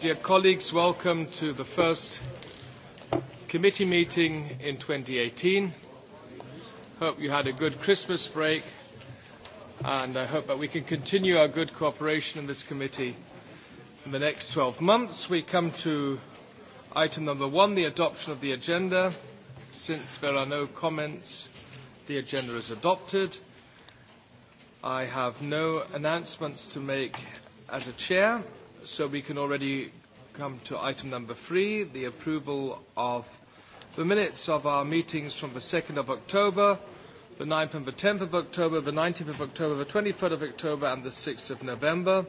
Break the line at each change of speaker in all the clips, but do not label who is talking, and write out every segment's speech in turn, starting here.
Dear colleagues, welcome to the first committee meeting in 2018. Hope you had a good Christmas break and I hope that we can continue our good cooperation in this committee in the next 12 months. We come to item number one, the adoption of the agenda. Since there are no comments, the agenda is adopted. I have no announcements to make as a chair so we can already come to item number three, the approval of the minutes of our meetings from the 2nd of October, the 9th and the 10th of October, the 19th of October, the 23rd of October, and the 6th of November.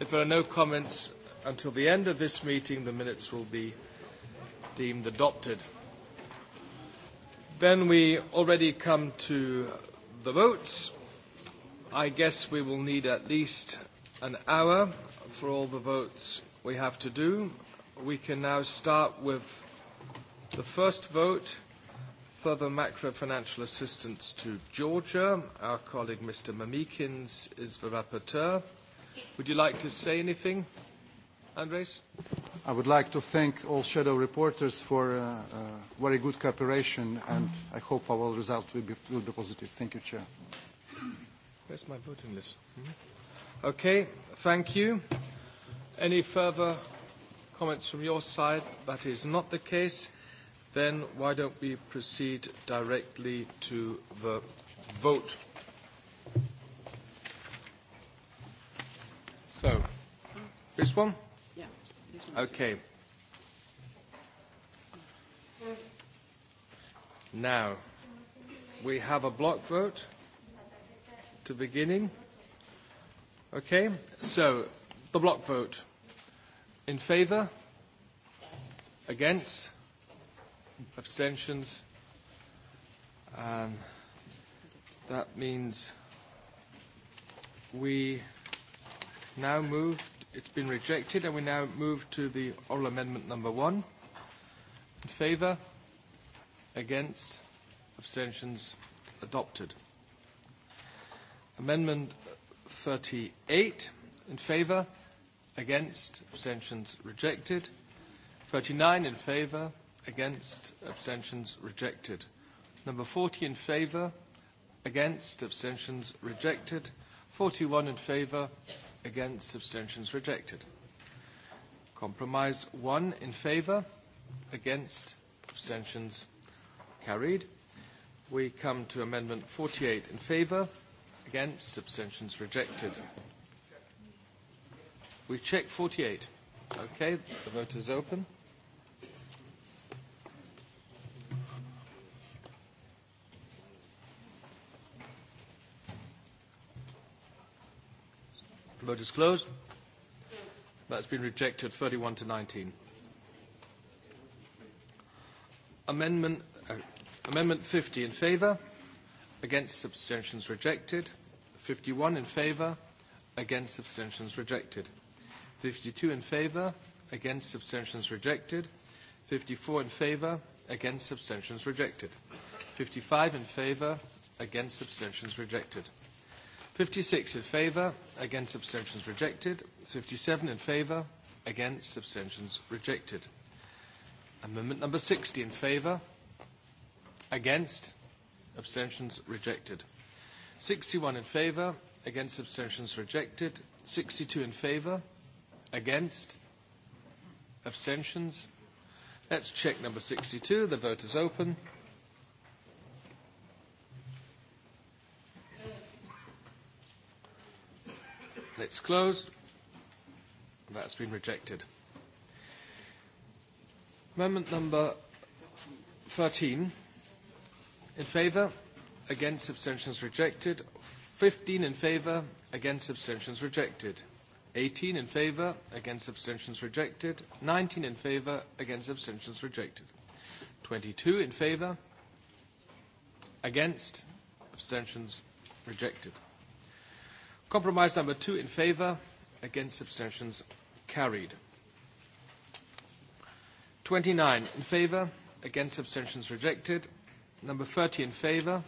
If there are no comments until the end of this meeting, the minutes will be deemed adopted. Then we already come to the votes. I guess we will need at least an hour for all the votes we have to do. We can now start with the first vote, further macro-financial assistance to Georgia. Our colleague, Mr. Mamikins, is the rapporteur. Would you like to say anything, Andres?
I would like to thank all shadow reporters for uh, uh, very good cooperation, and I hope our result will be, will be positive. Thank you, Chair.
Where's my voting list? Hmm? Okay, thank you. Any further comments from your side? That is not the case. Then why don't we proceed directly to the vote? So, this one?
Yeah, Okay.
Now, we have a block vote to beginning. Okay, so the block vote. In favour? Against? Abstentions? Um, that means we now move, it's been rejected, and we now move to the oral amendment number one. In favour? Against? Abstentions? Adopted. Amendment 38 in favour, against, abstentions rejected. 39 in favour, against, abstentions rejected. Number 40 in favour, against, abstentions rejected. 41 in favour, against, abstentions rejected. Compromise 1 in favour, against, abstentions carried. We come to amendment 48 in favour, Against? Abstentions rejected. We check 48. Okay, the vote is open. The vote is closed. That's been rejected 31 to 19. Amendment, uh, amendment 50 in favour? Against abstentions rejected. 51 in favour. Against abstentions rejected. 52 in favour. Against abstentions rejected. 54 in favour. Against abstentions rejected. 55 in favour. Against abstentions rejected. 56 in favour. Against abstentions rejected. 57 in favour. Against abstentions rejected. Amendment number 60 in favour. Against abstentions rejected. 61 in favour, against abstentions rejected. 62 in favour, against abstentions. Let's check number 62. The vote is open. It's closed. That's been rejected. Amendment number 13 in favour, against abstentions rejected. 15 in favour, against abstentions rejected. 18 in favour, against abstentions rejected. 19 in favour, against abstentions rejected. 22 in favour, against abstentions rejected. Compromise number two in favour, against abstentions carried. 29 in favour, against abstentions rejected. Number 30 in favour,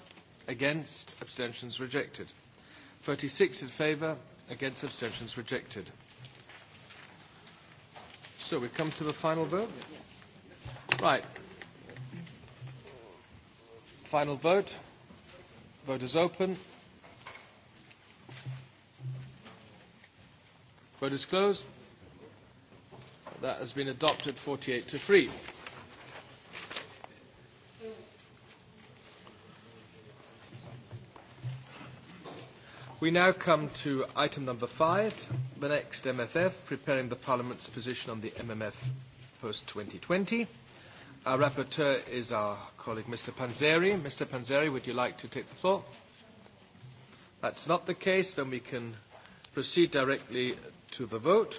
against, abstentions rejected. 36 in favour, against, abstentions rejected. So we come to the final vote? Right. Final vote. Vote is open. Vote is closed. That has been adopted 48 to 3. We now come to item number five, the next MFF, preparing the Parliament's position on the MMF post-2020. Our rapporteur is our colleague, Mr. Panzeri. Mr. Panzeri, would you like to take the floor? That's not the case, then we can proceed directly to the vote.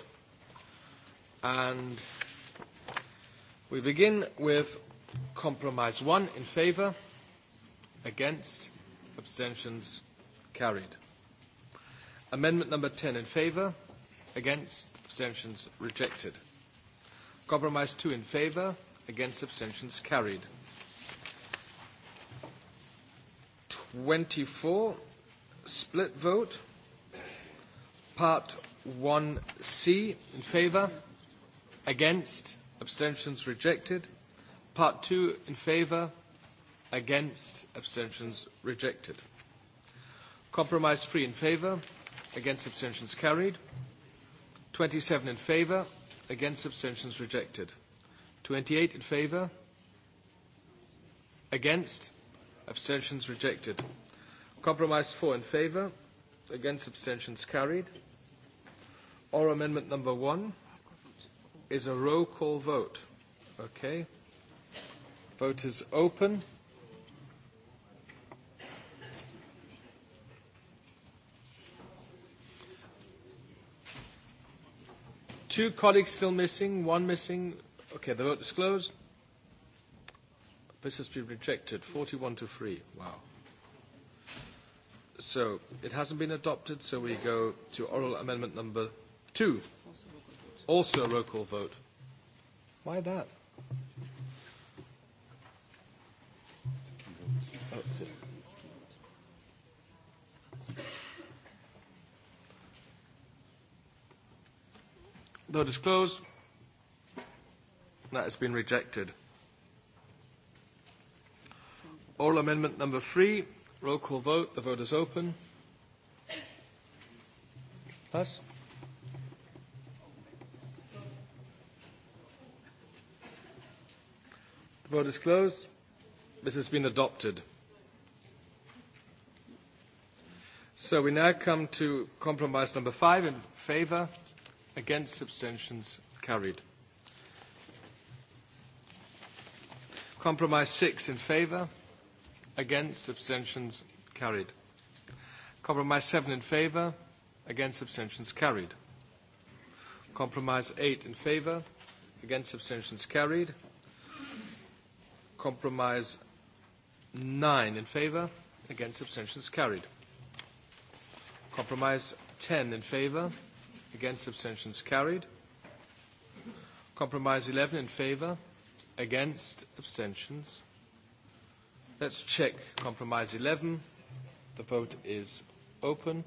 And we begin with compromise one in favour, against, abstentions carried. Amendment number 10 in favour, against, abstentions rejected. Compromise 2 in favour, against, abstentions carried. 24, split vote. Part 1C in favour, against, abstentions rejected. Part 2 in favour, against, abstentions rejected. Compromise 3 in favour, against abstentions carried. 27 in favour, against abstentions rejected. 28 in favour, against abstentions rejected. Compromise 4 in favour, against abstentions carried. Or amendment number 1 is a roll call vote. Okay. Vote is open. Two colleagues still missing, one missing. Okay, the vote is closed. This has been rejected, 41 to 3. Wow. So it hasn't been adopted, so we go to oral amendment number two. Also a roll call vote. Why that? Vote is closed. That has been rejected. Oral amendment number three. Roll call vote. The vote is open. Pass. The vote is closed. This has been adopted. So we now come to compromise number five in favour. Against abstentions carried. Compromise 6 in favour. Against abstentions carried. Compromise 7 in favour. Against abstentions carried. Compromise 8 in favour. Against abstentions carried. Compromise 9 in favour. Against abstentions carried. Compromise 10 in favour. Against abstentions carried. Compromise 11 in favour. Against abstentions. Let's check compromise 11. The vote is open.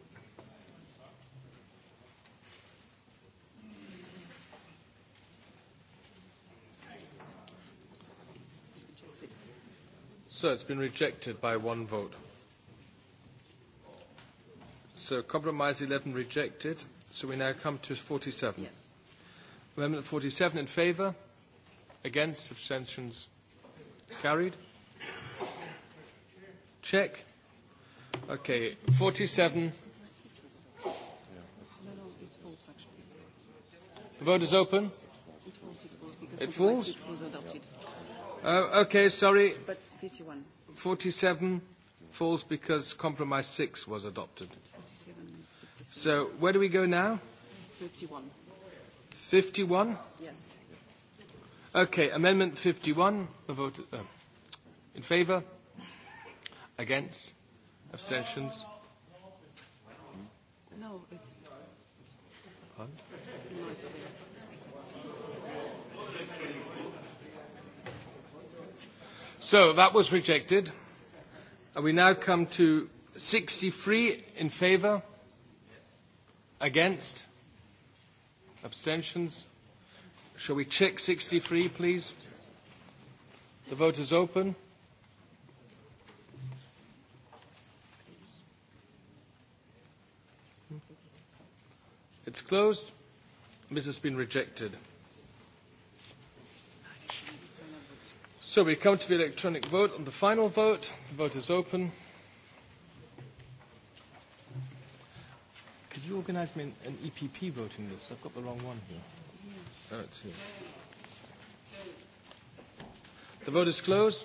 So it's been rejected by one vote. So compromise 11 rejected. So we now come to 47. Yes. Amendment 47 in favour, against, abstentions carried. Check. Okay, 47. The vote is open.
It falls, it
falls, it falls? was adopted.
Uh, okay, sorry.
But 51.
47 falls because compromise 6 was adopted.
47.
So where do we go now? 51. 51? Yes. Okay, Amendment 51. The vote uh, in favour? Against? Abstentions?
No, it's... Pardon?
So that was rejected. And we now come to 63 in favour Against? Abstentions? Shall we check 63, please? The vote is open. It's closed. This has been rejected. So we come to the electronic vote on the final vote. The vote is open. Did you organize me an, an EPP voting list? I've got the wrong one here. Oh, it's here. The vote is closed.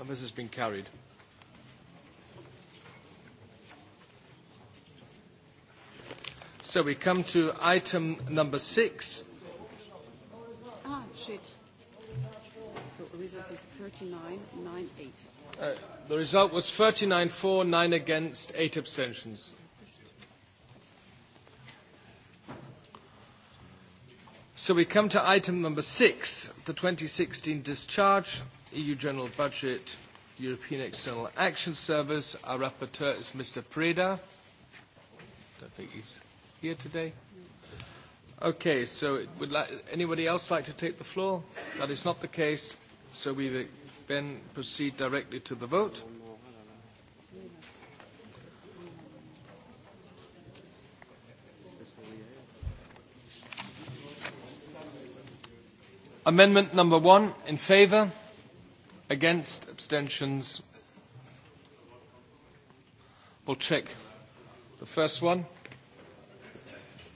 And this has been carried. So we come to item number six.
Ah, shit. So the result is 39, 9, 8.
Uh, the result was 39 for, 9 against, 8 abstentions. So we come to item number six, the 2016 discharge, EU General Budget, European External Action Service. Our rapporteur is Mr. Preda. Don't think he's here today. Okay, so would like, anybody else like to take the floor? That is not the case, so we then proceed directly to the vote. Amendment number one, in favour, against, abstentions. We'll check the first one.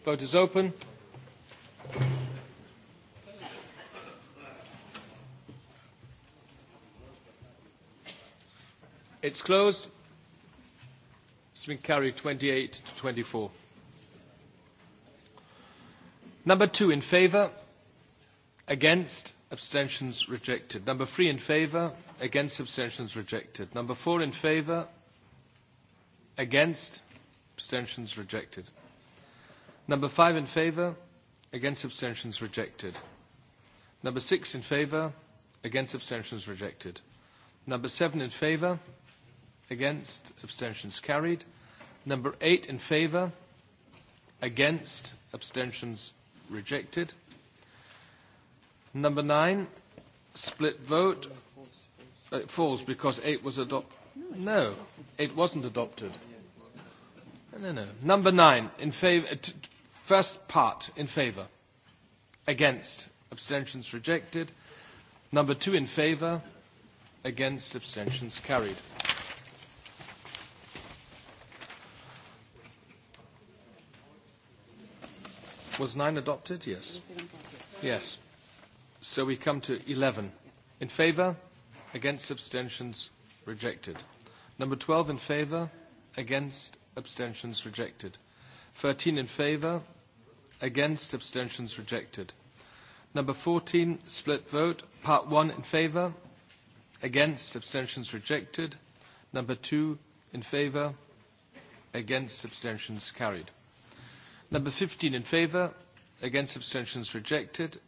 Vote is open. It's closed. It's been carried 28 to 24. Number two in favour Against, abstentions rejected. Number three in favour, against, abstentions rejected. Number four in favour, against, abstentions rejected. Number five in favour, against, abstentions rejected. Number six in favour, against, abstentions rejected. Number seven in favour, against, abstentions carried. Number eight in favour, against, abstentions rejected. Number nine, split vote. Uh, it falls because eight was adopted. No, it wasn't adopted. No, no. Number nine, in favor, first part, in favor. Against, abstentions rejected. Number two, in favor. Against, abstentions carried. Was nine adopted? Yes. Yes. So we come to 11. In favour? Against abstentions rejected. Number 12 in favour? Against abstentions rejected. 13 in favour? Against abstentions rejected. Number 14, split vote. Part 1 in favour. Against, abstentions rejected. Number 2 in favour. Against, abstentions carried. Number 15 in favour. Against, abstentions rejected.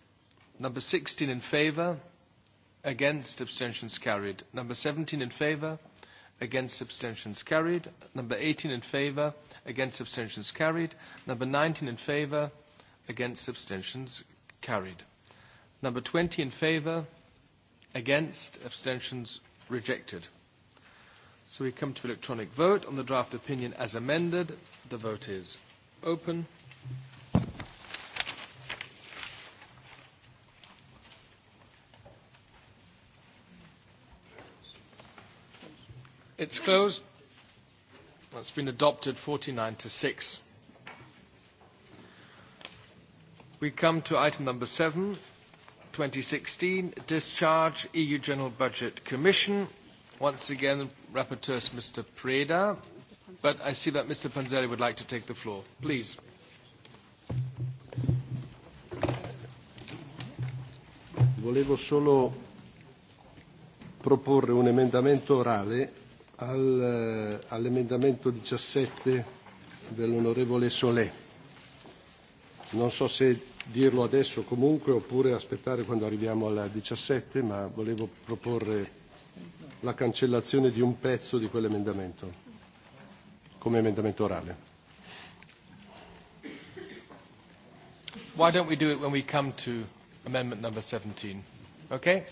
Number 16 in favour, against abstentions carried. Number 17 in favour, against abstentions carried. Number 18 in favour, against abstentions carried. Number 19 in favour, against abstentions carried. Number 20 in favour, against abstentions rejected. So we come to electronic vote on the draft opinion as amended. The vote is open. It's closed. It's been adopted 49 to 6. We come to item number 7, 2016, Discharge EU General Budget Commission. Once again, Rapporteur Mr. Preda, but I see that Mr. Panzeri would like to take the floor. Please.
Volevo solo
proporre un emendamento orale al, eh, all'emendamento 17 dell'onorevole Solé. Non so se dirlo adesso comunque oppure aspettare quando arriviamo alla 17, ma volevo proporre la cancellazione di un pezzo di quell'emendamento come emendamento orale.
Why don't we do it when we come to amendment number 17? Okay?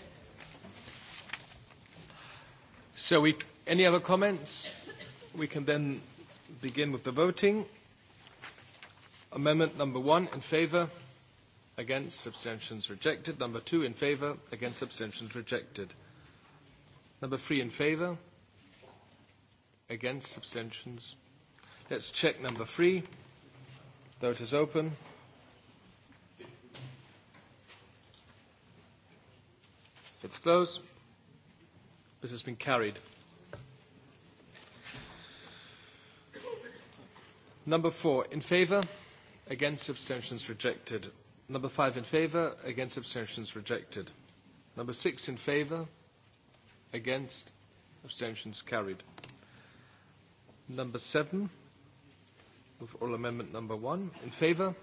So we Any other comments? We can then begin with the voting. Amendment number one in favour, against, abstentions rejected. Number two in favour, against, abstentions rejected. Number three in favour, against, abstentions. Let's check number three. Vote is open. It's closed. This has been carried. Number four, in favour, against abstentions rejected. Number five, in favour, against abstentions rejected. Number six, in favour, against abstentions carried. Number seven, Of all amendment number one, in favour,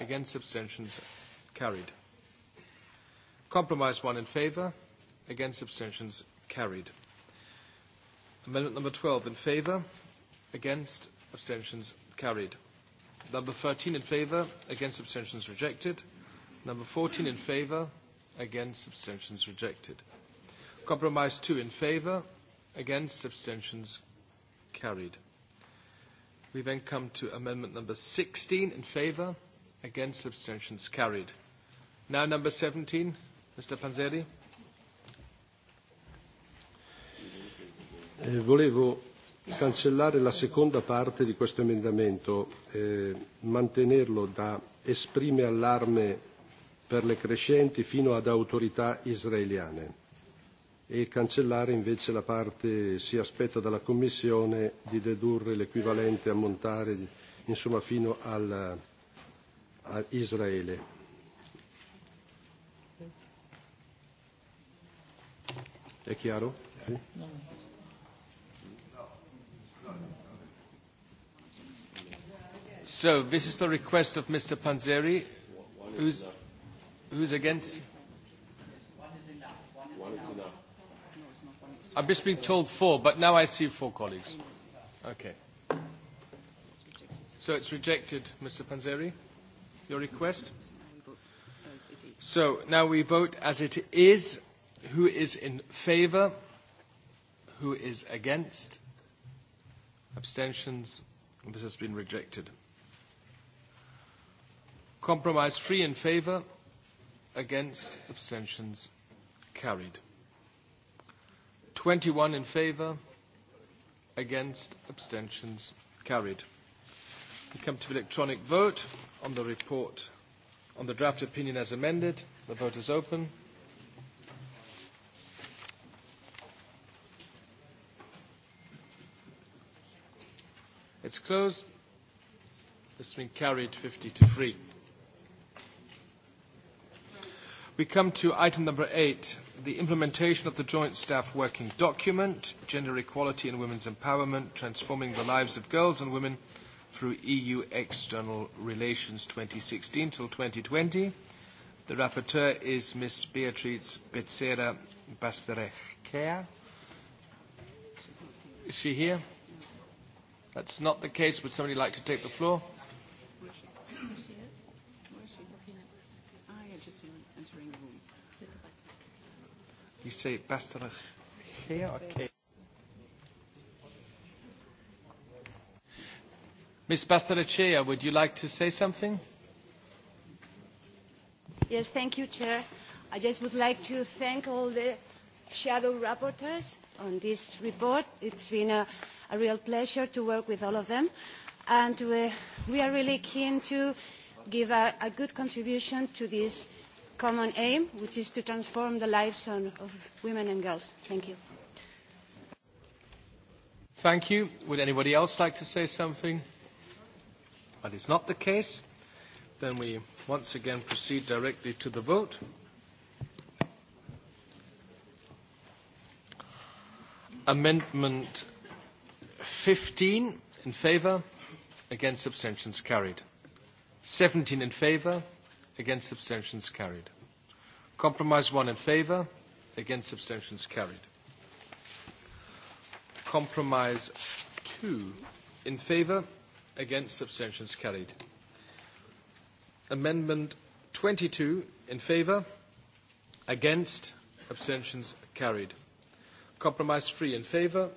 against abstentions carried. Compromise one in favour, against abstentions carried. Amendment number 12 in favour, against abstentions carried. Number 13 in favour, against abstentions rejected. Number 14 in favour, against abstentions rejected. Compromise 2 in favour, against abstentions carried. We then come to amendment number 16 in favour, against abstentions carried. Now number 17, Mr. Panzeri.
Eh, volevo cancellare la seconda parte di questo emendamento, eh, mantenerlo da esprime allarme per le crescenti fino ad autorità israeliane e cancellare invece la parte si aspetta dalla Commissione di dedurre l'equivalente ammontare insomma, fino al, a Israele.
È chiaro? Sì? No.
So this is the request of Mr. Panzeri. Who's, who's against?
One is enough. just
been told four, but now I see four colleagues. Okay. So it's rejected, Mr. Panzeri, your request. So now we vote as it is. Who is in favour? Who is against? Abstentions? This has been rejected. Compromise three in favour, against, abstentions carried. 21 in favour, against, abstentions carried. We come to electronic vote on the report, on the draft opinion as amended. The vote is open. It's closed. It's been carried 50 to 3. We come to item number eight, the implementation of the Joint Staff Working Document, Gender Equality and Women's Empowerment, Transforming the Lives of Girls and Women through EU External Relations 2016 till 2020. The rapporteur is Ms. Beatriz Becerra Basterechea. Is she here? That's not the case. Would somebody like to take the floor? you say Bastelich
here? Okay.
Ms. Pastorachea, would you like to say something?
Yes, thank you, Chair. I just would like to thank all the shadow rapporteurs on this report. It's been a, a real pleasure to work with all of them. And we, we are really keen to give a, a good contribution to this common aim, which is to transform the lives on, of women and girls.
Thank you.
Thank you. Would anybody else like to say something? That is not the case. Then we once again proceed directly to the vote. Amendment 15 in favour, against abstentions carried. 17 in favour, Against abstentions carried. Compromise one in favour. Against abstentions carried. Compromise two in favour. Against abstentions carried. Amendment 22 in favour. Against abstentions carried. Compromise three in favour.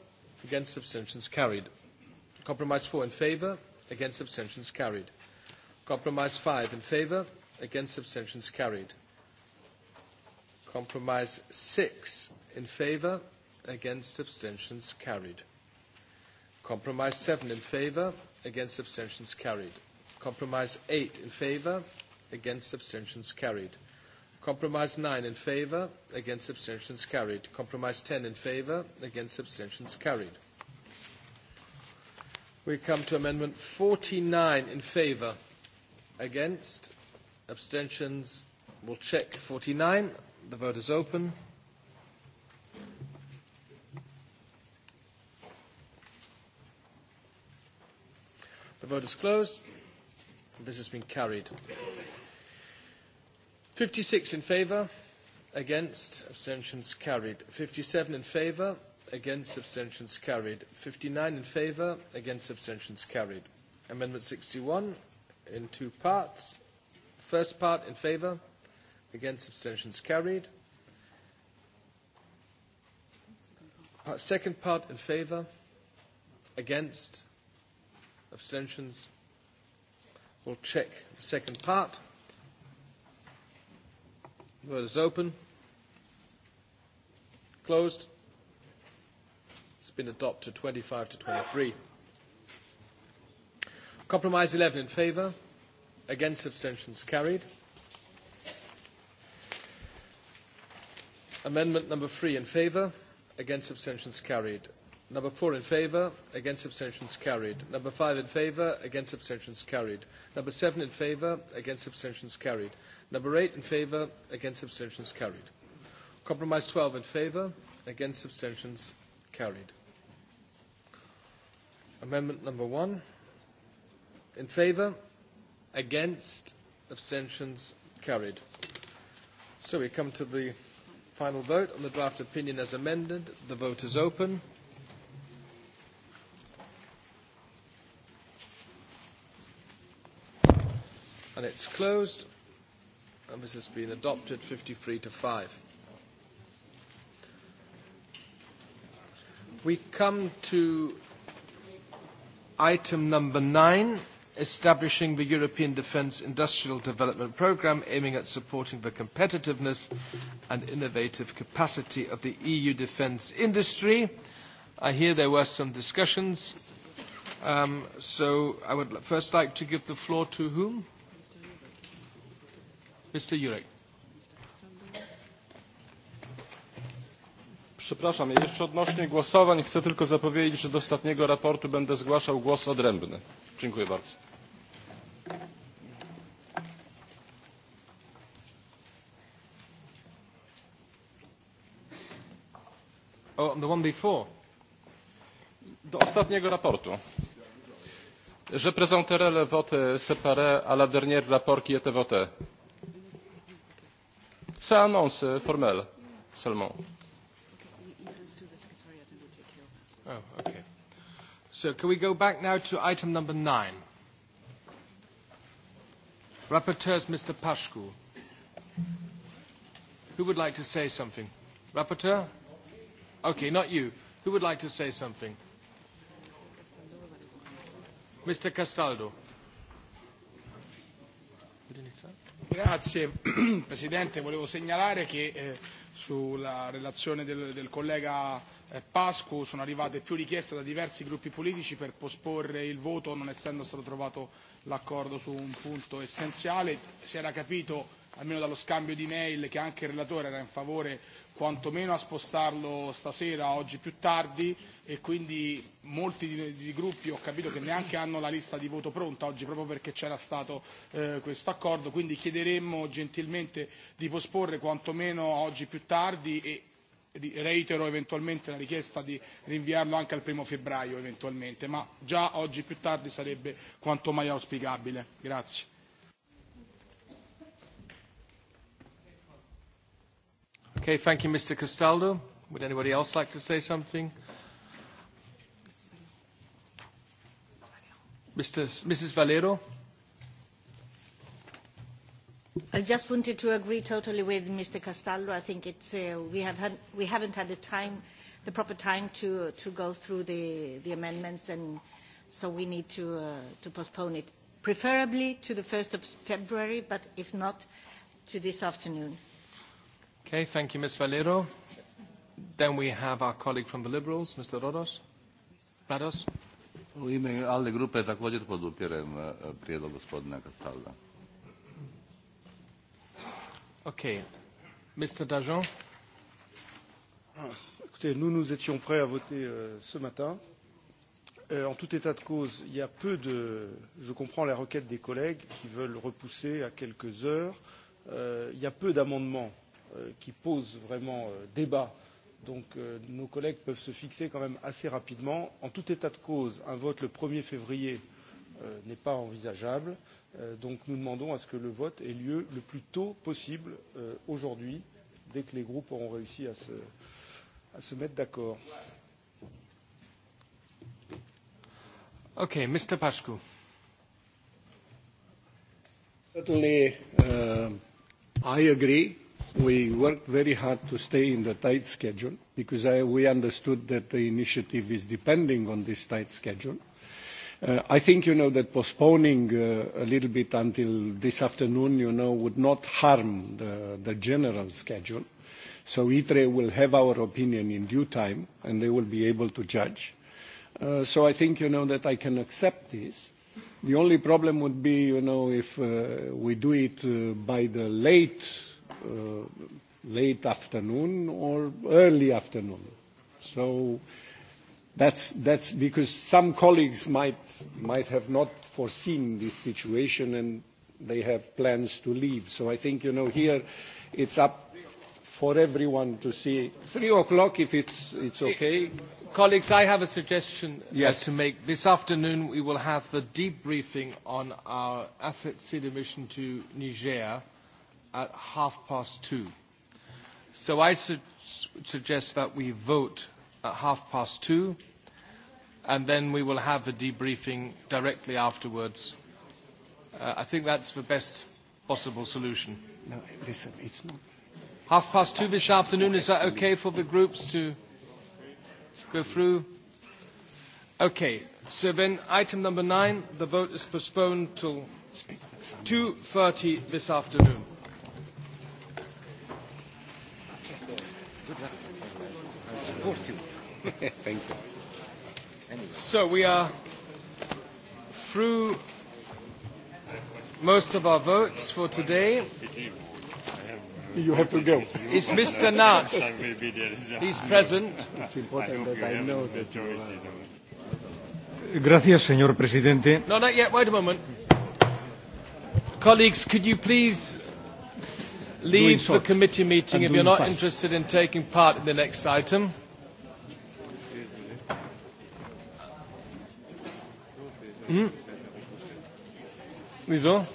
Against abstentions carried. Compromise four in favour. Against abstentions carried. Compromise five in favour against abstentions carried. Compromise 6 in favour, against abstentions carried. Compromise 7 in favour, against abstentions carried. Compromise 8 in favour, against abstentions carried. Compromise 9 in favour, against abstentions carried. Compromise 10 in favour, against abstentions carried. We come to amendment 49 in favour, against abstentions. We'll check 49. The vote is open. The vote is closed. This has been carried. 56 in favour, against, abstentions carried. 57 in favour, against, abstentions carried. 59 in favour, against, abstentions carried. Amendment 61 in two parts. First part in favour, against abstentions carried. Part, uh, second part in favour, against abstentions. We'll check the second part. The vote is open. Closed. It's been adopted 25 to 23. Compromise 11 in favour. Against abstentions carried. Amendment number three in favour. Against abstentions carried. Number four in favour. Against abstentions carried. Number five in favour. Against abstentions carried. Number seven in favour. Against abstentions carried. Number eight in favour. Against abstentions carried. Compromise 12 in favour. Against abstentions carried. Amendment number one. In favour. Against? Abstentions? Carried. So we come to the final vote on the draft opinion as amended. The vote is open. And it's closed. And this has been adopted 53 to 5. We come to item number nine establishing the European Defence Industrial Development Programme aiming at supporting the competitiveness and innovative capacity of the EU defence industry. I hear there were some discussions. Um, so I would first like to give the floor to whom?
Mr. Jurek. Przepraszam, jeszcze odnośnie głosowań chcę tylko zapowiedzieć, że do ostatniego raportu będę zgłaszał głos odrębny. Dziękuję bardzo. O, the one before. Do ostatniego raportu. Je présenterai le vote séparé à la dernière rapport qui était voté. C'est annonce formelle seulement.
Oh, okay. So can we go back now to item number nine? Rapporteurs, Mr. Pashku. Who would like to say something? Rapporteur? Okay, not you. Who would like to say something?
Mr. Castaldo. Grazie Presidente, volevo segnalare che eh, sulla relazione del, del collega E Pasqua sono arrivate più richieste da diversi gruppi politici per posporre il voto non essendo stato trovato l'accordo su un punto essenziale. Si era capito, almeno dallo scambio di mail, che anche il relatore era in favore quantomeno a spostarlo stasera, oggi più tardi, e quindi molti di, di gruppi ho capito che neanche hanno la lista di voto pronta oggi proprio perché c'era stato eh, questo accordo, quindi chiederemmo gentilmente di posporre quantomeno oggi più tardi e reitero eventualmente la richiesta di rinviarlo anche al primo febbraio eventualmente, ma già oggi più tardi sarebbe quanto mai auspicabile. Grazie.
Okay, thank you, Mr. Castaldo. Would anybody else like to say something? Mr. Mrs. Valero?
I just wanted to agree totally with Mr. Castaldo. I think it's, uh, we, have had, we haven't had the time, the proper time to, to go through the, the amendments, and so we need to, uh, to postpone it, preferably to the 1st of February, but if not, to this afternoon.
Okay, thank you, Ms. Valero. Then we have our colleague from the Liberals, Mr. Rodos. Rodos.
U ime għalli ta' prijedo gospodina
Okay. Mr. Dajon.
Ah, écoutez, nous, nous étions prêts à voter euh, ce matin. Euh, en tout état de cause, il y a peu de... Je comprends la requête des collègues qui veulent repousser à quelques heures. Euh, il y a peu d'amendements euh, qui posent vraiment euh, débat. Donc euh, nos collègues peuvent se fixer quand même assez rapidement. En tout état de cause, un vote le 1er février Euh, n'est pas envisageable. Euh, donc nous demandons à ce que le vote ait lieu le plus tôt possible euh, aujourd'hui, dès que les groupes auront réussi à se, à se mettre d'accord.
Okay, Mr.
Pascu. Certainly, uh, I agree. We worked very hard to stay in the tight schedule because I, we understood that the initiative is depending on this tight schedule. Uh, I think, you know, that postponing uh, a little bit until this afternoon, you know, would not harm the, the general schedule. So ITRE will have our opinion in due time, and they will be able to judge. Uh, so I think, you know, that I can accept this. The only problem would be, you know, if uh, we do it uh, by the late, uh, late afternoon or early afternoon. So That's, that's because some colleagues might, might have not foreseen this situation and they have plans to leave. So I think, you know, here it's up for everyone to see. Three o'clock, if it's, it's
okay. Colleagues, I have a suggestion uh, yes. to make. This afternoon we will have the debriefing on our AFET City mission to Niger at half past two. So I su suggest that we vote at half past two, and then we will have a debriefing directly afterwards. Uh, I think that's the best possible solution.
No, listen, it's not.
Half past two this afternoon, is that okay for the groups to go through? Okay, so then item number nine, the vote is postponed till 2.30 this afternoon.
Good luck. I support you. Thank you. So we are
through most of our votes for today.
You have to go. Is Mr. Nat? He's present.
It's important that I know that
you
are. Gracias, señor presidente.
No, not yet. Wait a moment. Colleagues, could you please leave the committee meeting if you're not fast. interested in taking part in the next item?
Wieso?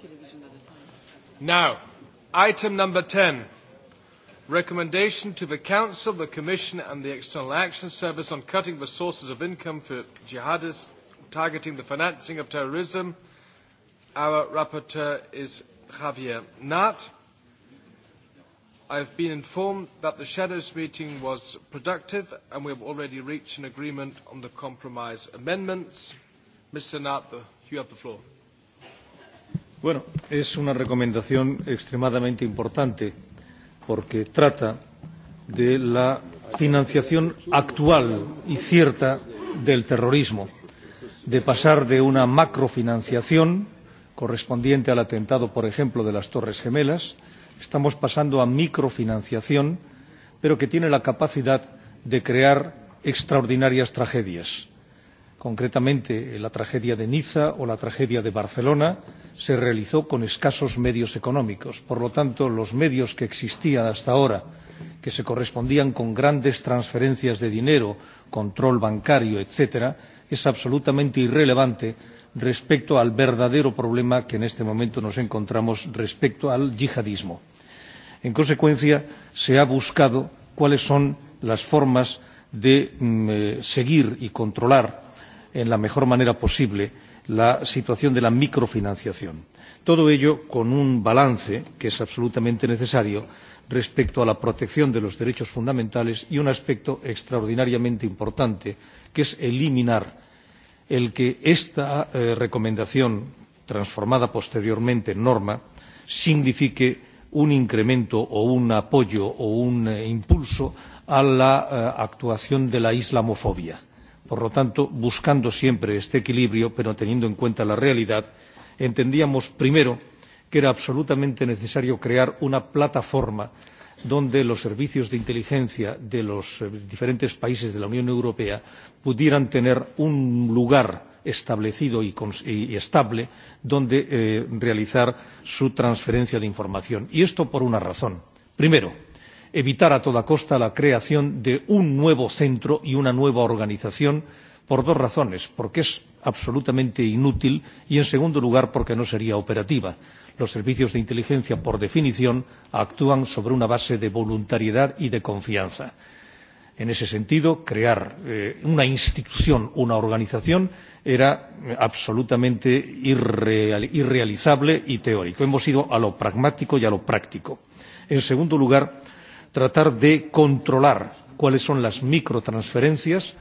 television the time.
Now, item number 10. Recommendation to the Council, the Commission and the External Action Service on cutting the sources of income for jihadists targeting the financing of terrorism. Our rapporteur is Javier Nat. I have been informed that the Shadows meeting was productive and we have already reached an agreement on the compromise amendments. Mr. Nat, you have the floor.
Bueno, es una recomendación extremadamente importante porque trata de la financiación actual y cierta del terrorismo, de pasar de una macrofinanciación correspondiente al atentado, por ejemplo, de las Torres Gemelas, estamos pasando a microfinanciación, pero que tiene la capacidad de crear extraordinarias tragedias concretamente la tragedia de Niza o la tragedia de Barcelona, se realizó con escasos medios económicos. Por lo tanto, los medios que existían hasta ahora, que se correspondían con grandes transferencias de dinero, control bancario, etcétera, es absolutamente irrelevante respecto al verdadero problema que en este momento nos encontramos respecto al yihadismo. En consecuencia, se ha buscado cuáles son las formas de mm, eh, seguir y controlar en la mejor manera posible la situación de la microfinanciación. Todo ello con un balance que es absolutamente necesario respecto a la protección de los derechos fundamentales y un aspecto extraordinariamente importante, que es eliminar el que esta eh, recomendación, transformada posteriormente en norma, signifique un incremento o un apoyo o un eh, impulso a la eh, actuación de la islamofobia Por lo tanto, buscando siempre este equilibrio, pero teniendo en cuenta la realidad, entendíamos primero que era absolutamente necesario crear una plataforma donde los servicios de inteligencia de los eh, diferentes países de la Unión Europea pudieran tener un lugar establecido y, y estable donde eh, realizar su transferencia de información. Y esto por una razón. Primero, evitar a toda costa la creación de un nuevo centro y una nueva organización por dos razones, porque es absolutamente inútil y, en segundo lugar, porque no sería operativa. Los servicios de inteligencia, por definición, actúan sobre una base de voluntariedad y de confianza. En ese sentido, crear eh, una institución, una organización, era absolutamente irreal, irrealizable y teórico. Hemos ido a lo pragmático y a lo práctico. En segundo lugar, tratar de controlar cuáles son las microtransferencias,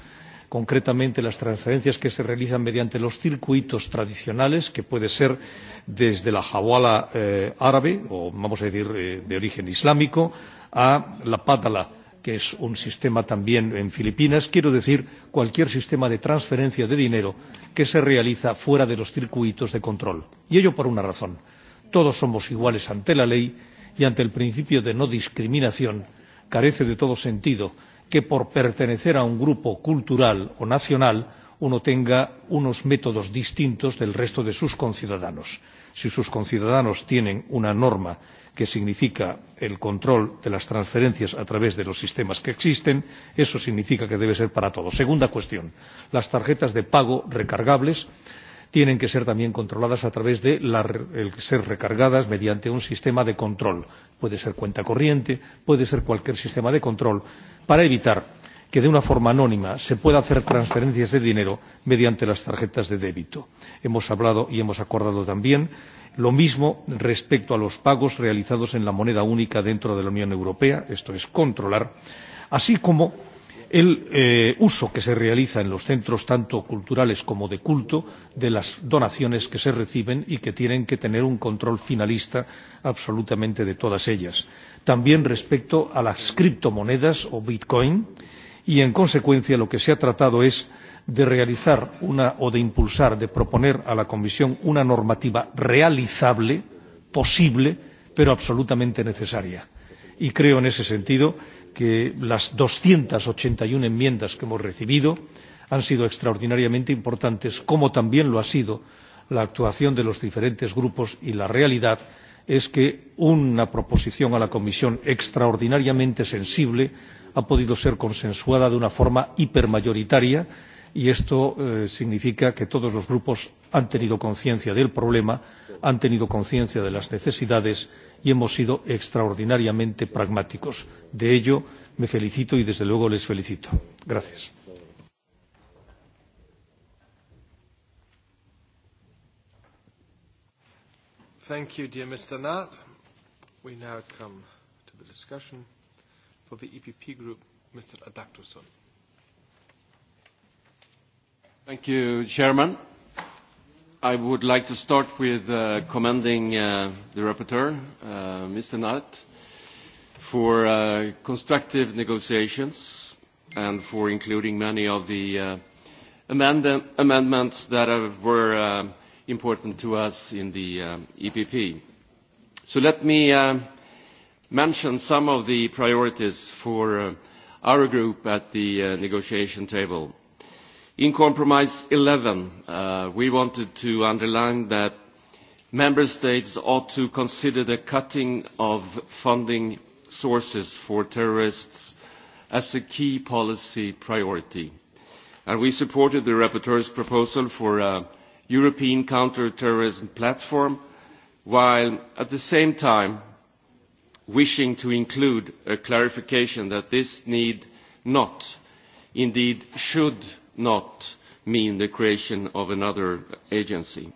concretamente las transferencias que se realizan mediante los circuitos tradicionales, que puede ser desde la jawala eh, árabe, o vamos a decir eh, de origen islámico, a la pátala, que es un sistema también en Filipinas, quiero decir cualquier sistema de transferencia de dinero que se realiza fuera de los circuitos de control. Y ello por una razón. Todos somos iguales ante la ley y ante el principio de no discriminación carece de todo sentido que por pertenecer a un grupo cultural o nacional uno tenga unos métodos distintos del resto de sus conciudadanos. Si sus conciudadanos tienen una norma que significa el control de las transferencias a través de los sistemas que existen, eso significa que debe ser para todos. Segunda cuestión, las tarjetas de pago recargables tienen que ser también controladas a través de la, el ser recargadas mediante un sistema de control. Puede ser cuenta corriente, puede ser cualquier sistema de control, para evitar que de una forma anónima se pueda hacer transferencias de dinero mediante las tarjetas de débito. Hemos hablado y hemos acordado también lo mismo respecto a los pagos realizados en la moneda única dentro de la Unión Europea, esto es controlar, así como el eh, uso que se realiza en los centros tanto culturales como de culto de las donaciones que se reciben y que tienen que tener un control finalista absolutamente de todas ellas. También respecto a las criptomonedas o Bitcoin y en consecuencia lo que se ha tratado es de realizar una o de impulsar, de proponer a la Comisión una normativa realizable, posible, pero absolutamente necesaria. Y creo en ese sentido que las 281 enmiendas que hemos recibido han sido extraordinariamente importantes, como también lo ha sido la actuación de los diferentes grupos y la realidad es que una proposición a la Comisión extraordinariamente sensible ha podido ser consensuada de una forma hipermayoritaria y esto eh, significa que todos los grupos han tenido conciencia del problema, han tenido conciencia de las necesidades y hemos sido extraordinariamente pragmáticos. De ello me felicito y desde luego les felicito. Gracias.
Thank you, dear Mr. Nart. We now come to the discussion for the EPP group, Mr. Adaktusson.
Thank you, Chairman. I would like to start with uh, commending uh, the rapporteur, uh, Mr. Nutt, for uh, constructive negotiations and for including many of the uh, amend amendments that are, were uh, important to us in the uh, EPP. So let me uh, mention some of the priorities for uh, our group at the uh, negotiation table. In Compromise 11, uh, we wanted to underline that member states ought to consider the cutting of funding sources for terrorists as a key policy priority. And we supported the rapporteur's proposal for a European counter-terrorism platform, while at the same time wishing to include a clarification that this need not, indeed should, not mean the creation of another agency.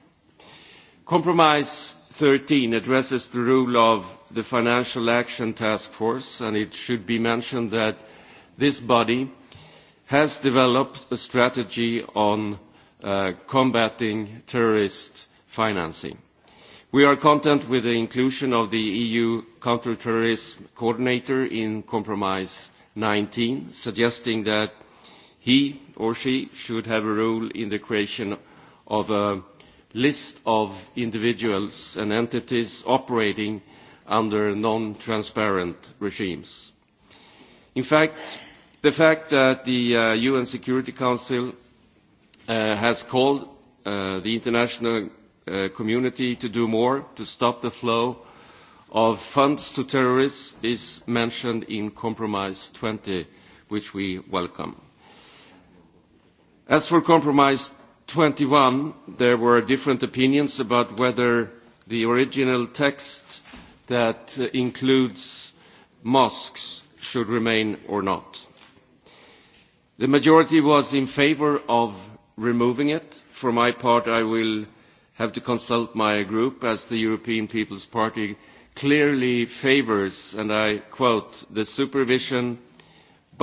Compromise 13 addresses the rule of the Financial Action Task Force, and it should be mentioned that this body has developed a strategy on uh, combating terrorist financing. We are content with the inclusion of the EU counterterrorism coordinator in Compromise 19, suggesting that he or she should have a role in the creation of a list of individuals and entities operating under non-transparent regimes. In fact, the fact that the uh, UN Security Council uh, has called uh, the international uh, community to do more to stop the flow of funds to terrorists is mentioned in Compromise 20, which we welcome. As for compromise 21, there were different opinions about whether the original text that uh, includes mosques should remain or not. The majority was in favour of removing it. For my part, I will have to consult my group as the European People's Party clearly favours, and I quote, the supervision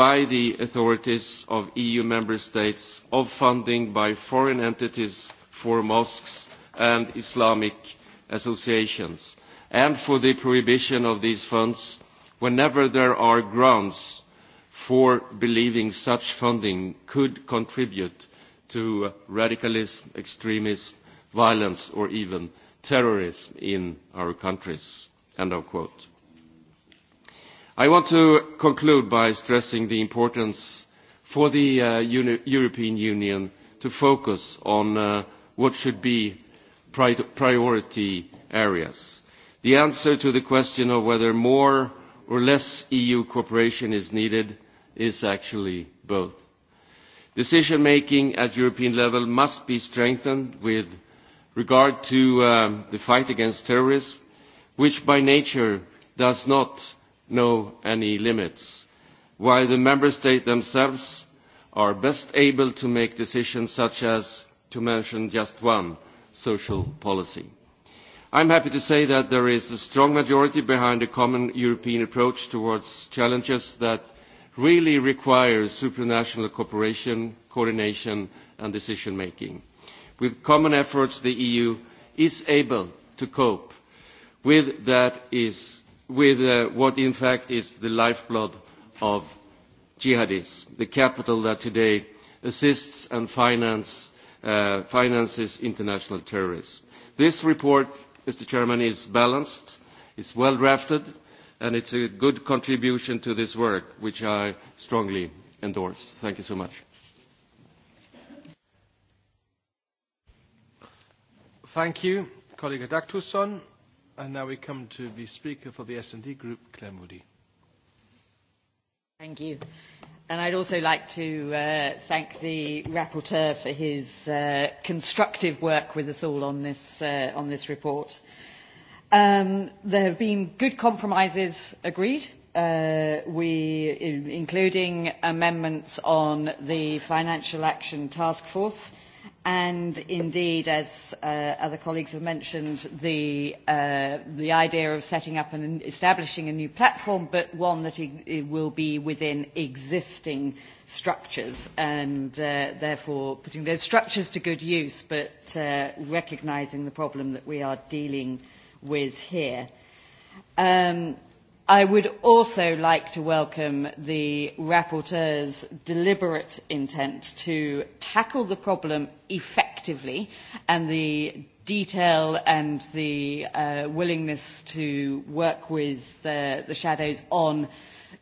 by the authorities of EU member states of funding by foreign entities for mosques and Islamic associations, and for the prohibition of these funds whenever there are grounds for believing such funding could contribute to radicalism, extremism, violence, or even terrorism in our countries." End of quote. I want to conclude by stressing the importance for the uh, Uni European Union to focus on uh, what should be pri priority areas. The answer to the question of whether more or less EU cooperation is needed is actually both. Decision making at European level must be strengthened with regard to um, the fight against terrorism, which by nature does not know any limits, while the member states themselves are best able to make decisions such as, to mention just one, social policy. I am happy to say that there is a strong majority behind a common European approach towards challenges that really require supranational cooperation, coordination and decision making. With common efforts, the EU is able to cope with that is with uh, what in fact is the lifeblood of jihadists, the capital that today assists and finance, uh, finances international terrorists. This report, Mr. Chairman, is balanced, is well drafted, and it's a good contribution to this work, which I strongly endorse. Thank you so much.
Thank you, colleague Adaktusson. And now we come to the speaker for the S&D Group, Claire Moody.
Thank you. And I'd also like to uh, thank the rapporteur for his uh, constructive work with us all on this, uh, on this report. Um, there have been good compromises agreed, uh, we, including amendments on the Financial Action Task Force, uh, And indeed, as uh, other colleagues have mentioned, the, uh, the idea of setting up and establishing a new platform, but one that e-, it will be within existing structures, and uh, therefore putting those structures to good use, but uh, recognising the problem that we are dealing with here. Um, I would also like to welcome the rapporteur's deliberate intent to tackle the problem effectively and the detail and the uh, willingness to work with the, uh, the shadows on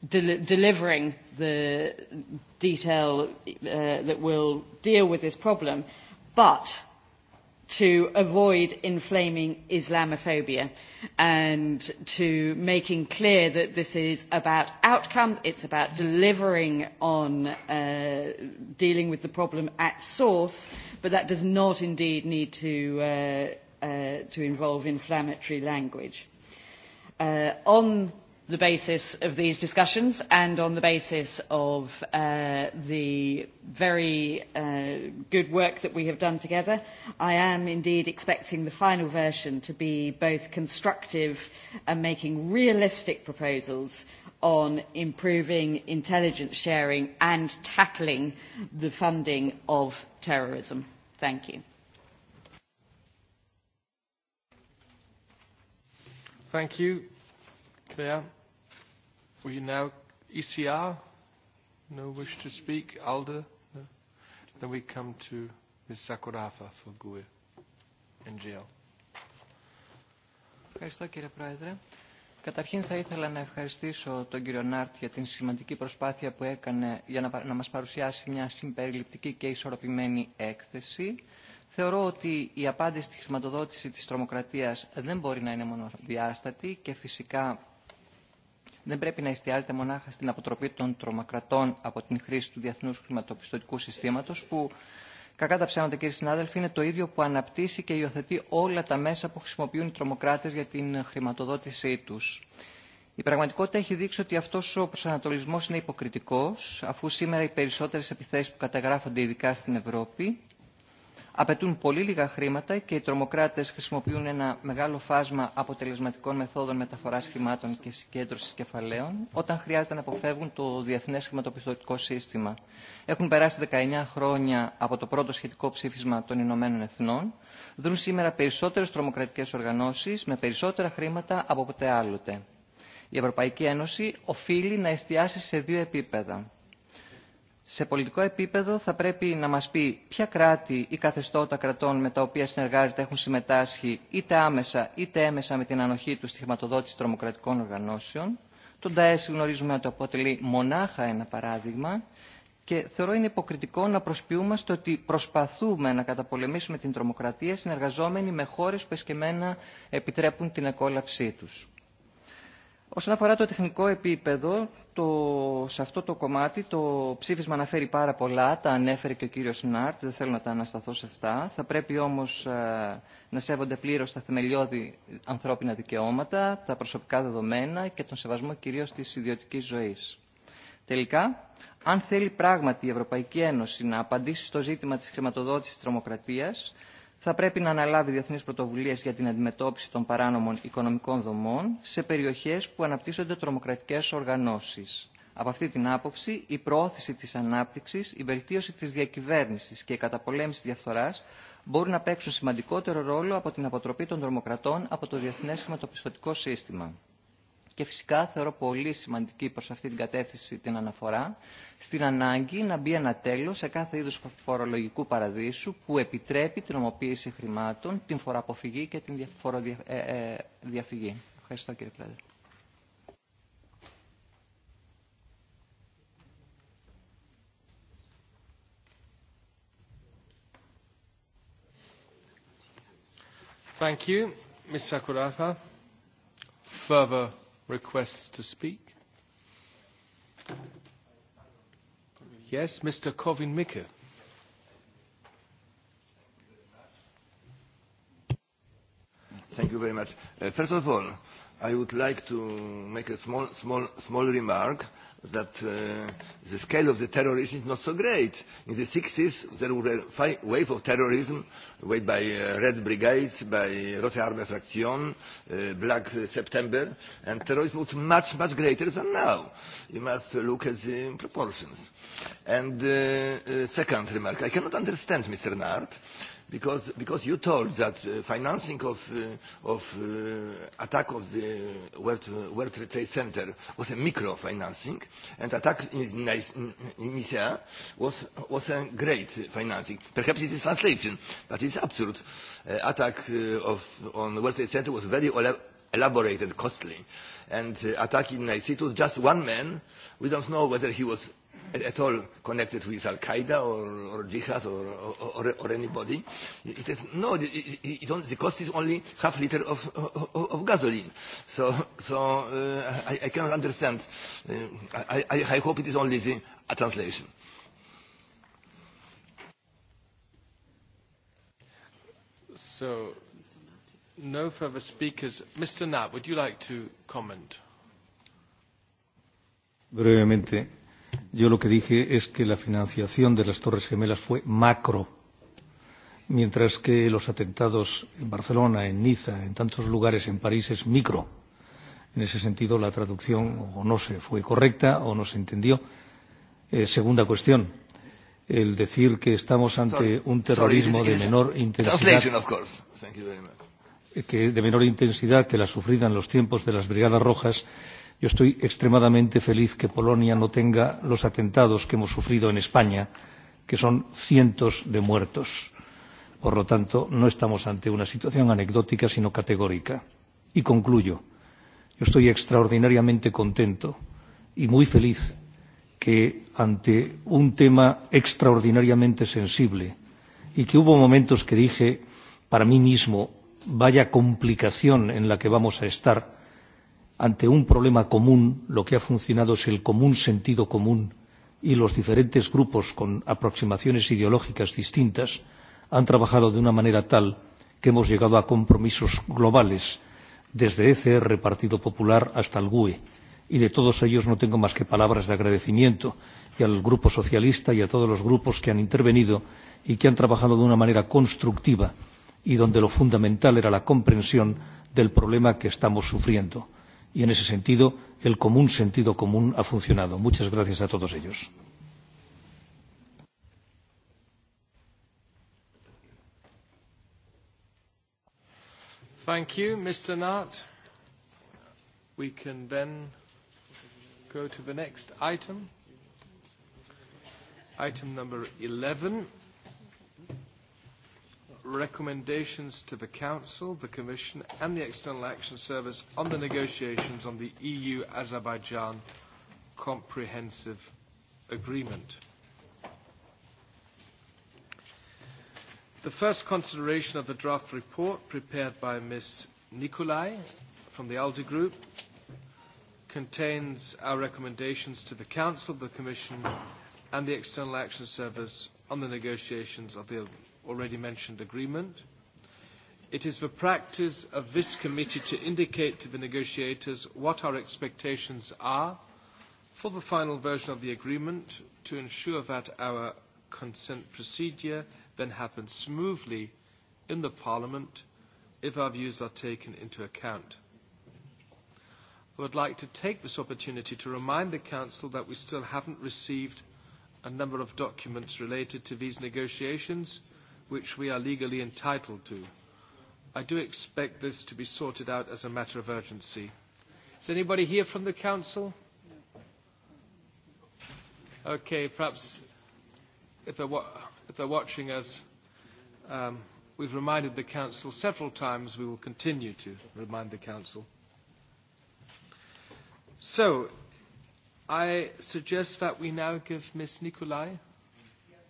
del delivering the detail uh, that will deal with this problem. But to avoid inflaming Islamophobia and to making clear that this is about outcomes, it's about delivering on uh, dealing with the problem at source, but that does not indeed need to, uh, uh, to involve inflammatory language. Uh, on the basis of these discussions and on the basis of uh, the very uh, good work that we have done together. I am indeed expecting the final version to be both constructive and making realistic proposals on improving intelligence sharing and tackling the funding of terrorism. Thank you. Thank you.
Claire. We now, ECR, no wish to speak. Alda. no. Then we come to Ms. Sakurafa for
GUE,
NGL. Ευχαριστώ κύριε Πρόεδρε. Καταρχήν θα ήθελα να ευχαριστήσω τον κύριο Νάρτ για την σημαντική προσπάθεια που έκανε για να, να μας παρουσιάσει μια συμπεριληπτική και ισορροπημένη έκθεση. Θεωρώ ότι η απάντηση στη χρηματοδότηση της τρομοκρατίας δεν μπορεί να είναι μονοδιάστατη και φυσικά δεν πρέπει να εστιάζεται μονάχα στην αποτροπή των τρομακρατών από την χρήση του διεθνού χρηματοπιστωτικού συστήματο, που κακά τα ψέματα, κύριε συνάδελφοι, είναι το ίδιο που αναπτύσσει και υιοθετεί όλα τα μέσα που χρησιμοποιούν οι τρομοκράτε για την χρηματοδότησή του. Η πραγματικότητα έχει δείξει ότι αυτό ο προσανατολισμό είναι υποκριτικό, αφού σήμερα οι περισσότερε επιθέσει που καταγράφονται ειδικά στην Ευρώπη απαιτούν πολύ λίγα χρήματα και οι τρομοκράτες χρησιμοποιούν ένα μεγάλο φάσμα αποτελεσματικών μεθόδων μεταφοράς χρημάτων και συγκέντρωσης κεφαλαίων όταν χρειάζεται να αποφεύγουν το διεθνές χρηματοπιστωτικό σύστημα. Έχουν περάσει 19 χρόνια από το πρώτο σχετικό ψήφισμα των Ηνωμένων Εθνών, δρούν σήμερα περισσότερες τρομοκρατικές οργανώσεις με περισσότερα χρήματα από ποτέ άλλοτε. Η Ευρωπαϊκή Ένωση οφείλει να εστιάσει σε δύο επίπεδα Σε πολιτικό επίπεδο θα πρέπει να μας πει ποια κράτη ή καθεστώτα κρατών με τα οποία συνεργάζεται έχουν συμμετάσχει είτε άμεσα είτε έμεσα με την ανοχή του στη χρηματοδότηση τρομοκρατικών οργανώσεων. Τον ΤΑΕΣ γνωρίζουμε ότι αποτελεί μονάχα ένα παράδειγμα και θεωρώ είναι υποκριτικό να προσποιούμαστε ότι προσπαθούμε να καταπολεμήσουμε την τρομοκρατία συνεργαζόμενοι με χώρες που εσκεμμένα επιτρέπουν την εκόλαυσή τους. Όσον αφορά το τεχνικό επίπεδο, το, σε αυτό το κομμάτι το ψήφισμα αναφέρει πάρα πολλά, τα ανέφερε και ο κύριος Νάρτ, δεν θέλω να τα ανασταθώ σε αυτά. Θα πρέπει όμως ε, να σέβονται πλήρως τα θεμελιώδη ανθρώπινα δικαιώματα, τα προσωπικά δεδομένα και τον σεβασμό κυρίως της ιδιωτικής ζωής. Τελικά, αν θέλει πράγματι η Ευρωπαϊκή Ένωση να απαντήσει στο ζήτημα της χρηματοδότησης της τρομοκρατίας, θα πρέπει να αναλάβει διεθνείς πρωτοβουλίες για την αντιμετώπιση των παράνομων οικονομικών δομών σε περιοχές που αναπτύσσονται τρομοκρατικές οργανώσεις. Από αυτή την άποψη, η προώθηση της ανάπτυξης, η βελτίωση της διακυβέρνησης και η καταπολέμηση τη διαφθοράς μπορούν να παίξουν σημαντικότερο ρόλο από την αποτροπή των τρομοκρατών από το διεθνές χρηματοπιστωτικό σύστημα και φυσικά θεωρώ πολύ σημαντική προς αυτή την κατεύθυνση την αναφορά στην ανάγκη να μπει ένα τέλος σε κάθε είδους φορολογικού παραδείσου που επιτρέπει την ομοποίηση χρημάτων, την φοροαποφυγή και την φοροδιαφυγή. Ευχαριστώ κύριε Πρόεδρε.
Thank you, Ms. Sakurata. Further requests to speak?
Yes, Mr. Kovin Mikke. Thank you very much. Uh, first of all, I would like to make a small, small, small remark that uh, the scale of the terrorism is not so great. In the 60s, there were a wave of terrorism led by uh, Red Brigades, by Rote Arme Fraction, uh, Black September, and terrorism was much, much greater than now. You must look at the proportions. And uh, uh, second remark, I cannot understand Mr. Nart because, because you told that uh, financing of, uh, of uh, attack of the World, uh, World Trade Center was a micro financing and attack in, nice in Nicea was, was a great financing. Perhaps it is translation, but it's absurd. Uh, attack uh, of, on the World Trade Center was very elaborated, costly, and uh, attack in Nice, it was just one man. We don't know whether he was at all connected with Al-Qaeda or, or Jihad or, or, or anybody. It is, no, it, it, it, don't, the cost is only half liter of, of, of gasoline. So, so uh, I, I cannot understand. Uh, I, I, I hope it is only the a translation.
So, no further speakers. Mr. Knapp, would you like to comment?
Brevemente Yo lo que dije es que la financiación de las Torres Gemelas fue macro, mientras que los atentados en Barcelona, en Niza, en tantos lugares, en París, es micro. En ese sentido, la traducción o no se fue correcta o no se entendió. Eh, segunda cuestión, el decir que estamos ante sorry, un terrorismo sorry, de menor intensidad eh, que de menor intensidad que la sufrida en los tiempos de las Brigadas Rojas Yo estoy extremadamente feliz que Polonia no tenga los atentados que hemos sufrido en España, que son cientos de muertos. Por lo tanto, no estamos ante una situación anecdótica, sino categórica. Y concluyo. Yo estoy extraordinariamente contento y muy feliz que ante un tema extraordinariamente sensible y que hubo momentos que dije para mí mismo, vaya complicación en la que vamos a estar, ante un problema común, lo que ha funcionado es el común sentido común y los diferentes grupos con aproximaciones ideológicas distintas han trabajado de una manera tal que hemos llegado a compromisos globales desde ECR, Partido Popular, hasta el GUE. Y de todos ellos no tengo más que palabras de agradecimiento y al Grupo Socialista y a todos los grupos que han intervenido y que han trabajado de una manera constructiva y donde lo fundamental era la comprensión del problema que estamos sufriendo y en ese sentido el común sentido común ha funcionado. Muchas gracias a todos ellos.
Thank you, Mr. Nart. We can then go to the next item. Item number 11 recommendations to the Council, the Commission and the External Action Service on the negotiations on the EU-Azerbaijan Comprehensive Agreement. The first consideration of the draft report prepared by Ms. Nicolai from the ALDE Group contains our recommendations to the Council, the Commission and the External Action Service on the negotiations of the already mentioned agreement. It is the practice of this committee to indicate to the negotiators what our expectations are for the final version of the agreement to ensure that our consent procedure then happens smoothly in the Parliament if our views are taken into account. I would like to take this opportunity to remind the Council that we still haven't received a number of documents related to these negotiations – which we are legally entitled to. I do expect this to be sorted out as a matter of urgency. Is anybody here from the Council? Okay, perhaps if they're, wa if they're watching us, um, we've reminded the Council several times. We will continue to remind the Council. So, I suggest that we now give Ms. Nicolai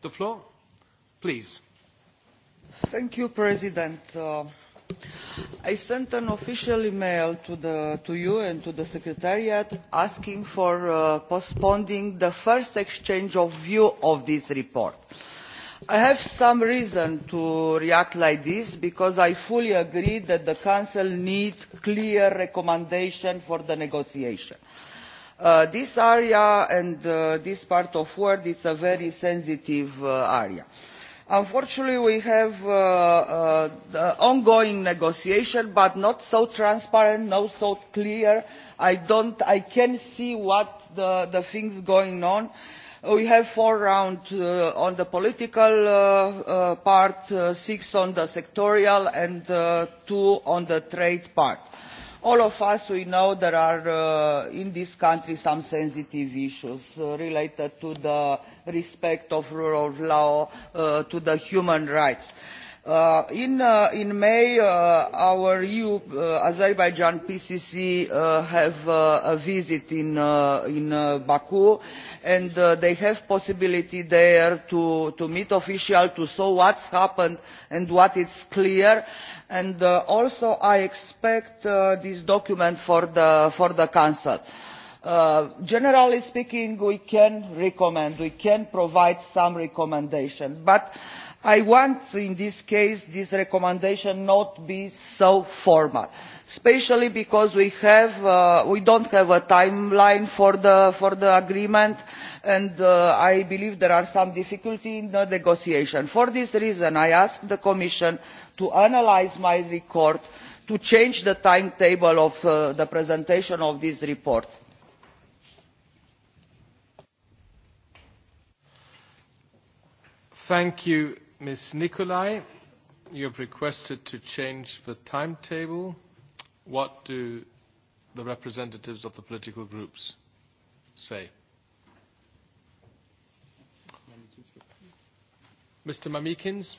the floor. Please.
Thank you, President. Uh, I sent an official email to, the, to you and to the Secretariat asking for uh, postponing the first exchange of view of this report. I have some reason to react like this because I fully agree that the Council needs clear recommendation for the negotiation. Uh, this area and uh, this part of world is a very sensitive uh, area. Uh, Unfortunately, we have uh, uh, the ongoing negotiation, but not so transparent, not so clear. I don't, I can see what the, the things going on. We have four rounds uh, on the political uh, uh, part, uh, six on the sectorial, and uh, two on the trade part. Uh, All of us, we know there are uh, in this country some sensitive issues uh, related to the respect of rule of law, uh, to the human rights. Uh, Uh, in, uh, in May, uh, our EU uh, Azerbaijan PCC uh, have uh, a visit in, uh, in uh, Baku and uh, they have possibility there to, to meet officials to show what's happened and what is clear. And uh, also I expect uh, this document for the, for the Council. Uh, generally speaking, we can recommend, we can provide some recommendation, but uh, I want, in this case, this recommendation not be so formal, especially because we, have, uh, we don't have a timeline for the, for the agreement, and uh, I believe there are some difficulty in the negotiation. For this reason, I ask the Commission to analyze my report, to change the timetable of uh, the presentation of this report.
Thank you Ms. Nicolai, you have requested to change the timetable. What do the representatives of the political groups say? Mr. Mamikins?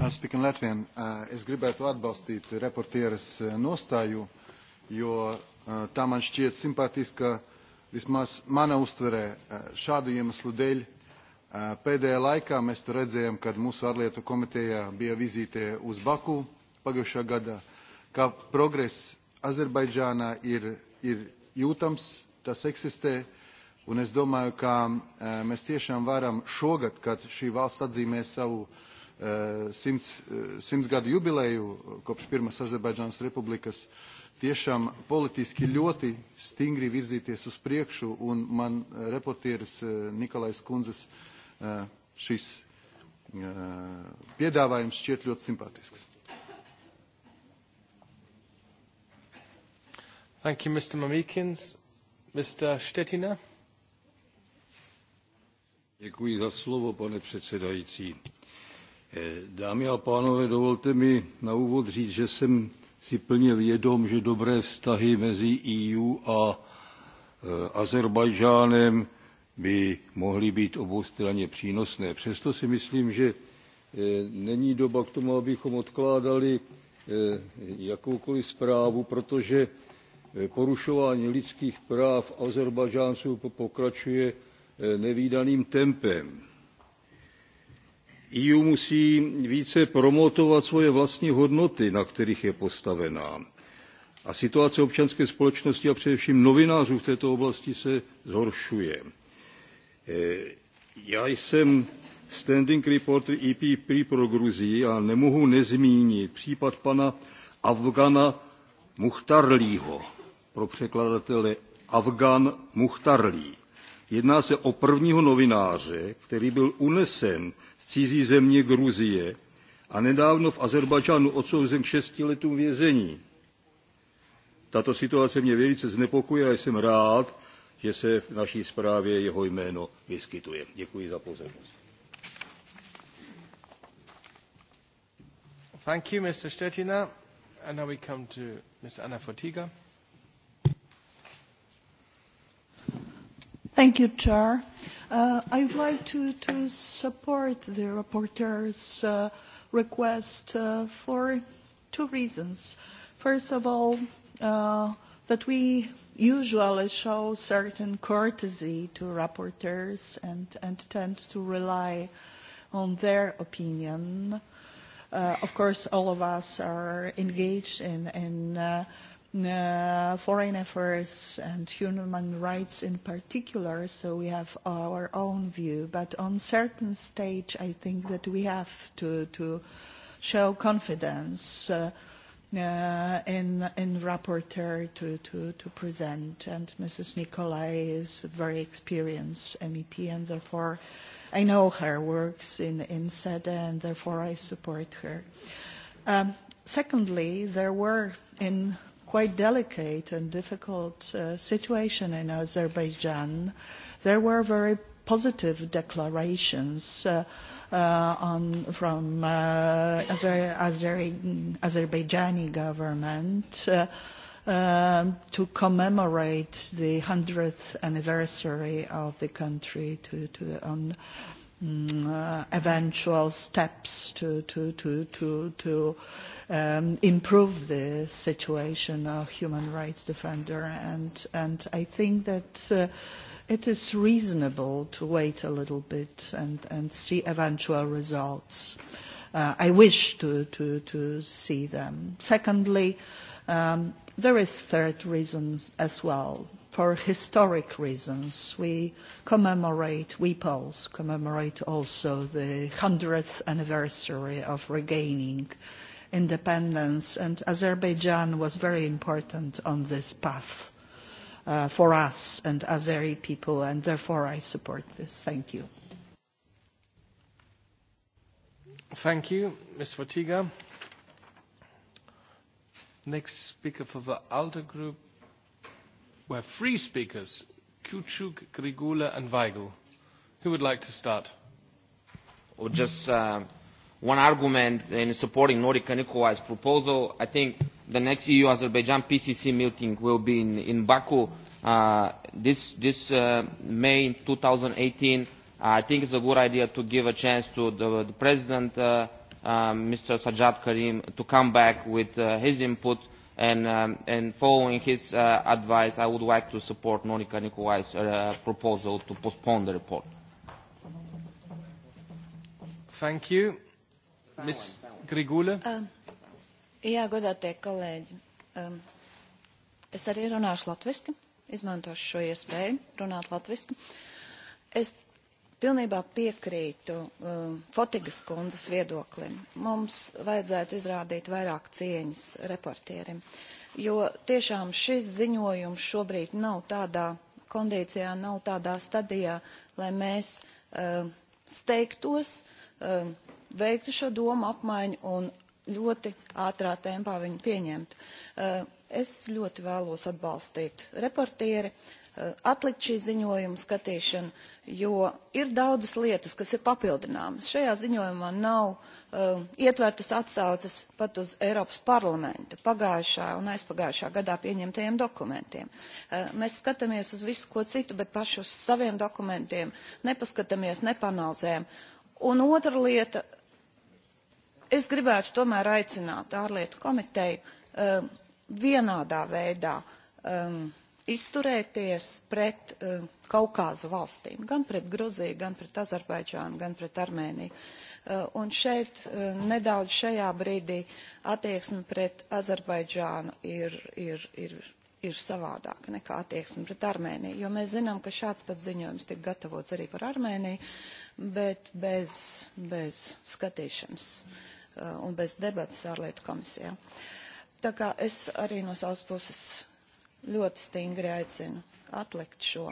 I'll speak in Latvian. Uh, Es gribētu atbalstīt reportieres uh, nostāju, jo uh, tā man šķiet simpātiska Vismaz mana uztverē šādu iemeslu dēļ pēdējā laikā mēs redzējām, kad mūsu ārlietu komitejā bija vizīte uz Baku pagājušā gada, ka progress Azerbaidžānā ir, ir jūtams, tas eksistē, un es domāju, ka e, mēs tiešām varam šogad, kad šī valsts atzīmē savu e, simts, e, simts gadu jubileju kopš pirmas Azerbaidžānas republikas, tiešām politiski ļoti stingri virzīties uz priekšu, un man eh, reportieris eh, Nikolais Kunzes eh, šis piedāvājums šķiet ļoti simpātisks.
Thank you, Mr. Mamikins. Mr. Štetina.
Děkuji za slovo, pane předsedající. Dámy a pánové, dovolte mi na úvod říct, že jsem si plně vědom, že dobré vztahy mezi EU a e, Azerbajdžánem by mohly být oboustranně přínosné. Přesto si myslím, že e, není doba k tomu, abychom odkládali e, jakoukoliv zprávu, protože porušování lidských práv Azerbajdžánců pokračuje nevýdaným tempem. EU musí více promotovat svoje vlastní hodnoty, na kterých je postavená. A situace občanské společnosti a především novinářů v této oblasti se zhoršuje. E, já jsem standing reporter EPP pro Gruzii a nemohu nezmínit případ pana Afgana Muhtarlího, pro překladatele Afgan Muhtarlí Jedná se o prvního novináře, který byl unesen z cizí země Gruzie a nedávno v Azerbajdžánu odsouzen k šesti letům vězení. Tato situace mě velice znepokuje a jsem rád, že se v naší zprávě jeho jméno vyskytuje. Děkuji za pozornost.
Thank you, Mr. Stettina. And now we come to Ms. Anna Fotiga.
Thank you, Chair. Uh, I would like to, to support the rapporteur's uh, request uh, for two reasons. First of all, uh, that we usually show certain courtesy to rapporteurs and, and tend to rely on their opinion. Uh, of course, all of us are engaged in, in uh, uh, foreign affairs and human rights in particular, so we have our own view. But on certain stage, I think that we have to, to show confidence uh, uh, in, in rapporteur to, to, to present. And Mrs. Nicolai is a very experienced MEP, and therefore I know her works in, in SEDA, and therefore I support her. Um, secondly, there were in quite delicate and difficult uh, situation in Azerbaijan, there were very positive declarations uh, uh, on, from uh, Azer Azer Azerbaijani government uh, um, to commemorate the 100th anniversary of the country to, to, on Mm, uh, eventual steps to, to, to, to, to um, improve the situation of human rights defender. And, and I think that uh, it is reasonable to wait a little bit and, and see eventual results. Uh, I wish to, to, to see them. Secondly, um, there is third reasons as well for historic reasons. We commemorate, we Poles commemorate also the 100th anniversary of regaining independence, and Azerbaijan was very important on this path uh, for us and Azeri people, and therefore I support this. Thank you.
Thank you, Ms. Fatiga. Next speaker for the ALDE group,
have three speakers,
Kuchuk, Grigula and Weigel. Who would like to start?
Well, just uh, one argument in supporting Norica Kanikova's proposal. I think the next EU-Azerbaijan PCC meeting will be in, in Baku uh, this, this uh, May 2018. Uh, I think it's a good idea to give a chance to the, the President, uh, uh, Mr. Sajjad Karim, to come back with uh, his input And, um, and following his uh, advice, I would like to support Monica Nikolai's uh, proposal to postpone the report. Thank you. Ms. Grigula. Um,
jā, godātie kolēģi, um, es arī runāšu latviski, izmantošu šo iespēju runāt latviski. Es Pilnībā piekrītu uh, Fotigas kundzes viedoklim. Mums vajadzētu izrādīt vairāk cieņas reportierim, jo tiešām šis ziņojums šobrīd nav tādā kondīcijā, nav tādā stadijā, lai mēs uh, steigtos, uh, veiktu šo domu apmaiņu un ļoti ātrā tempā viņu pieņemtu. Uh, es ļoti vēlos atbalstīt reportieri, uh, atlikt šī ziņojuma skatīšanu, jo ir daudzas lietas, kas ir papildināmas. Šajā ziņojumā nav uh, ietvertas atsaucas pat uz Eiropas parlamenta pagājušā un aizpagājušā gadā pieņemtajiem dokumentiem. Uh, mēs skatāmies uz visu ko citu, bet paši uz saviem dokumentiem nepaskatāmies, nepanalizējam. Un otra lieta, es gribētu tomēr aicināt ārlietu komiteju uh, vienādā veidā um, izturēties pret uh, eh, Kaukāza valstīm, gan pret Gruziju, gan pret Azerbaidžānu, gan pret Armēniju. Uh, un šeit uh, nedaudz šajā brīdī attieksme pret Azerbaidžānu ir, ir, ir, ir savādāka nekā attieksme pret Armēniju, jo mēs zinām, ka šāds pats ziņojums tika gatavots arī par Armēniju, bet bez, bez skatīšanas un bez debatas ārlietu komisijā. Tā kā es arī no savas puses ļoti stingri aicinu atlikt šo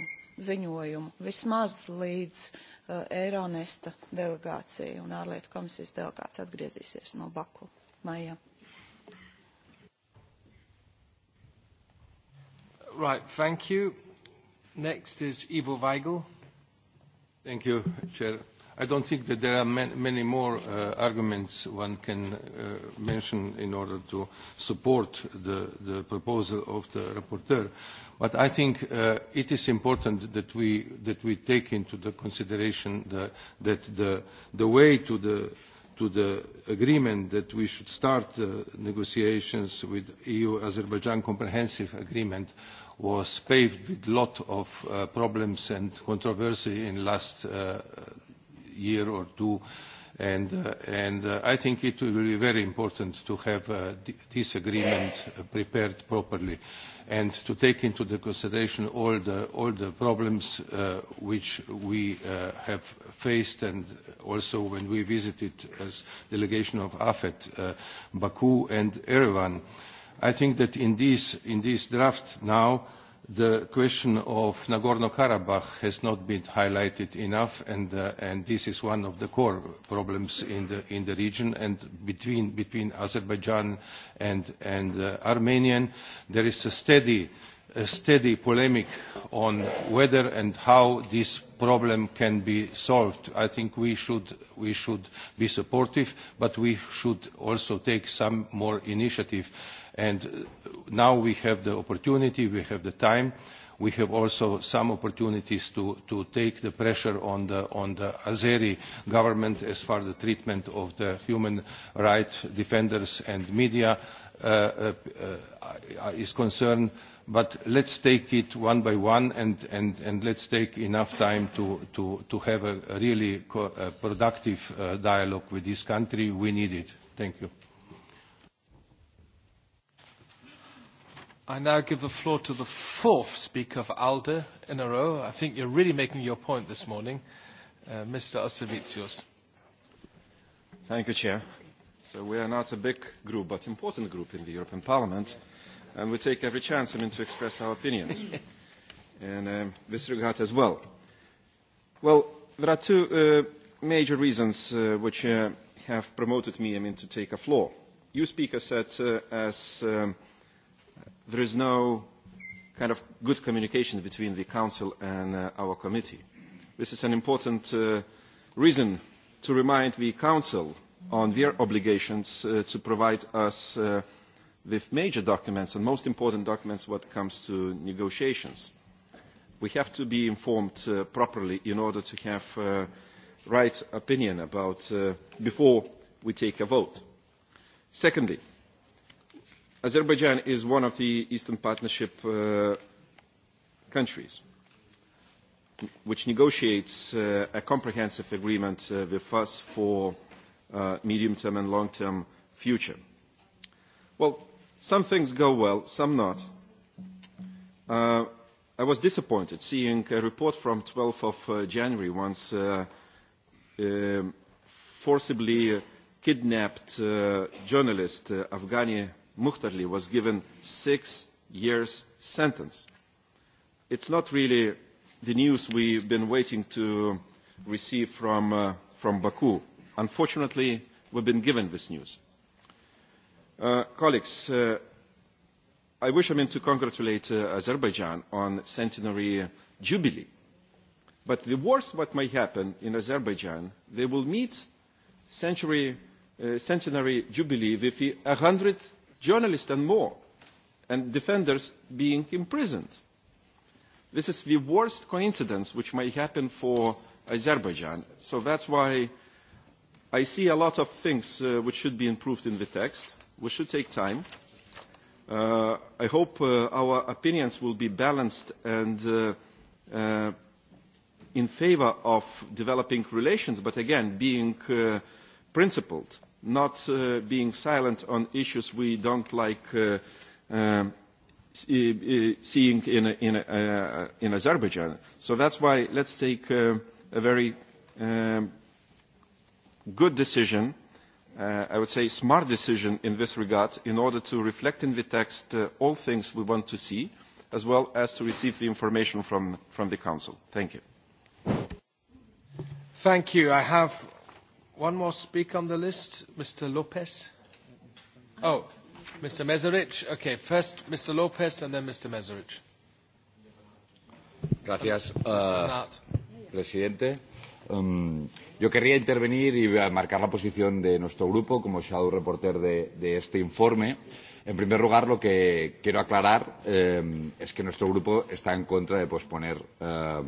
ziņojumu vismaz līdz uh, Eironesta delegācija un ārlietu komisijas delegācija atgriezīsies no Baku maija.
Right,
thank you. Next is Ivo Weigel. Thank you, Chair. I don't think that there are man, many more uh, arguments one can uh, mention in order to support the, the proposal of the rapporteur. But I think uh, it is important that we, that we take into the consideration the, that the, the way to the, to the agreement that we should start uh, negotiations with EU-Azerbaijan comprehensive agreement was paved with a lot of uh, problems and controversy in the last uh, year or two. And, uh, and uh, I think it will be very important to have uh, this agreement prepared properly and to take into the consideration all the, all the problems uh, which we uh, have faced and also when we visited as delegation of AFET, uh, Baku and Erevan. I think that in this, in this draft now, the question of Nagorno-Karabakh has not been highlighted enough, and, uh, and this is one of the core problems in the, in the region. And between, between Azerbaijan and, and uh, Armenian, there is a steady, a steady polemic on whether and how this problem can be solved. I think we should, we should be supportive, but we should also take some more initiative And uh, now we have the opportunity, we have the time, we have also some opportunities to, to take the pressure on the, on the Azeri government as far as the treatment of the human rights defenders and media uh, uh, uh, is concerned. But let's take it one by one and, and, and let's take enough time to, to, to have a really co uh, productive uh, dialogue with this country. We need it. Thank you. I now give the floor to the fourth
speaker of ALDE in a row. I think you're really making your point this morning, uh, Mr.
Osovicius. Thank you, Chair. So we are not a big group, but important group in the European Parliament, and we take every chance I mean, to express our opinions in um, this regard as well. Well, there are two uh, major reasons uh, which uh, have promoted me I mean, to take a floor. You, Speaker, said uh, as um, – there is no kind of good communication between the Council and uh, our committee. This is an important uh, reason to remind the Council on their obligations uh, to provide us uh, with major documents and most important documents when it comes to negotiations. We have to be informed uh, properly in order to have uh, right opinion about uh, before we take a vote. Secondly, Azerbaijan is one of the Eastern Partnership uh, countries which negotiates uh, a comprehensive agreement uh, with us for uh, medium-term and long-term future. Well, some things go well, some not. Uh, I was disappointed seeing a report from 12th of uh, January once uh, um, uh, forcibly kidnapped uh, journalist, uh, Afghani Mukhtarli was given six years sentence. It's not really the news we've been waiting to receive from, uh, from Baku. Unfortunately, we've been given this news. Uh, colleagues, uh, I wish I mean to congratulate uh, Azerbaijan on centenary jubilee. But the worst what might happen in Azerbaijan, they will meet century, uh, centenary jubilee with a hundred journalists and more, and defenders being imprisoned. This is the worst coincidence which may happen for Azerbaijan. So that's why I see a lot of things uh, which should be improved in the text, which should take time. Uh, I hope uh, our opinions will be balanced and uh, uh, in favor of developing relations, but again, being uh, principled not uh, being silent on issues we don't like uh, uh, seeing in, in, uh, in Azerbaijan. So that's why let's take uh, a very um, good decision, uh, I would say smart decision in this regard, in order to reflect in the text uh, all things we want to see, as well as to receive the information from, from the Council. Thank you.
Thank you. I have One more speaker on the list, Mr. Lopez. Oh, Mr. Mezerich. Okay, first Mr. Lopez and then Mr. Mezerich.
Gracias, uh, presidente. Um, yo querría intervenir y marcar la posición de nuestro grupo como shadow reporter de, de este informe. En primer lugar, lo que quiero aclarar eh, es que nuestro grupo está en contra de posponer eh,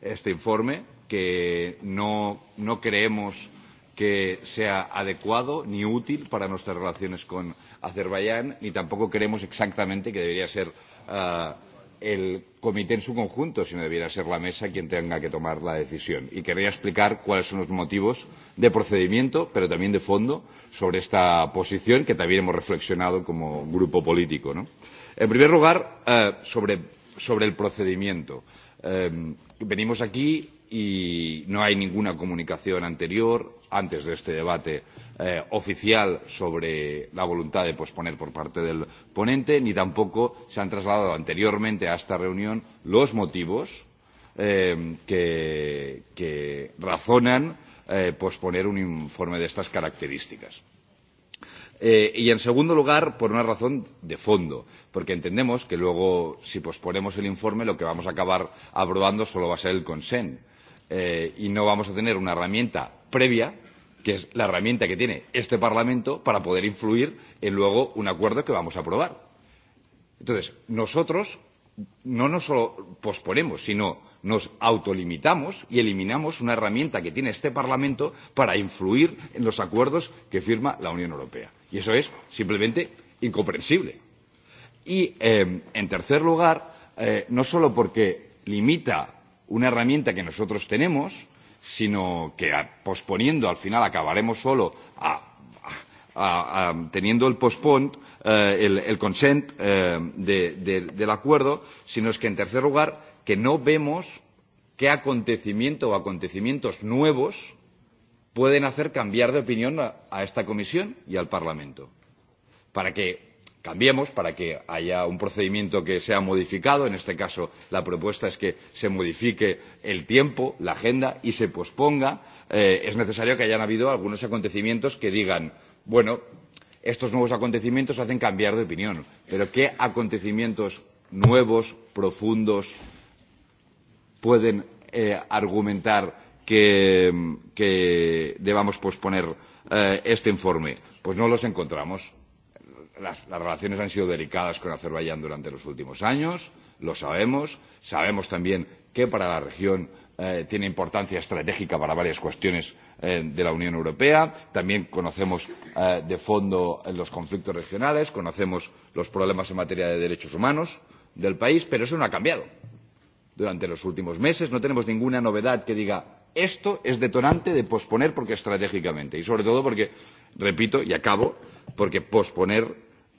este informe, que no, no creemos que sea adecuado ni útil para nuestras relaciones con Azerbaiyán, ni tampoco creemos exactamente que debería ser uh, el comité en su conjunto, sino debiera ser la mesa quien tenga que tomar la decisión. Y querría explicar cuáles son los motivos de procedimiento, pero también de fondo, sobre esta posición que también hemos reflexionado como grupo político. ¿no? En primer lugar, uh, sobre, sobre el procedimiento. Eh, venimos aquí y no hay ninguna comunicación anterior, antes de este debate eh, oficial sobre la voluntad de posponer por parte del ponente, ni tampoco se han trasladado anteriormente a esta reunión los motivos eh, que, que razonan eh, posponer un informe de estas características. Eh, y en segundo lugar, por una razón de fondo, porque entendemos que luego, si posponemos el informe, lo que vamos a acabar aprobando solo va a ser el consent eh, y no vamos a tener una herramienta previa que es la herramienta que tiene este Parlamento para poder influir en luego un acuerdo que vamos a aprobar. Entonces, nosotros no nos solo posponemos, sino nos autolimitamos y eliminamos una herramienta que tiene este Parlamento para influir en los acuerdos que firma la Unión Europea. Y eso es simplemente incomprensible. Y, eh, en tercer lugar, eh, no solo porque limita una herramienta que nosotros tenemos, sino que a, posponiendo al final acabaremos solo a, a, a, teniendo el postpont, eh, el, el consent eh, de, de, del acuerdo, sino es que en tercer lugar que no vemos qué acontecimiento o acontecimientos nuevos pueden hacer cambiar de opinión a, a esta comisión y al Parlamento. Para que cambiemos para que haya un procedimiento que sea modificado. En este caso, la propuesta es que se modifique el tiempo, la agenda y se posponga. Eh, es necesario que hayan habido algunos acontecimientos que digan, bueno, estos nuevos acontecimientos hacen cambiar de opinión, pero ¿qué acontecimientos nuevos, profundos, pueden eh, argumentar que, que debamos posponer eh, este informe? Pues no los encontramos las, las relaciones han sido delicadas con Azerbaiyán durante los últimos años, lo sabemos. Sabemos también que para la región eh, tiene importancia estratégica para varias cuestiones eh, de la Unión Europea. También conocemos eh, de fondo eh, los conflictos regionales, conocemos los problemas en materia de derechos humanos del país, pero eso no ha cambiado. Durante los últimos meses no tenemos ninguna novedad que diga esto es detonante de posponer porque estratégicamente y sobre todo porque, repito y acabo, porque posponer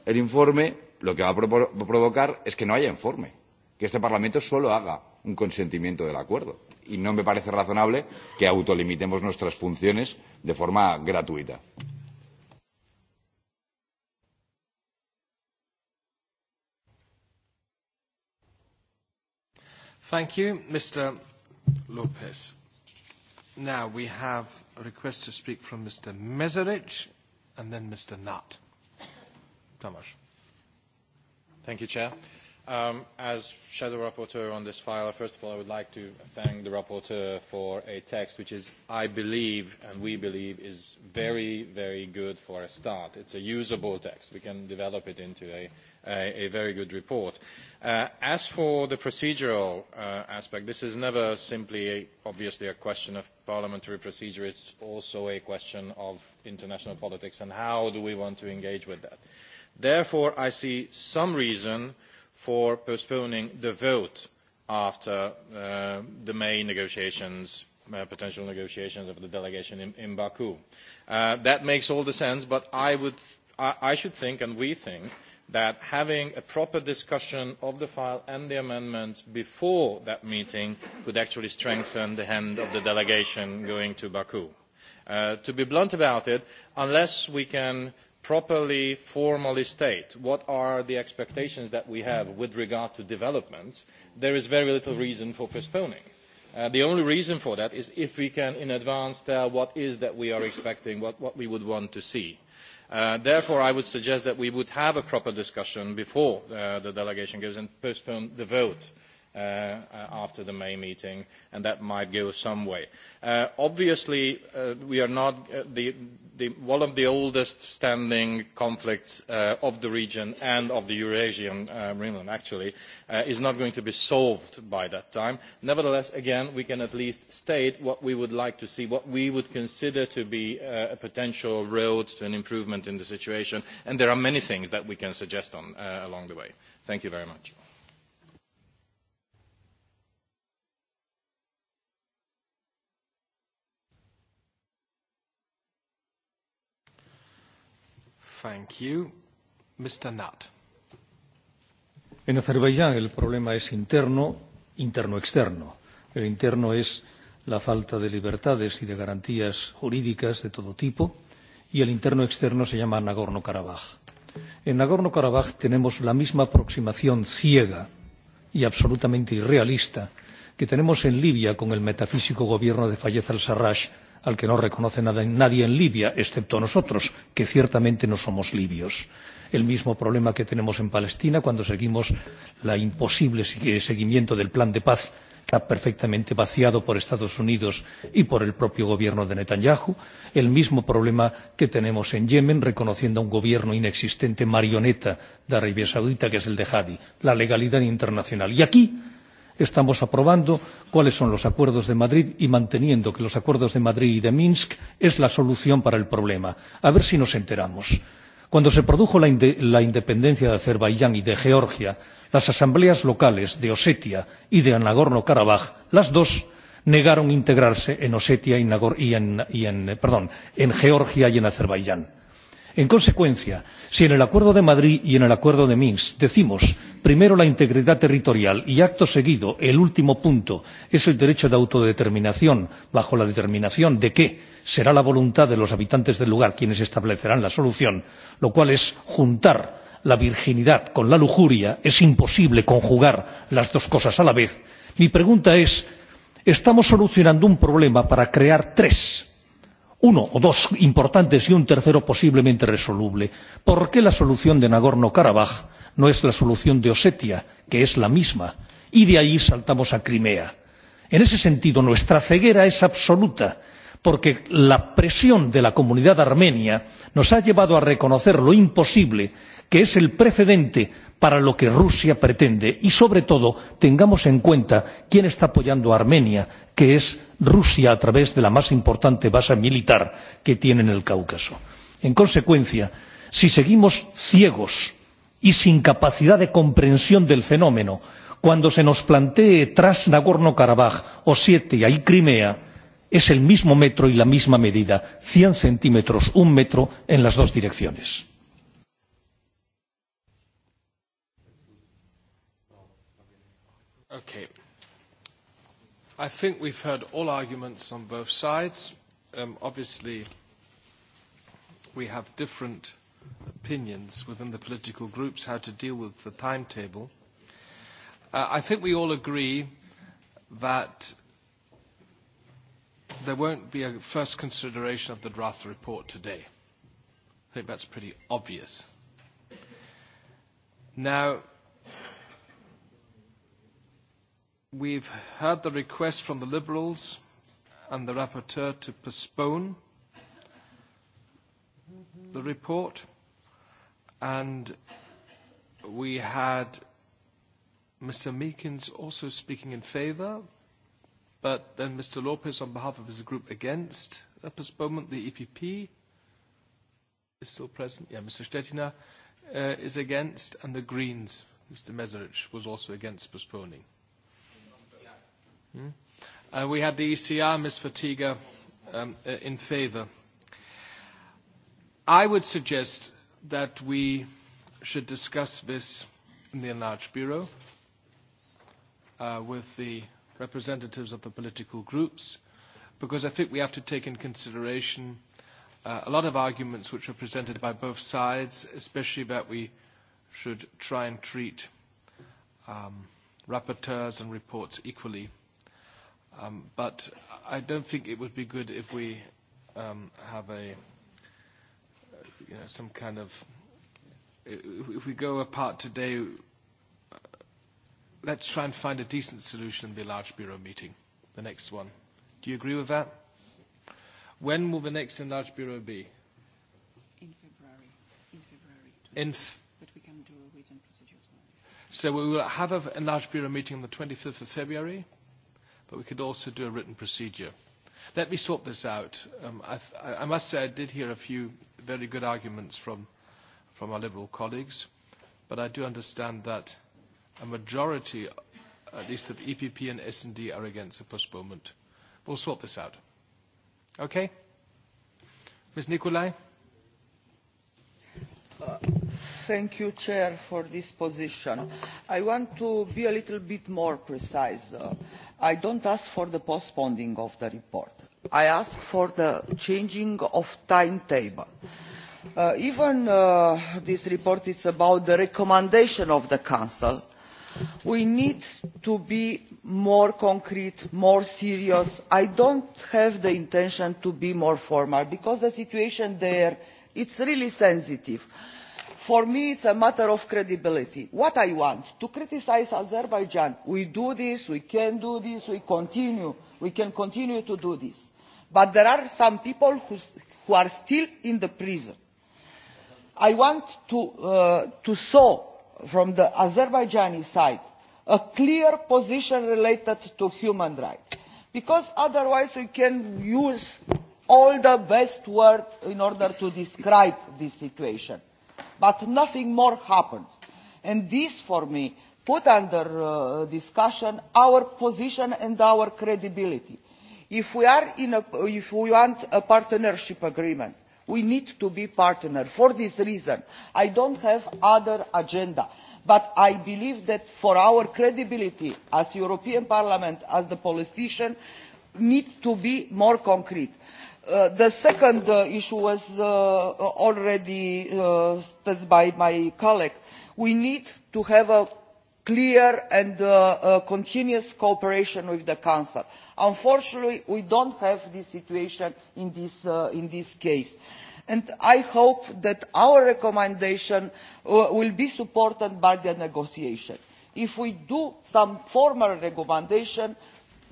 el informe, lo que va a provocar es que no haya informe, que este Parlamento solo haga un consentimiento del acuerdo. Y no me parece razonable que autolimitemos nuestras funciones de forma gratuita.
Thank you, Mr. Lopez. Now we have a request to speak from Mr. Meserich and then Mr. Nutt. Tomasz.
Thank you, Chair. Um, as Shadow Rapporteur on this file, first of all, I would like to thank the Rapporteur for a text which is, I believe, and we believe, is very, very good for a start. It's a usable text. We can develop it into a, a, a very good report. Uh, as for the procedural uh, aspect, this is never simply, a, obviously, a question of parliamentary procedure. It's also a question of international politics and how do we want to engage with that. Uh, Therefore, I see some reason for postponing the vote after uh, the May negotiations, uh, potential negotiations of the delegation in, in Baku. Uh, that makes all the sense, but I, would, I, I should think, and we think, that having a proper discussion of the file and the amendments before that meeting would actually strengthen the hand of the delegation going to Baku. Uh, to be blunt about it, unless we can properly formally state what are the expectations that we have with regard to developments, there is very little reason for postponing. Uh, the only reason for that is if we can in advance tell what is that we are expecting, what, what we would want to see. Uh, therefore, I would suggest that we would have a proper discussion before uh, the delegation goes and postpone the vote uh, uh, after the May meeting, and that might go some way. Uh, obviously, uh, we are not, uh, the, the, one of the oldest standing conflicts uh, of the region and of the Eurasian uh, Greenland actually uh, is not going to be solved by that time. Nevertheless, again, we can at least state what we would like to see, what we would consider to be uh, a potential road to an improvement in the situation, and there are many things that we can suggest on, uh, along the way. Thank you very much.
Thank you. Mr. Nutt.
En Azerbaiyán el problema es interno, interno-externo. El interno es la falta de libertades y de garantías jurídicas de todo tipo y el interno-externo se llama Nagorno-Karabaj. En Nagorno-Karabaj tenemos la misma aproximación ciega y absolutamente irrealista que tenemos en Libia con el metafísico gobierno de Fayez al Sarraj al que no reconoce nada, nadie en Libia, excepto nosotros, que ciertamente no somos libios. El mismo problema que tenemos en Palestina cuando seguimos el imposible seguimiento del plan de paz está perfectamente vaciado por Estados Unidos y por el propio gobierno de Netanyahu, el mismo problema que tenemos en Yemen, reconociendo a un gobierno inexistente marioneta de Arabia Saudita, que es el de Hadi, la legalidad internacional. Y aquí estamos aprobando, cuáles son los acuerdos de Madrid y manteniendo que los acuerdos de Madrid y de Minsk es la solución para el problema. A ver si nos enteramos. Cuando se produjo la, inde la independencia de Azerbaiyán y de Georgia, las asambleas locales de Osetia y de Nagorno-Karabaj, las dos, negaron integrarse en Osetia y, Nagor y, en, y en, perdón, en Georgia y en Azerbaiyán. En consecuencia, si en el Acuerdo de Madrid y en el Acuerdo de Minsk decimos primero la integridad territorial y acto seguido el último punto es el derecho de autodeterminación bajo la determinación de que será la voluntad de los habitantes del lugar quienes establecerán la solución, lo cual es juntar la virginidad con la lujuria, es imposible conjugar las dos cosas a la vez. Mi pregunta es, estamos solucionando un problema para crear tres uno o dos importantes y un tercero posiblemente resoluble. ¿Por qué la solución de Nagorno-Karabaj no es la solución de Osetia, que es la misma? Y de ahí saltamos a Crimea. En ese sentido, nuestra ceguera es absoluta, porque la presión de la comunidad armenia nos ha llevado a reconocer lo imposible, que es el precedente para lo que Rusia pretende. Y sobre todo, tengamos en cuenta quién está apoyando a Armenia, que es Rusia a través de la más importante base militar que tiene en el Cáucaso. En consecuencia, si seguimos ciegos y sin capacidad de comprensión del fenómeno, cuando se nos plantee tras Nagorno-Karabaj o Siete y Crimea, es el mismo metro y la misma medida, 100 centímetros, un metro en las dos direcciones.
I think we've heard all arguments on both sides. Um, obviously, we have different opinions within the political groups how to deal with the timetable. Uh, I think we all agree that there won't be a first consideration of the draft report today. I think that's pretty obvious. Now, We've had the request from the Liberals and the Rapporteur to postpone the report and we had Mr. Meekins also speaking in favour, but then Mr. Lopez on behalf of his group against a postponement. The EPP is still present. Yeah, Mr. Stettina uh, is against, and the Greens, Mr. Meserich, was also against postponing. Hmm? Uh, we had the ECR, Ms. Fatiga, um, uh, in favor. I would suggest that we should discuss this in the enlarged bureau uh, with the representatives of the political groups, because I think we have to take in consideration uh, a lot of arguments which are presented by both sides, especially that we should try and treat um, rapporteurs and reports equally. Um, but I don't think it would be good if we um, have a, you know, some kind of, if we go apart today, uh let's try and find a decent solution in the large bureau meeting, the next one. Do you agree with that? When will the next enlarged bureau be?
In February. In February. In f but we can do a written procedure as well.
So we will have an enlarged bureau meeting on the 25th of February but we could also do a written procedure. Let me sort this out. Um, I, I must say I did hear a few very good arguments from, from our Liberal colleagues, but I do understand that a majority, at least of EPP and S&D, are against the postponement. We'll sort this out. Okay?
Ms. Nicolai? Uh, thank you, Chair, for this position. I want to be a little bit more precise. Uh, I don't ask for the postponing of the report. I ask for the changing of timetable. Uh, even uh, this report is about the recommendation of the Council. We need to be more concrete, more serious. I don't have the intention to be more formal because the situation there, it's really sensitive For me, it's a matter of credibility. What I want, to criticize Azerbaijan, we do this, we can do this, we continue, we can continue to do this. But there are some people who, who are still in the prison. I want to, uh, to saw from the Azerbaijani side a clear position related to human rights. Because otherwise we can use all the best words in order to describe this situation but nothing more happened. And this, for me, put under uh, discussion our position and our credibility. If we, are in a, if we want a partnership agreement, we need to be partners. For this reason, I don't have other agenda. But I believe that for our credibility as European Parliament, as the politician, need to be more concrete. Uh, the second uh, issue was uh, uh, already uh, stated by my colleague. We need to have a clear and uh, uh, continuous cooperation with the Council. Unfortunately, we don't have this situation in this, uh, in this case. And I hope that our recommendation uh, will be supported by the negotiation. If we do some formal recommendation,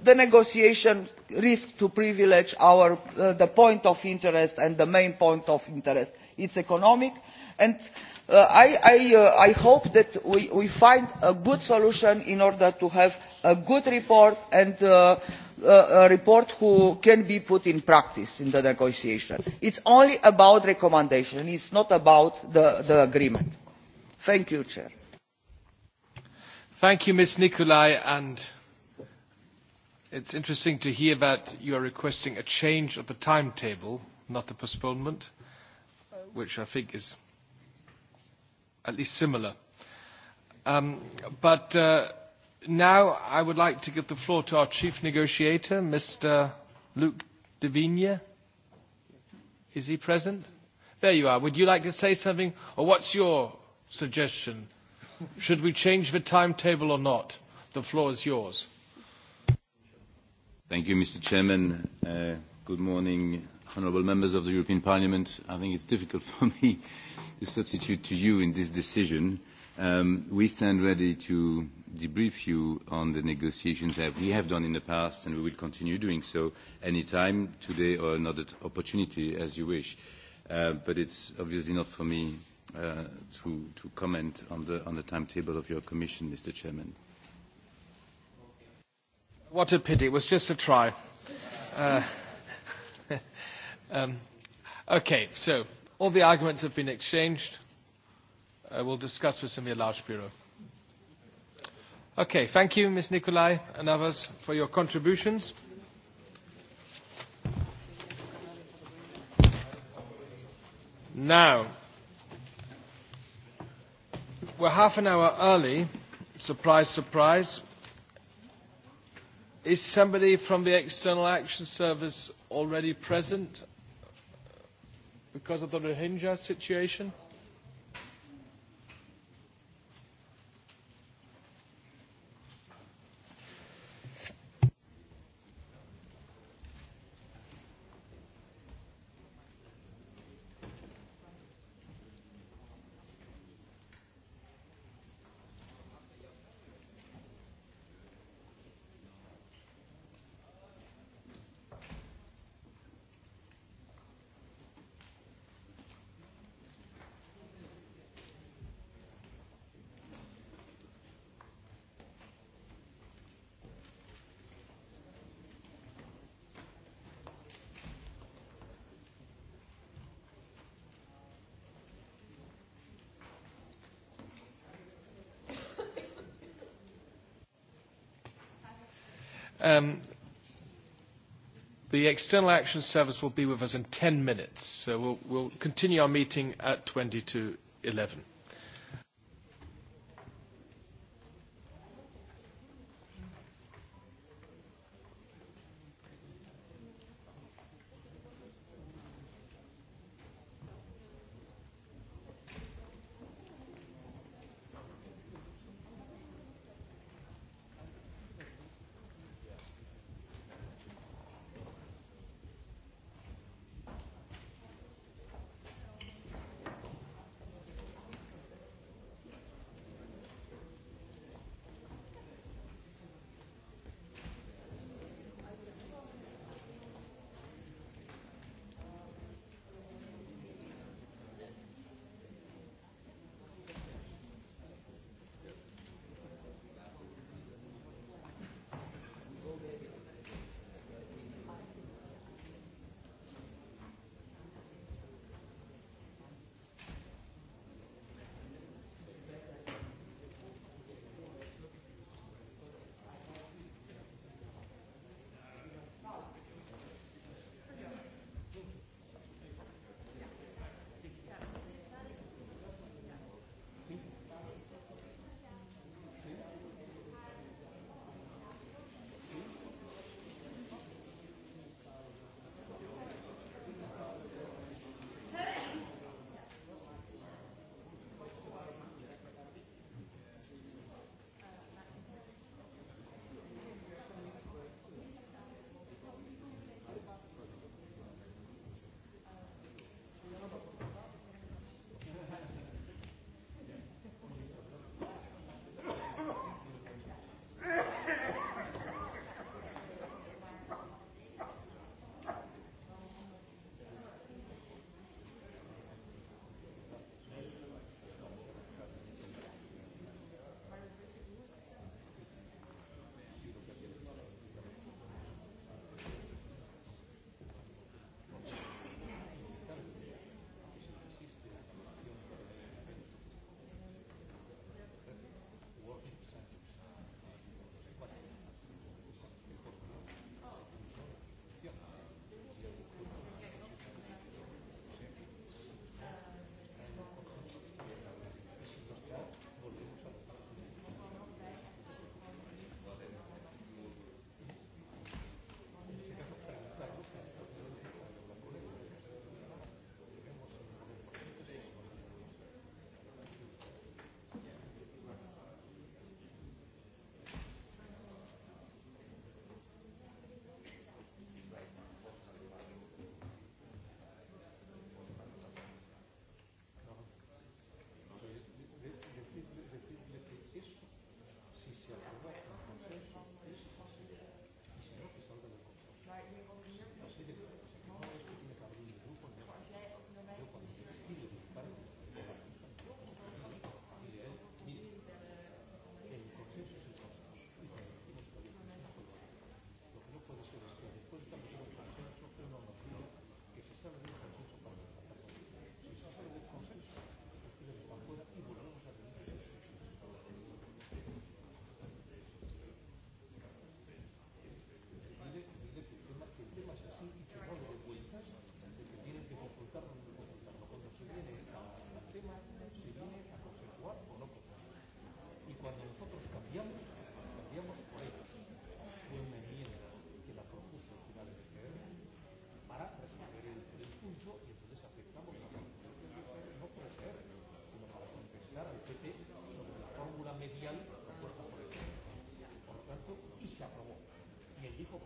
the negotiation risk to privilege our, uh, the point of interest and the main point of interest. It's economic. And uh, I, I, uh, I hope that we, we find a good solution in order to have a good report and uh, uh, a report who can be put in practice in the negotiation. It's only about recommendation. It's not about the, the agreement. Thank you, Chair.
Thank you, Ms. nikolai and It's interesting to hear that you are requesting a change of the timetable, not the postponement, uh, which I think is at least similar. Um, but uh, now I would like to give the floor to our chief negotiator, Mr. Luc de Vigne. Is he present? There you are. Would you like to say something? Or what's your suggestion? Should we change the timetable or not? The floor is yours.
Thank you, Mr. Chairman. Uh, good morning, honourable members of the European Parliament. I think it's difficult for me to substitute to you in this decision. Um, we stand ready to debrief you on the negotiations that we have done in the past, and we will continue doing so any time, today or another opportunity, as you wish. Uh, but it's obviously not for me uh, to, to comment on the, on the timetable of your commission, Mr. Chairman.
What a pity. It was just a try. Uh, um, okay, so all the arguments have been exchanged. Uh, we'll discuss with your Large Bureau. Okay, thank you, Ms. Nicolai and others, for your contributions. Now, we're half an hour early, surprise, surprise, Is somebody from the External Action Service already present because of the Rohingya situation? Um, the External Action Service will be with us in 10 minutes, so we'll, we'll continue our meeting at 20 to 11.
si aprobó. Y con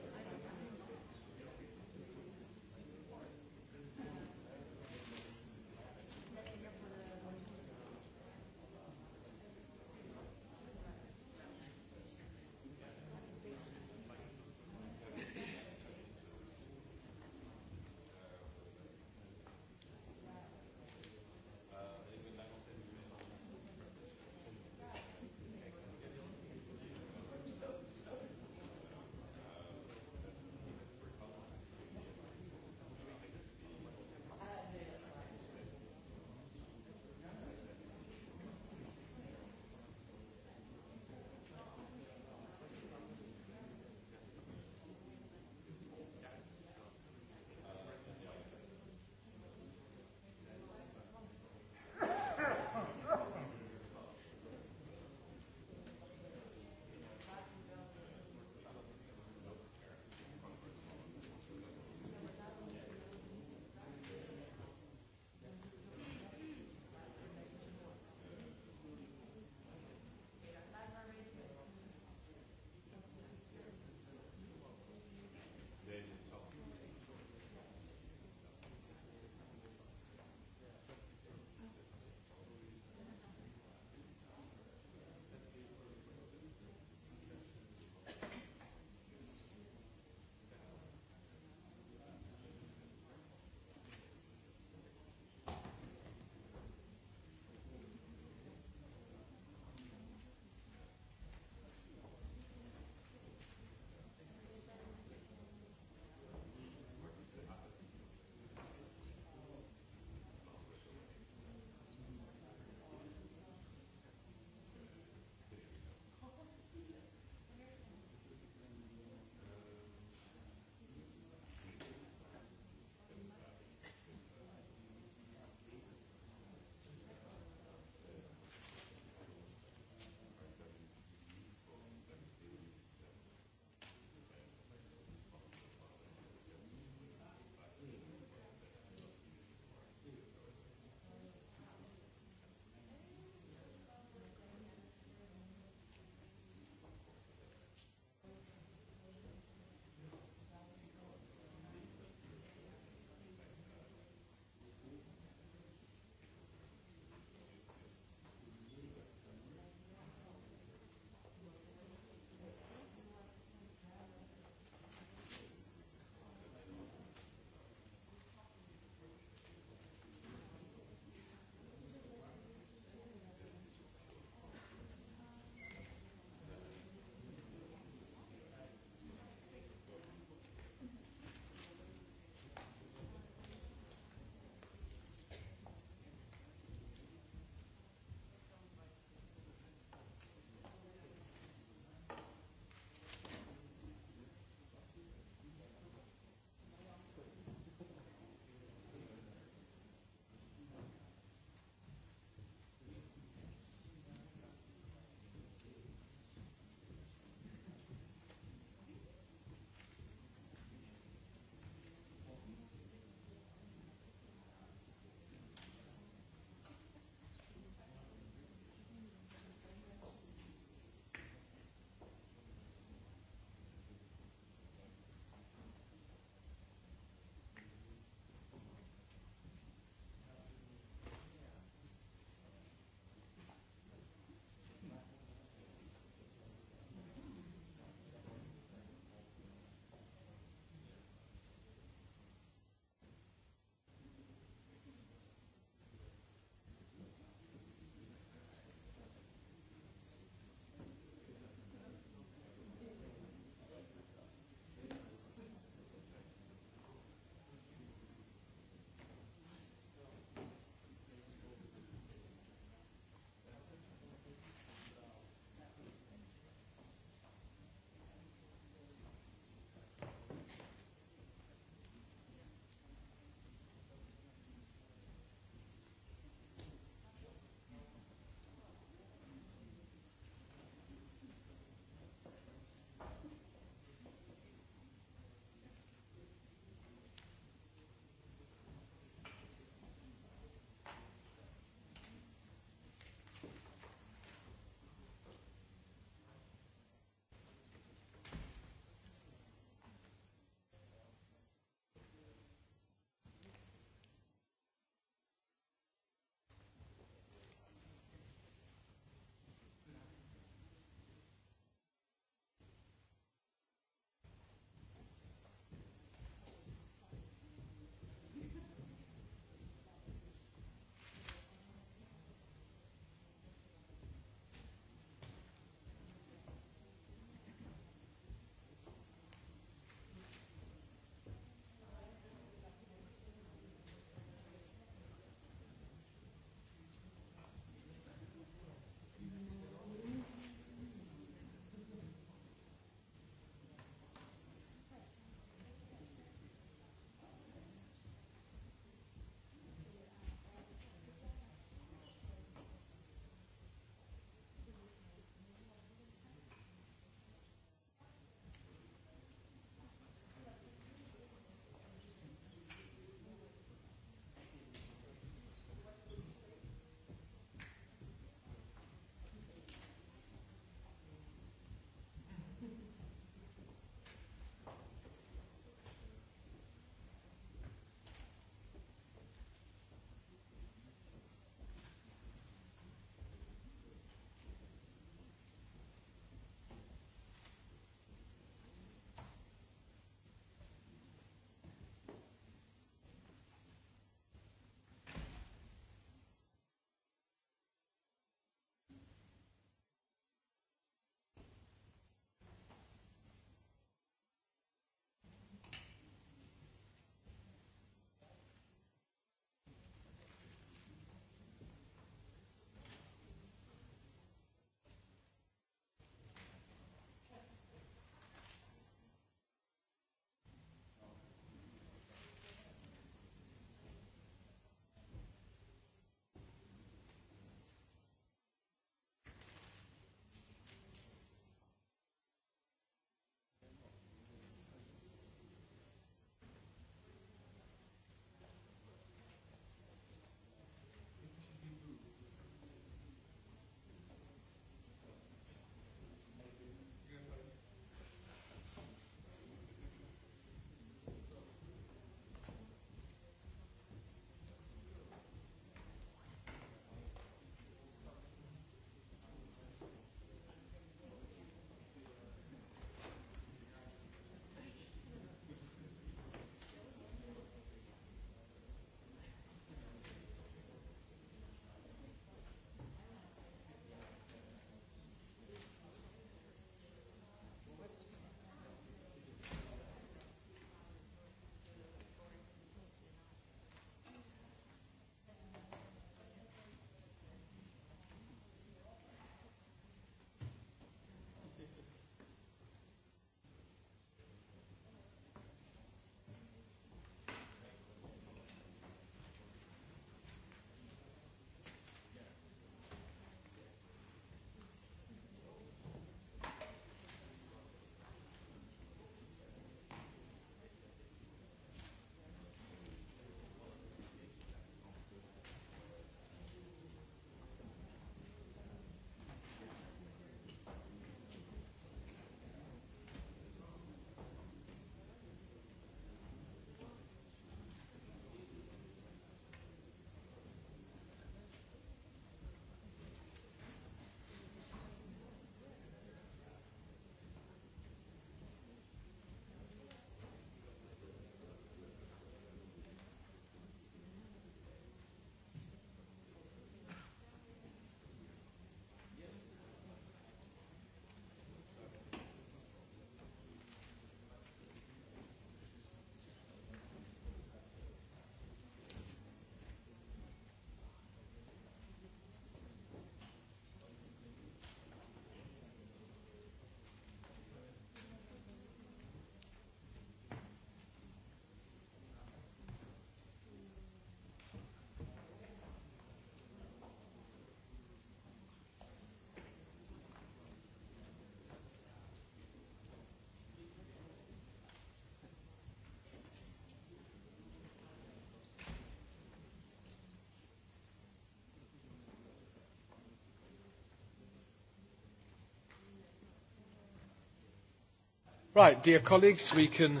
Right, dear colleagues, we can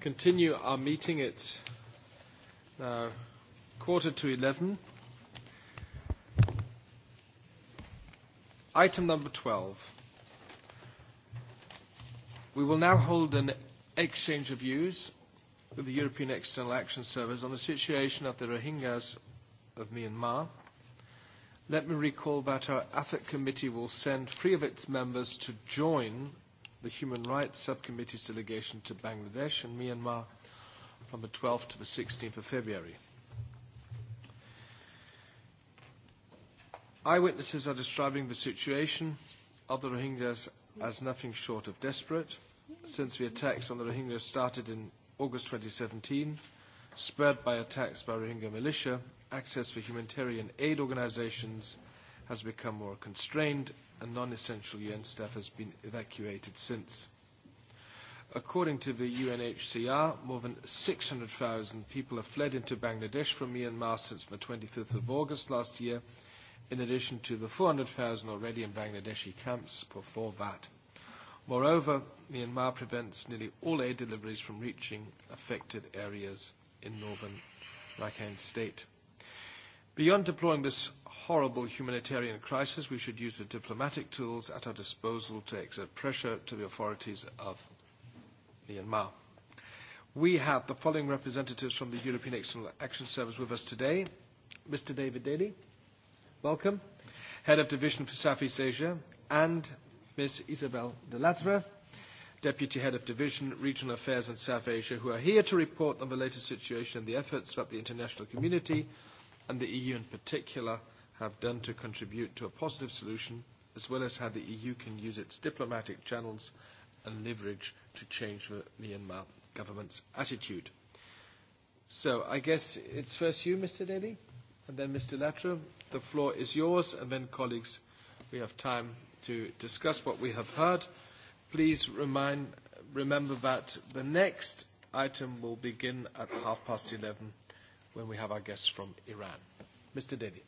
continue our meeting. It's now uh, quarter to 11. Item number 12. We will now hold an exchange of views with the European External Action Service on the situation of the Rohingyas of Myanmar. Let me recall that our AFIC committee will send three of its members to join the Human Rights Subcommittee's delegation to Bangladesh and Myanmar from the 12th to the 16th of February. Eyewitnesses are describing the situation of the Rohingyas as nothing short of desperate. Since the attacks on the Rohingyas started in August 2017, spurred by attacks by Rohingya militia, access for humanitarian aid organizations has become more constrained and non-essential UN staff has been evacuated since. According to the UNHCR, more than 600,000 people have fled into Bangladesh from Myanmar since the 25th of August last year, in addition to the 400,000 already in Bangladeshi camps before that. Moreover, Myanmar prevents nearly all aid deliveries from reaching affected areas in northern Rakhine State. Beyond deploying this horrible humanitarian crisis, we should use the diplomatic tools at our disposal to exert pressure to the authorities of Myanmar. We have the following representatives from the European External Action Service with us today. Mr. David Daly, welcome, Head of Division for Southeast Asia, and Ms. Isabel de Latre, Deputy Head of Division, Regional Affairs and South Asia, who are here to report on the latest situation and the efforts that the international community and the EU in particular – have done to contribute to a positive solution, as well as how the EU can use its diplomatic channels and leverage to change the Myanmar government's attitude. So I guess it's first you, Mr. Daly, and then Mr. Latra. The floor is yours, and then, colleagues, we have time to discuss what we have heard. Please remind, remember that the next item will begin at half past 11 when we have our guests from Iran. Mr. Daly.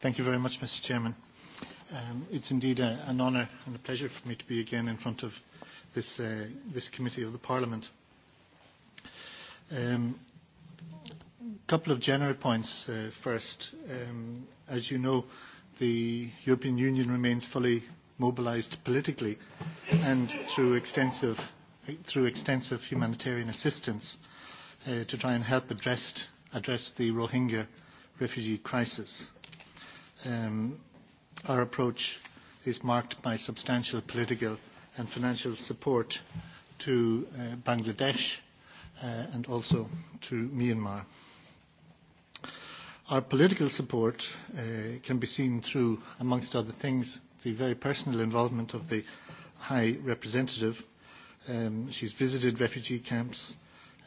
Thank you very much, Mr. Chairman. Um, it's indeed a, an honour and a pleasure for me to be again in front of this, uh, this committee of the Parliament. Um, a couple of general points uh, first. Um, as you know, the European Union remains fully mobilised politically and through extensive, through extensive humanitarian assistance uh, to try and help address address the Rohingya refugee crisis. Um, our approach is marked by substantial political and financial support to uh, Bangladesh uh, and also to Myanmar. Our political support uh, can be seen through, amongst other things, the very personal involvement of the High Representative. Um, she's visited refugee camps, uh,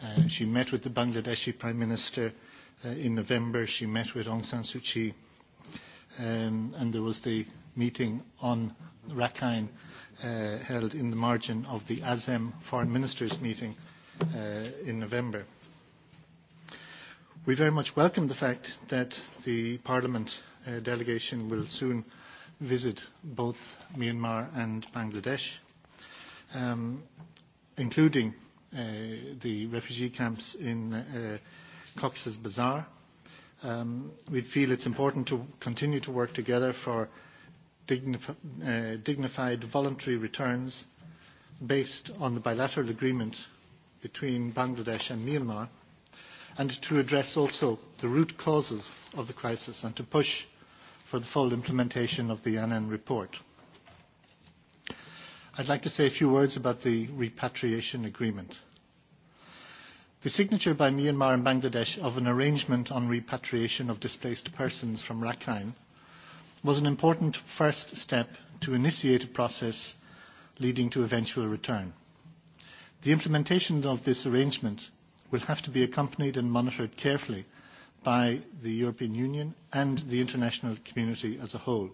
Uh, she met with the Bangladeshi Prime Minister uh, in November. She met with Aung San Suu Kyi. Um, and there was the meeting on Rakhine uh, held in the margin of the ASEM Foreign Ministers meeting uh, in November. We very much welcome the fact that the Parliament uh, delegation will soon visit both Myanmar and Bangladesh, um, including uh, the refugee camps in uh, Cox's Bazaar. Um, we feel it's important to continue to work together for dignifi uh, dignified voluntary returns based on the bilateral agreement between Bangladesh and Myanmar and to address also the root causes of the crisis and to push for the full implementation of the Annan report. I'd like to say a few words about the repatriation agreement. The signature by Myanmar and Bangladesh of an arrangement on repatriation of displaced persons from Rakhine was an important first step to initiate a process leading to eventual return. The implementation of this arrangement will have to be accompanied and monitored carefully by the European Union and the international community as a whole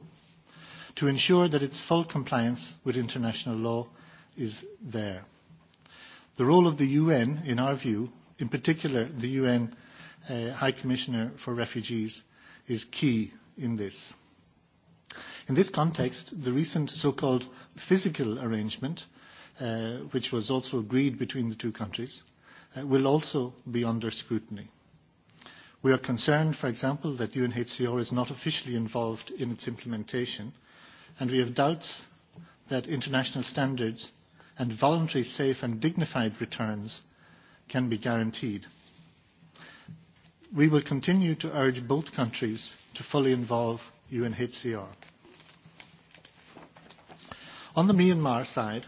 to ensure that its full compliance with international law is there. The role of the UN, in our view, in particular the UN uh, High Commissioner for Refugees, is key in this. In this context, the recent so-called physical arrangement, uh, which was also agreed between the two countries, uh, will also be under scrutiny. We are concerned, for example, that UNHCR is not officially involved in its implementation – and we have doubts that international standards and voluntary, safe and dignified returns can be guaranteed. We will continue to urge both countries to fully involve UNHCR. On the Myanmar side,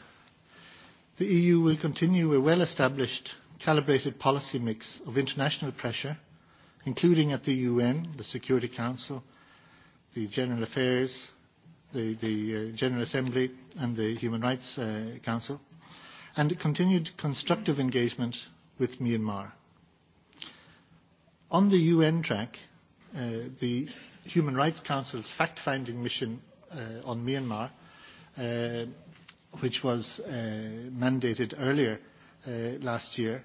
the EU will continue a well-established, calibrated policy mix of international pressure, including at the UN, the Security Council, the General Affairs, the, the uh, General Assembly and the Human Rights uh, Council, and continued constructive engagement with Myanmar. On the UN track, uh, the Human Rights Council's fact-finding mission uh, on Myanmar, uh, which was uh, mandated earlier uh, last year,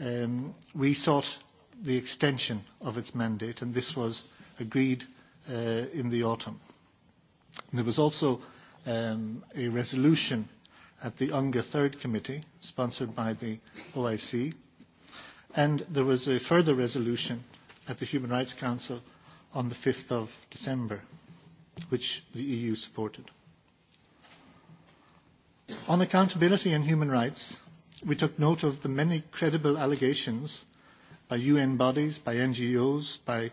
um, we sought the extension of its mandate, and this was agreed uh, in the autumn there was also um, a resolution at the UNGA Third Committee, sponsored by the OIC, and there was a further resolution at the Human Rights Council on the 5th of December, which the EU supported. On accountability and human rights, we took note of the many credible allegations by UN bodies, by NGOs, by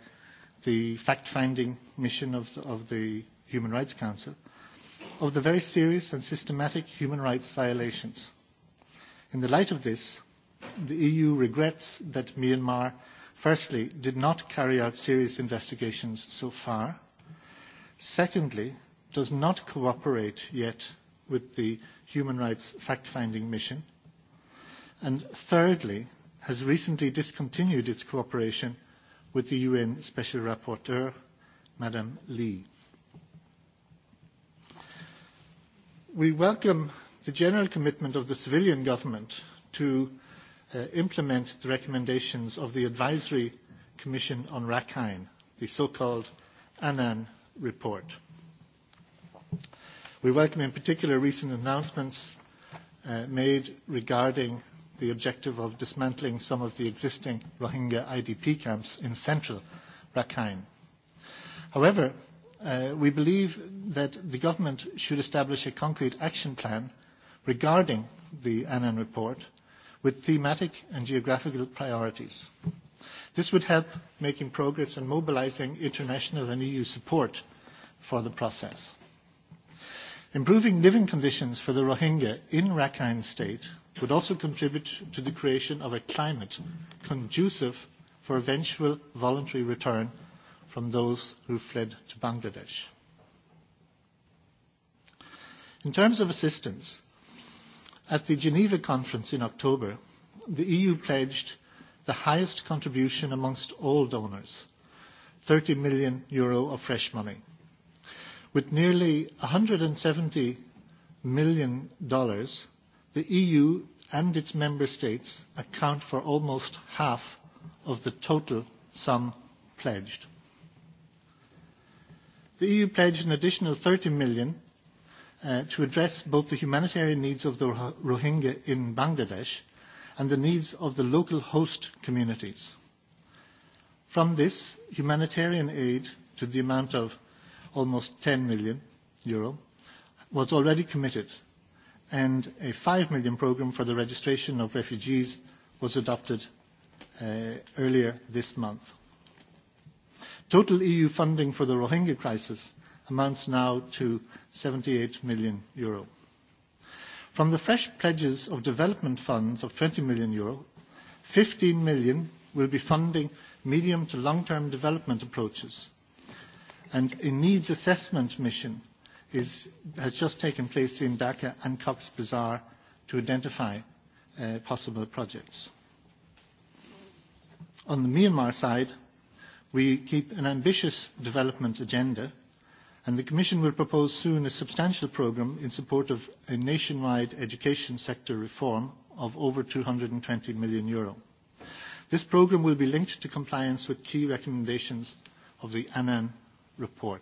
the fact-finding mission of the, of the Human Rights Council, of the very serious and systematic human rights violations. In the light of this, the EU regrets that Myanmar, firstly, did not carry out serious investigations so far, secondly, does not cooperate yet with the human rights fact-finding mission, and thirdly, has recently discontinued its cooperation with the UN Special Rapporteur, Madame Lee. we welcome the general commitment of the civilian government to uh, implement the recommendations of the Advisory Commission on Rakhine, the so-called Annan report. We welcome in particular recent announcements uh, made regarding the objective of dismantling some of the existing Rohingya IDP camps in central Rakhine. However, Uh, we believe that the government should establish a concrete action plan regarding the Annan report with thematic and geographical priorities. This would help making progress and mobilizing international and EU support for the process. Improving living conditions for the Rohingya in Rakhine State would also contribute to the creation of a climate conducive for eventual voluntary return from those who fled to Bangladesh. In terms of assistance, at the Geneva conference in October, the EU pledged the highest contribution amongst all donors, 30 million euro of fresh money. With nearly 170 million dollars, the EU and its member states account for almost half of the total sum pledged. The EU pledged an additional 30 million uh, to address both the humanitarian needs of the Rohingya in Bangladesh and the needs of the local host communities. From this, humanitarian aid to the amount of almost 10 million euro was already committed and a 5 million programme for the registration of refugees was adopted uh, earlier this month. Total EU funding for the Rohingya crisis amounts now to 78 million euro. From the fresh pledges of development funds of 20 million euro, 15 million will be funding medium to long-term development approaches. And a needs assessment mission is, has just taken place in Dhaka and Cox's Bazar to identify uh, possible projects. On the Myanmar side, We keep an ambitious development agenda, and the Commission will propose soon a substantial programme in support of a nationwide education sector reform of over EUR two hundred and twenty million Euro. This programme will be linked to compliance with key recommendations of the Annan report.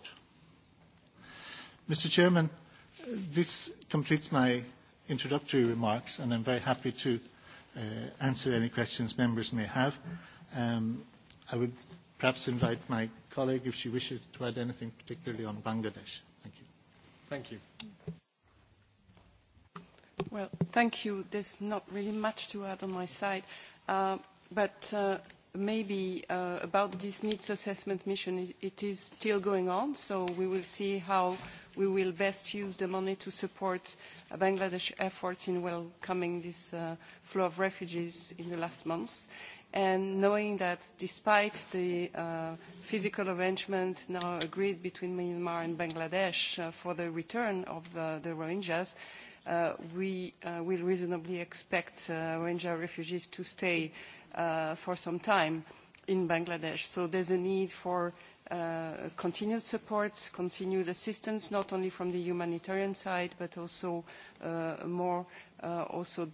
Mr. Chairman, this completes my introductory remarks, and I'm very happy to uh, answer any questions members may have. Um, I would perhaps invite my colleague, if she wishes, to add anything particularly on Bangladesh. Thank you. Thank you.
Well, thank you. There's not really much to add on my side, uh, but uh, maybe uh, about this needs assessment mission, it, it is still going on, so we will see how we will best use the money to support Bangladesh efforts in welcoming this uh, flow of refugees in the last months. Uh, and knowing that despite the uh, physical arrangement now agreed between Myanmar and Bangladesh uh, for the return of the, the Rohingyas, uh, we uh, will reasonably expect uh, Rohingya refugees to stay uh, for some time in Bangladesh. So there's a need for uh, continued support, continued assistance, not only from the humanitarian side, but also uh, more uh, also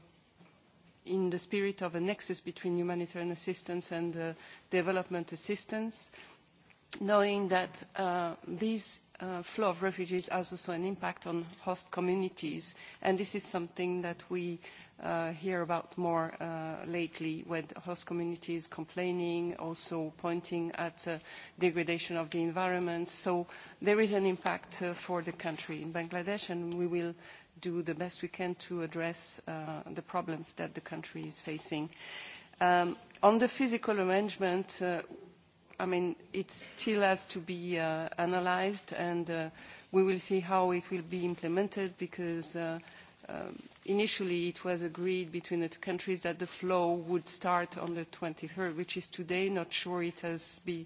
in the spirit of a nexus between humanitarian assistance and uh, development assistance, knowing that uh, this uh, flow of refugees has also an impact on host communities, and this is something that we uh, hear about more uh, lately, with host communities complaining, also pointing at uh, degradation of the environment. So there is an impact uh, for the country in Bangladesh, and we will do the best we can to address uh, the problems that the country is facing. Um, on the physical arrangement, uh, I mean, it still has to be uh, analyzed and uh, we will see how it will be implemented because uh, um, initially it was agreed between the two countries that the flow would start on the 23rd, which is today. Not sure it has been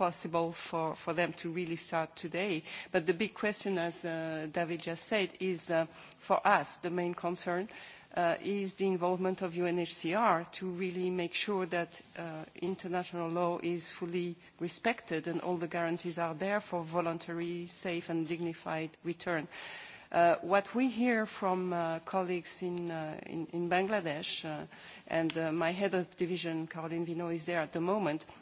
possible for, for them to really start today. But the big question, as uh, David just said, is uh, for us, the main concern uh, is the involvement of UNHCR to really make sure that uh, international law is fully respected and all the guarantees are there for voluntary, safe and dignified return. Uh, what we hear from uh, colleagues in, uh, in, in Bangladesh, uh, and uh, my head of division, Caroline Vino, is there at the moment, uh,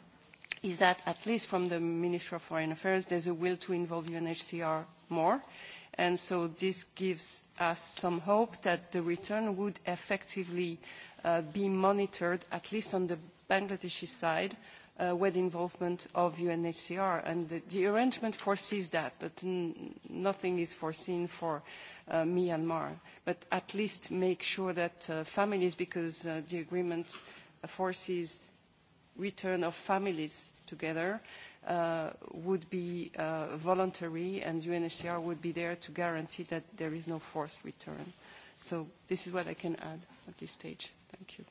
is that at least from the Minister of Foreign Affairs, there's a will to involve UNHCR more. And so this gives us some hope that the return would effectively uh, be monitored, at least on the Bangladeshi side, uh, with involvement of UNHCR. And the, the arrangement foresees that, but n nothing is foreseen for uh, Myanmar. But at least make sure that uh, families, because uh, the agreement foresees return of families together uh, would be uh, voluntary and UNHCR would be there to guarantee that there is no forced return. So
this is what I can add at this stage. Thank you.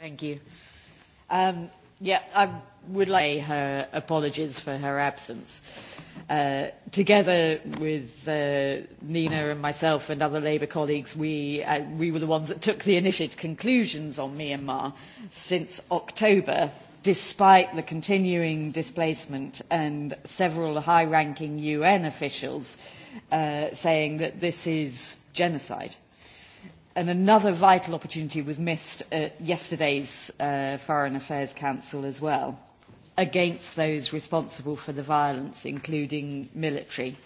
Thank you. Um, yeah, I would like her apologies for her absence. Uh, together with uh, Nina and myself and other Labour colleagues, we, uh, we were the ones that took the initiative conclusions on Myanmar since October, despite the continuing displacement and several high-ranking UN officials uh, saying that this is genocide. And another vital opportunity was missed at yesterday's uh, Foreign Affairs Council as well against those responsible for the violence, including military.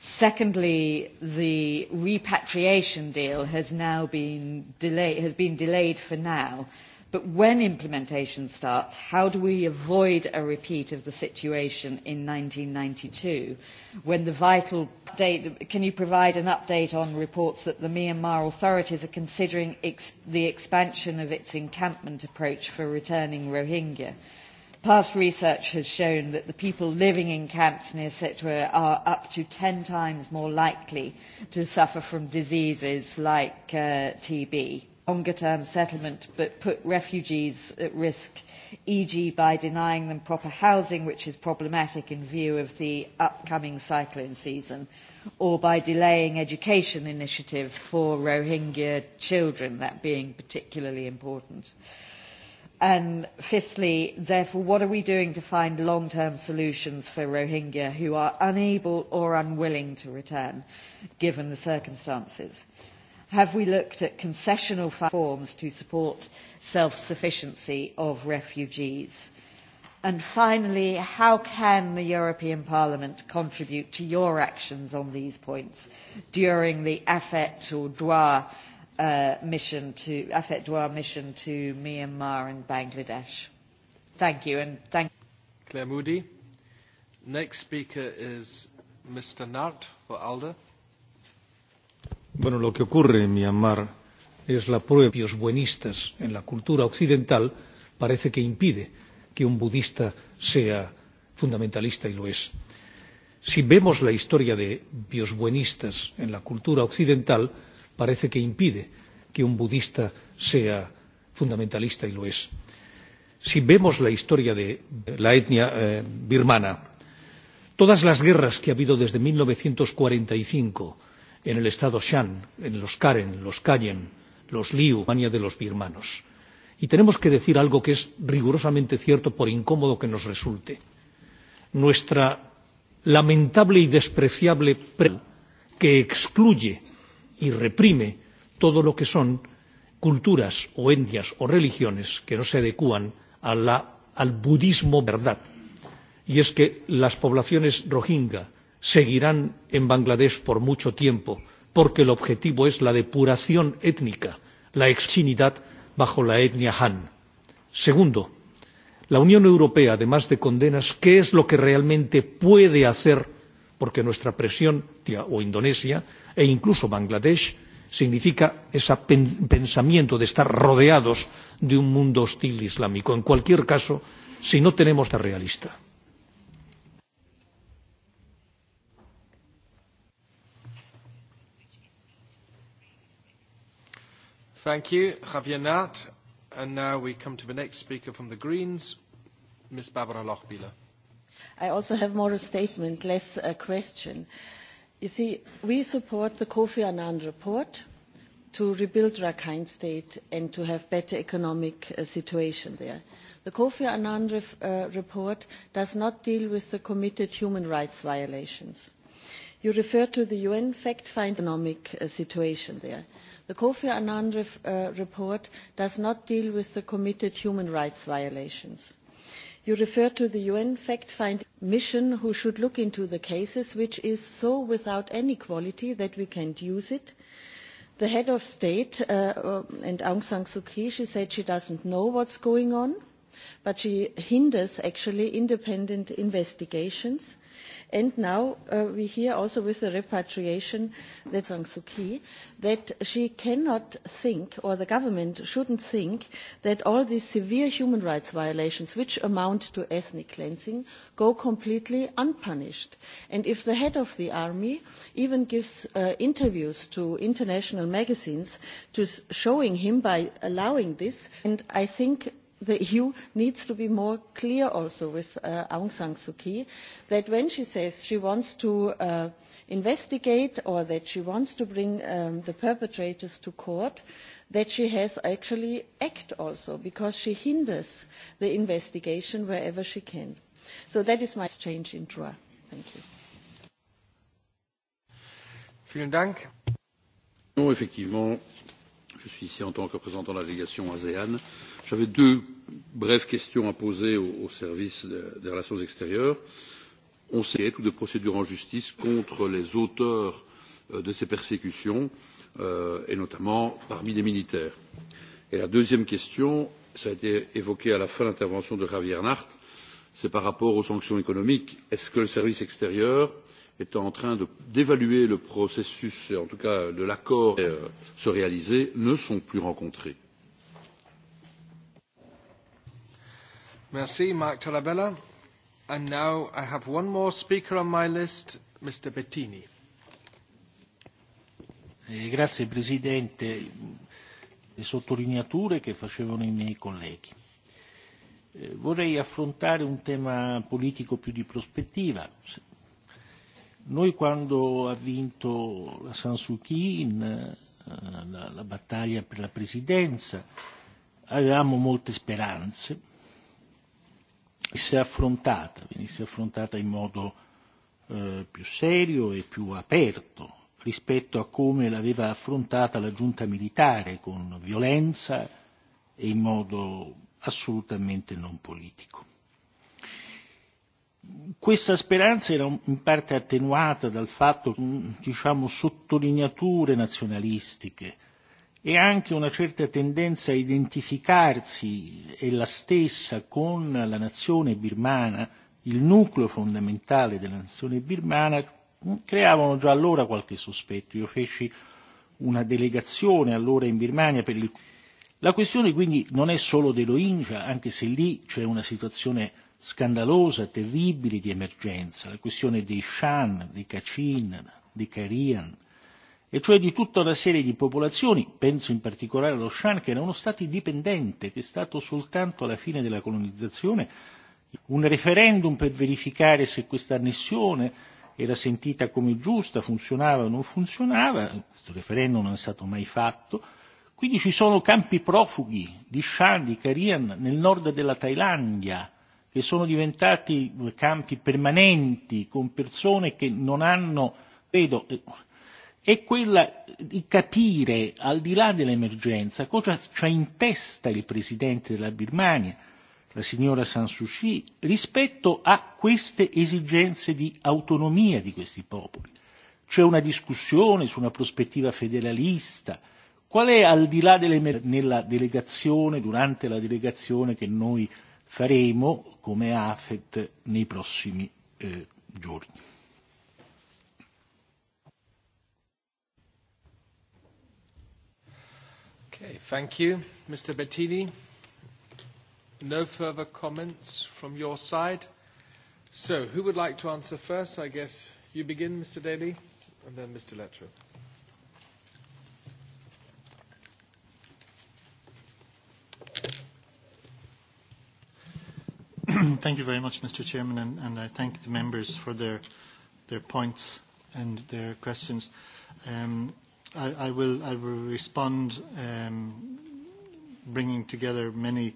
Secondly, the repatriation deal has now been delayed, has been delayed for now. But when implementation starts, how do we avoid a repeat of the situation in 1992 when the vital update, can you provide an update on reports that the Myanmar authorities are considering ex the expansion of its encampment approach for returning Rohingya? Past research has shown that the people living in camps near Setwa are up to 10 times more likely to suffer from diseases like uh, TB. Longer term settlement but put refugees at risk, e.g. by denying them proper housing, which is problematic in view of the upcoming cyclone season, or by delaying education initiatives for Rohingya children, that being particularly important. And fifthly, therefore, what are we doing to find long-term solutions for Rohingya who are unable or unwilling to return, given the circumstances? Have we looked at concessional forms to support self-sufficiency of refugees? And finally, how can the European Parliament contribute to your actions on these points during the AFET or DWA Uh, mission to, Afet our mission to Myanmar and Bangladesh. Thank you and thank Claire Moody.
Next speaker is Mr. Nart for ALDE.
Bueno, lo que ocurre en Myanmar es la prueba de los buenistas en la cultura occidental parece que impide que un budista sea fundamentalista y lo es. Si vemos la historia de biosbuenistas en la cultura occidental, parece que impide que un budista sea fundamentalista y lo es. Si vemos la historia de la etnia eh, birmana, todas las guerras que ha habido desde 1945 en el estado Shan, en los Karen, los Kayen, los Liu, mania de los birmanos. Y tenemos que decir algo que es rigurosamente cierto por incómodo que nos resulte. Nuestra lamentable y despreciable pre que excluye y reprime todo lo que son culturas o etnias o religiones que no se adecúan a la, al budismo verdad. Y es que las poblaciones rohingya seguirán en Bangladesh por mucho tiempo, porque el objetivo es la depuración étnica, la exchinidad bajo la etnia Han. Segundo, la Unión Europea, además de condenas, ¿qué es lo que realmente puede hacer? Porque nuestra presión, o Indonesia, e incluso Bangladesh significa ese pensamiento de estar rodeados de un mundo hostil islámico. En cualquier caso, si no tenemos de realista.
Thank you, Javier Nat. And now we come to the next speaker from the Greens, Ms. Barbara Lochbieler.
I also have more a statement, less a question. Uh, You see, we support the Kofi Annan report to rebuild Rakhine State and to have better economic uh, situation there. The Kofi Annan ref, uh, report does not deal with the committed human rights violations. You refer to the UN fact-finding economic uh, situation there. The Kofi Annan ref, uh, report does not deal with the committed human rights violations. You refer to the UN fact-finding mission who should look into the cases, which is so without any quality that we can't use it. The head of state, uh, uh and Aung San Suu Kyi, she said she doesn't know what's going on, but she hinders actually independent investigations And now uh, we hear also with the repatriation that Aung Suu Kyi, that she cannot think, or the government shouldn't think, that all these severe human rights violations, which amount to ethnic cleansing, go completely unpunished. And if the head of the army even gives uh, interviews to international magazines to showing him by allowing this, and I think the EU needs to be more clear also with uh, Aung San Suu Kyi that when she says she wants to uh, investigate or that she wants to bring um, the perpetrators to court, that she has actually act also because she hinders the investigation wherever she can. So that is my exchange in Drua. Thank you. Vielen
Dank. Non, effectivement, Je suis ici en tant que représentant de la délégation ASEAN. J'avais deux brèves questions à poser au, au service des de relations extérieures. On sait ou de procédures en justice contre les auteurs euh, de ces persécutions, euh, et notamment parmi les militaires. Et la deuxième question, ça a été évoqué à la fin de l'intervention de Javier Nart, c'est par rapport aux sanctions économiques. Est-ce que le service extérieur euh, est en train d'évaluer le processus, en tout cas de l'accord euh, se réaliser, ne sont plus rencontrés.
Merci, Marc Tarabella. And now I have one more speaker on my list, Mr. Bettini.
Eh, grazie Presidente, le sottolineature che facevano i miei colleghi. Eh, vorrei affrontare un tema politico più di prospettiva, Noi quando ha vinto la San Suu Kyi in, eh, la, la battaglia per la presidenza avevamo molte speranze e si è affrontata, venisse affrontata in modo eh, più serio e più aperto rispetto a come l'aveva affrontata la giunta militare con violenza e in modo assolutamente non politico. Questa speranza era in parte attenuata dal fatto, mm, diciamo, sottolineature nazionalistiche e anche una certa tendenza a identificarsi ella stessa con la nazione birmana, il nucleo fondamentale della nazione birmana, mm, creavano già allora qualche sospetto. Io feci una delegazione allora in Birmania per il... La questione quindi non è solo Inja, anche se lì c'è una situazione scandalosa, terribili di emergenza, la questione dei Shan, dei Kachin, dei Karian, e cioè di tutta una serie di popolazioni, penso in particolare allo Shan, che era uno stato indipendente, che è stato soltanto alla fine della colonizzazione un referendum per verificare se questa annessione era sentita come giusta, funzionava o non funzionava, questo referendum non è stato mai fatto, quindi ci sono campi profughi di Shan, di Karian nel nord della Thailandia, che sono diventati campi permanenti con persone che non hanno, vedo, eh, è quella di capire al di là dell'emergenza cosa c'è in testa il presidente della Birmania, la signora San Suu Kyi, rispetto a queste esigenze di autonomia di questi popoli. C'è una discussione su una prospettiva federalista, Qual è al di là delle, nella delegazione, durante la delegazione che noi faremo come AFET nei prossimi eh, giorni.
Okay, thank you, Mr. Bettini. No further comments from your side. So, who would like to answer first? I guess you begin, Mr. Daly, and then Mr. Letcher.
thank you very much, Mr. Chairman, and, and I thank the members for their, their points and their questions. Um, I, I, will, I will respond um, bringing together many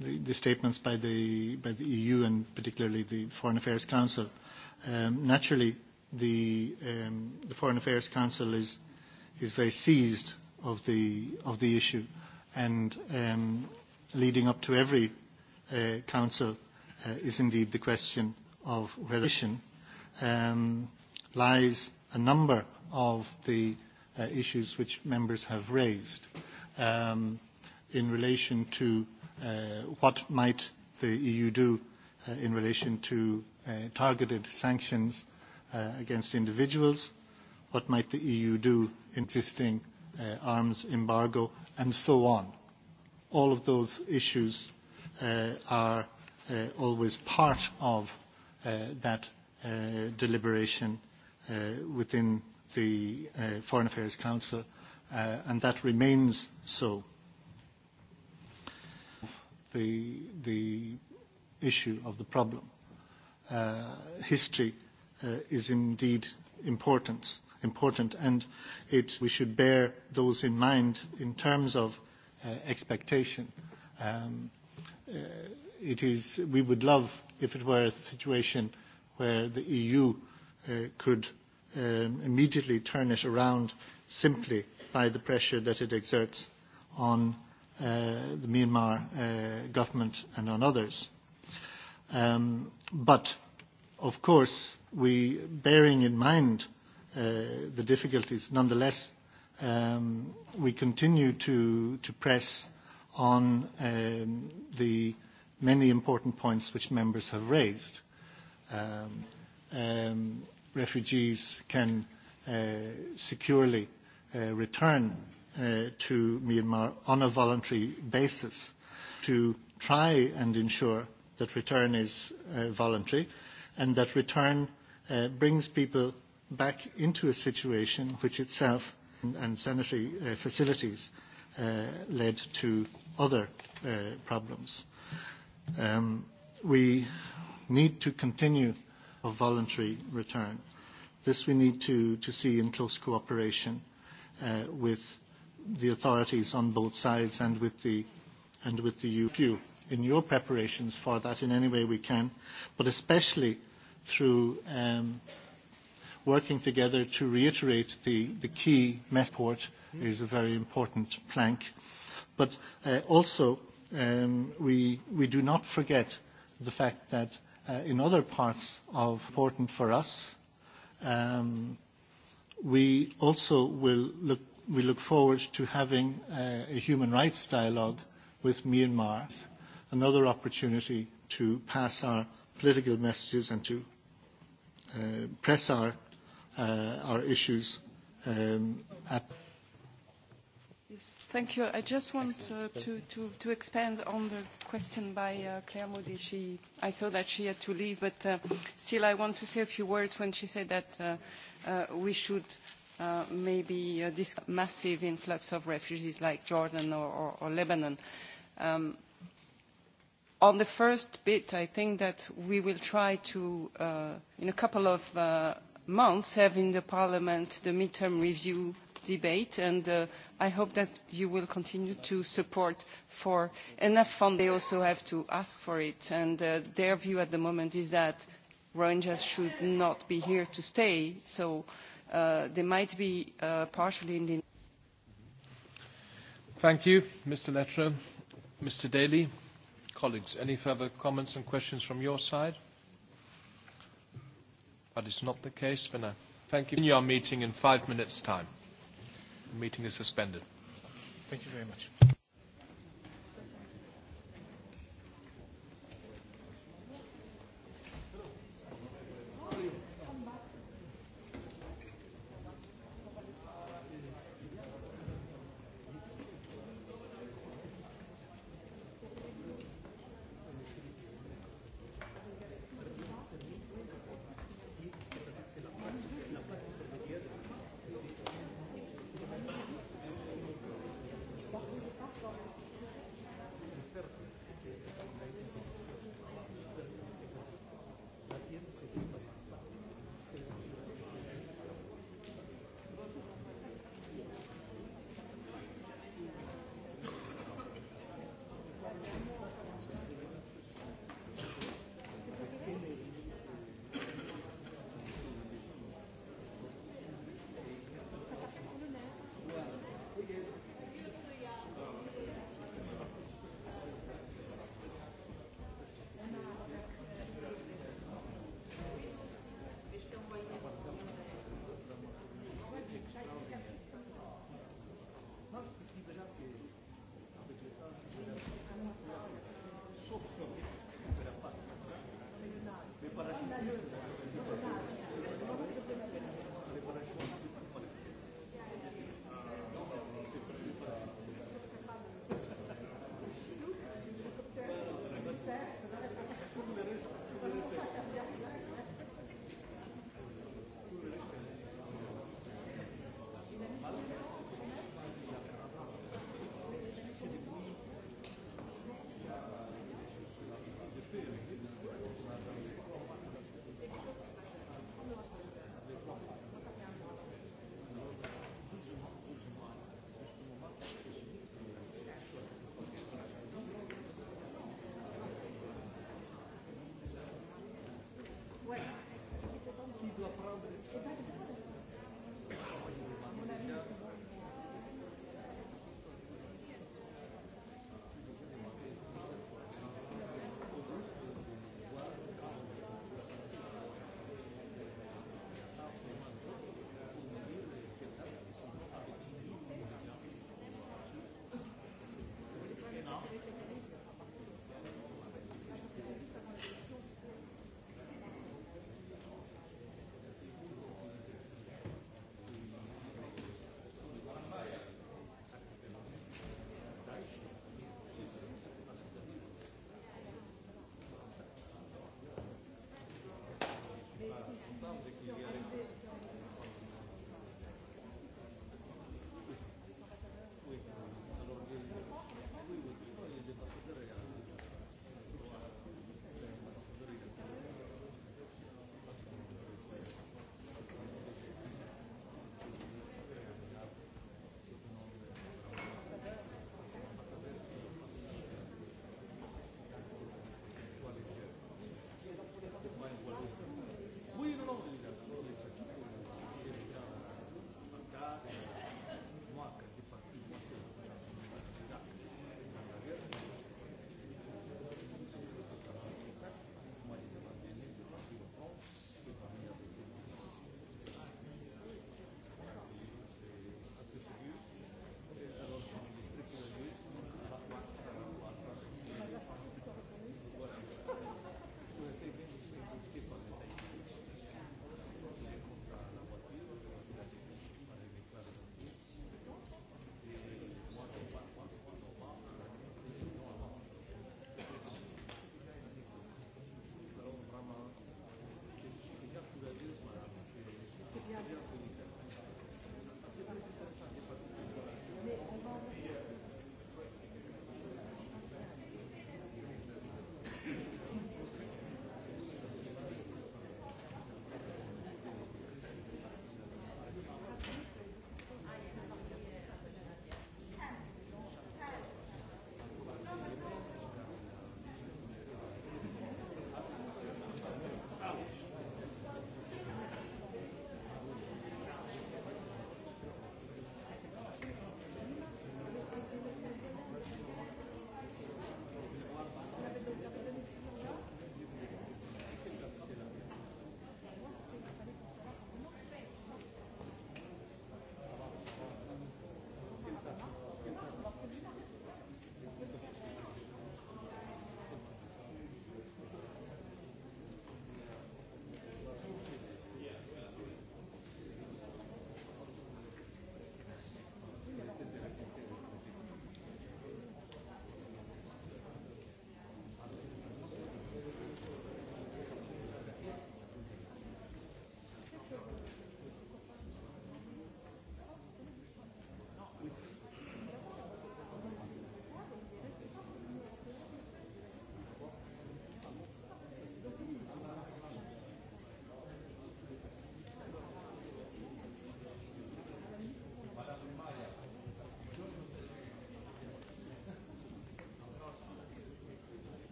the, the statements by the, by the EU and particularly the Foreign Affairs Council. Um, naturally, the, um, the Foreign Affairs Council is, is very seized of the, of the issue and um, leading up to every uh, Council uh, is indeed the question of whether um, lies a number of the uh, issues which members have raised um, in relation to uh, what might the EU do uh, in relation to uh, targeted sanctions uh, against individuals, what might the EU do in existing uh, arms embargo, and so on. All of those issues uh, are uh, always part of uh, that uh, deliberation uh, within the uh, Foreign Affairs Council, uh, and that remains so. The, the issue of the problem. Uh, history uh, is indeed important important, and it, we should bear those in mind in terms of uh, expectation. Um, uh it is, we would love if it were a situation where the EU uh, could um, immediately turn it around simply by the pressure that it exerts on uh, the Myanmar uh, government and on others. Um, but, of course, we, bearing in mind uh, the difficulties, nonetheless, um, we continue to, to press on um, the many important points which members have raised. Um, um, refugees can uh, securely uh, return uh, to Myanmar on a voluntary basis to try and ensure that return is uh, voluntary and that return uh, brings people back into a situation which itself and, and sanitary uh, facilities uh, led to other uh, problems. Um, we need to continue a voluntary return. This we need to, to see in close cooperation uh, with the authorities on both sides and with the, and with the UPU in your preparations for that in any way we can, but especially through um, working together to reiterate the, the key mess port is a very important plank But uh, also, um, we, we do not forget the fact that uh, in other parts of important for us, um, we also will look, we look forward to having uh, a human rights dialogue with Myanmar, another opportunity to pass our political messages and to uh, press our, uh, our issues um, at
Thank you. I just want uh, to, to, to expand on the question by uh, Claire Moody. She, I saw that she had to leave, but uh, still I want to say a few words when she said that uh, uh, we should uh, maybe uh, this massive influx of refugees like Jordan or, or, or Lebanon. Um, on the first bit, I think that we will try to, uh, in a couple of uh, months, have in the Parliament the midterm review debate and uh, I hope that you will continue to support for enough fund. They also have to ask for it and uh, their view at the moment is that Rangers should not be here to stay so uh, they might be uh, partially in the...
Thank you, Mr. Letra. Mr. Daly, colleagues, any further comments and questions from your side? That is not the case, Vinay. Thank you. Continue our meeting in five minutes' time. Meeting is suspended. Thank you very much.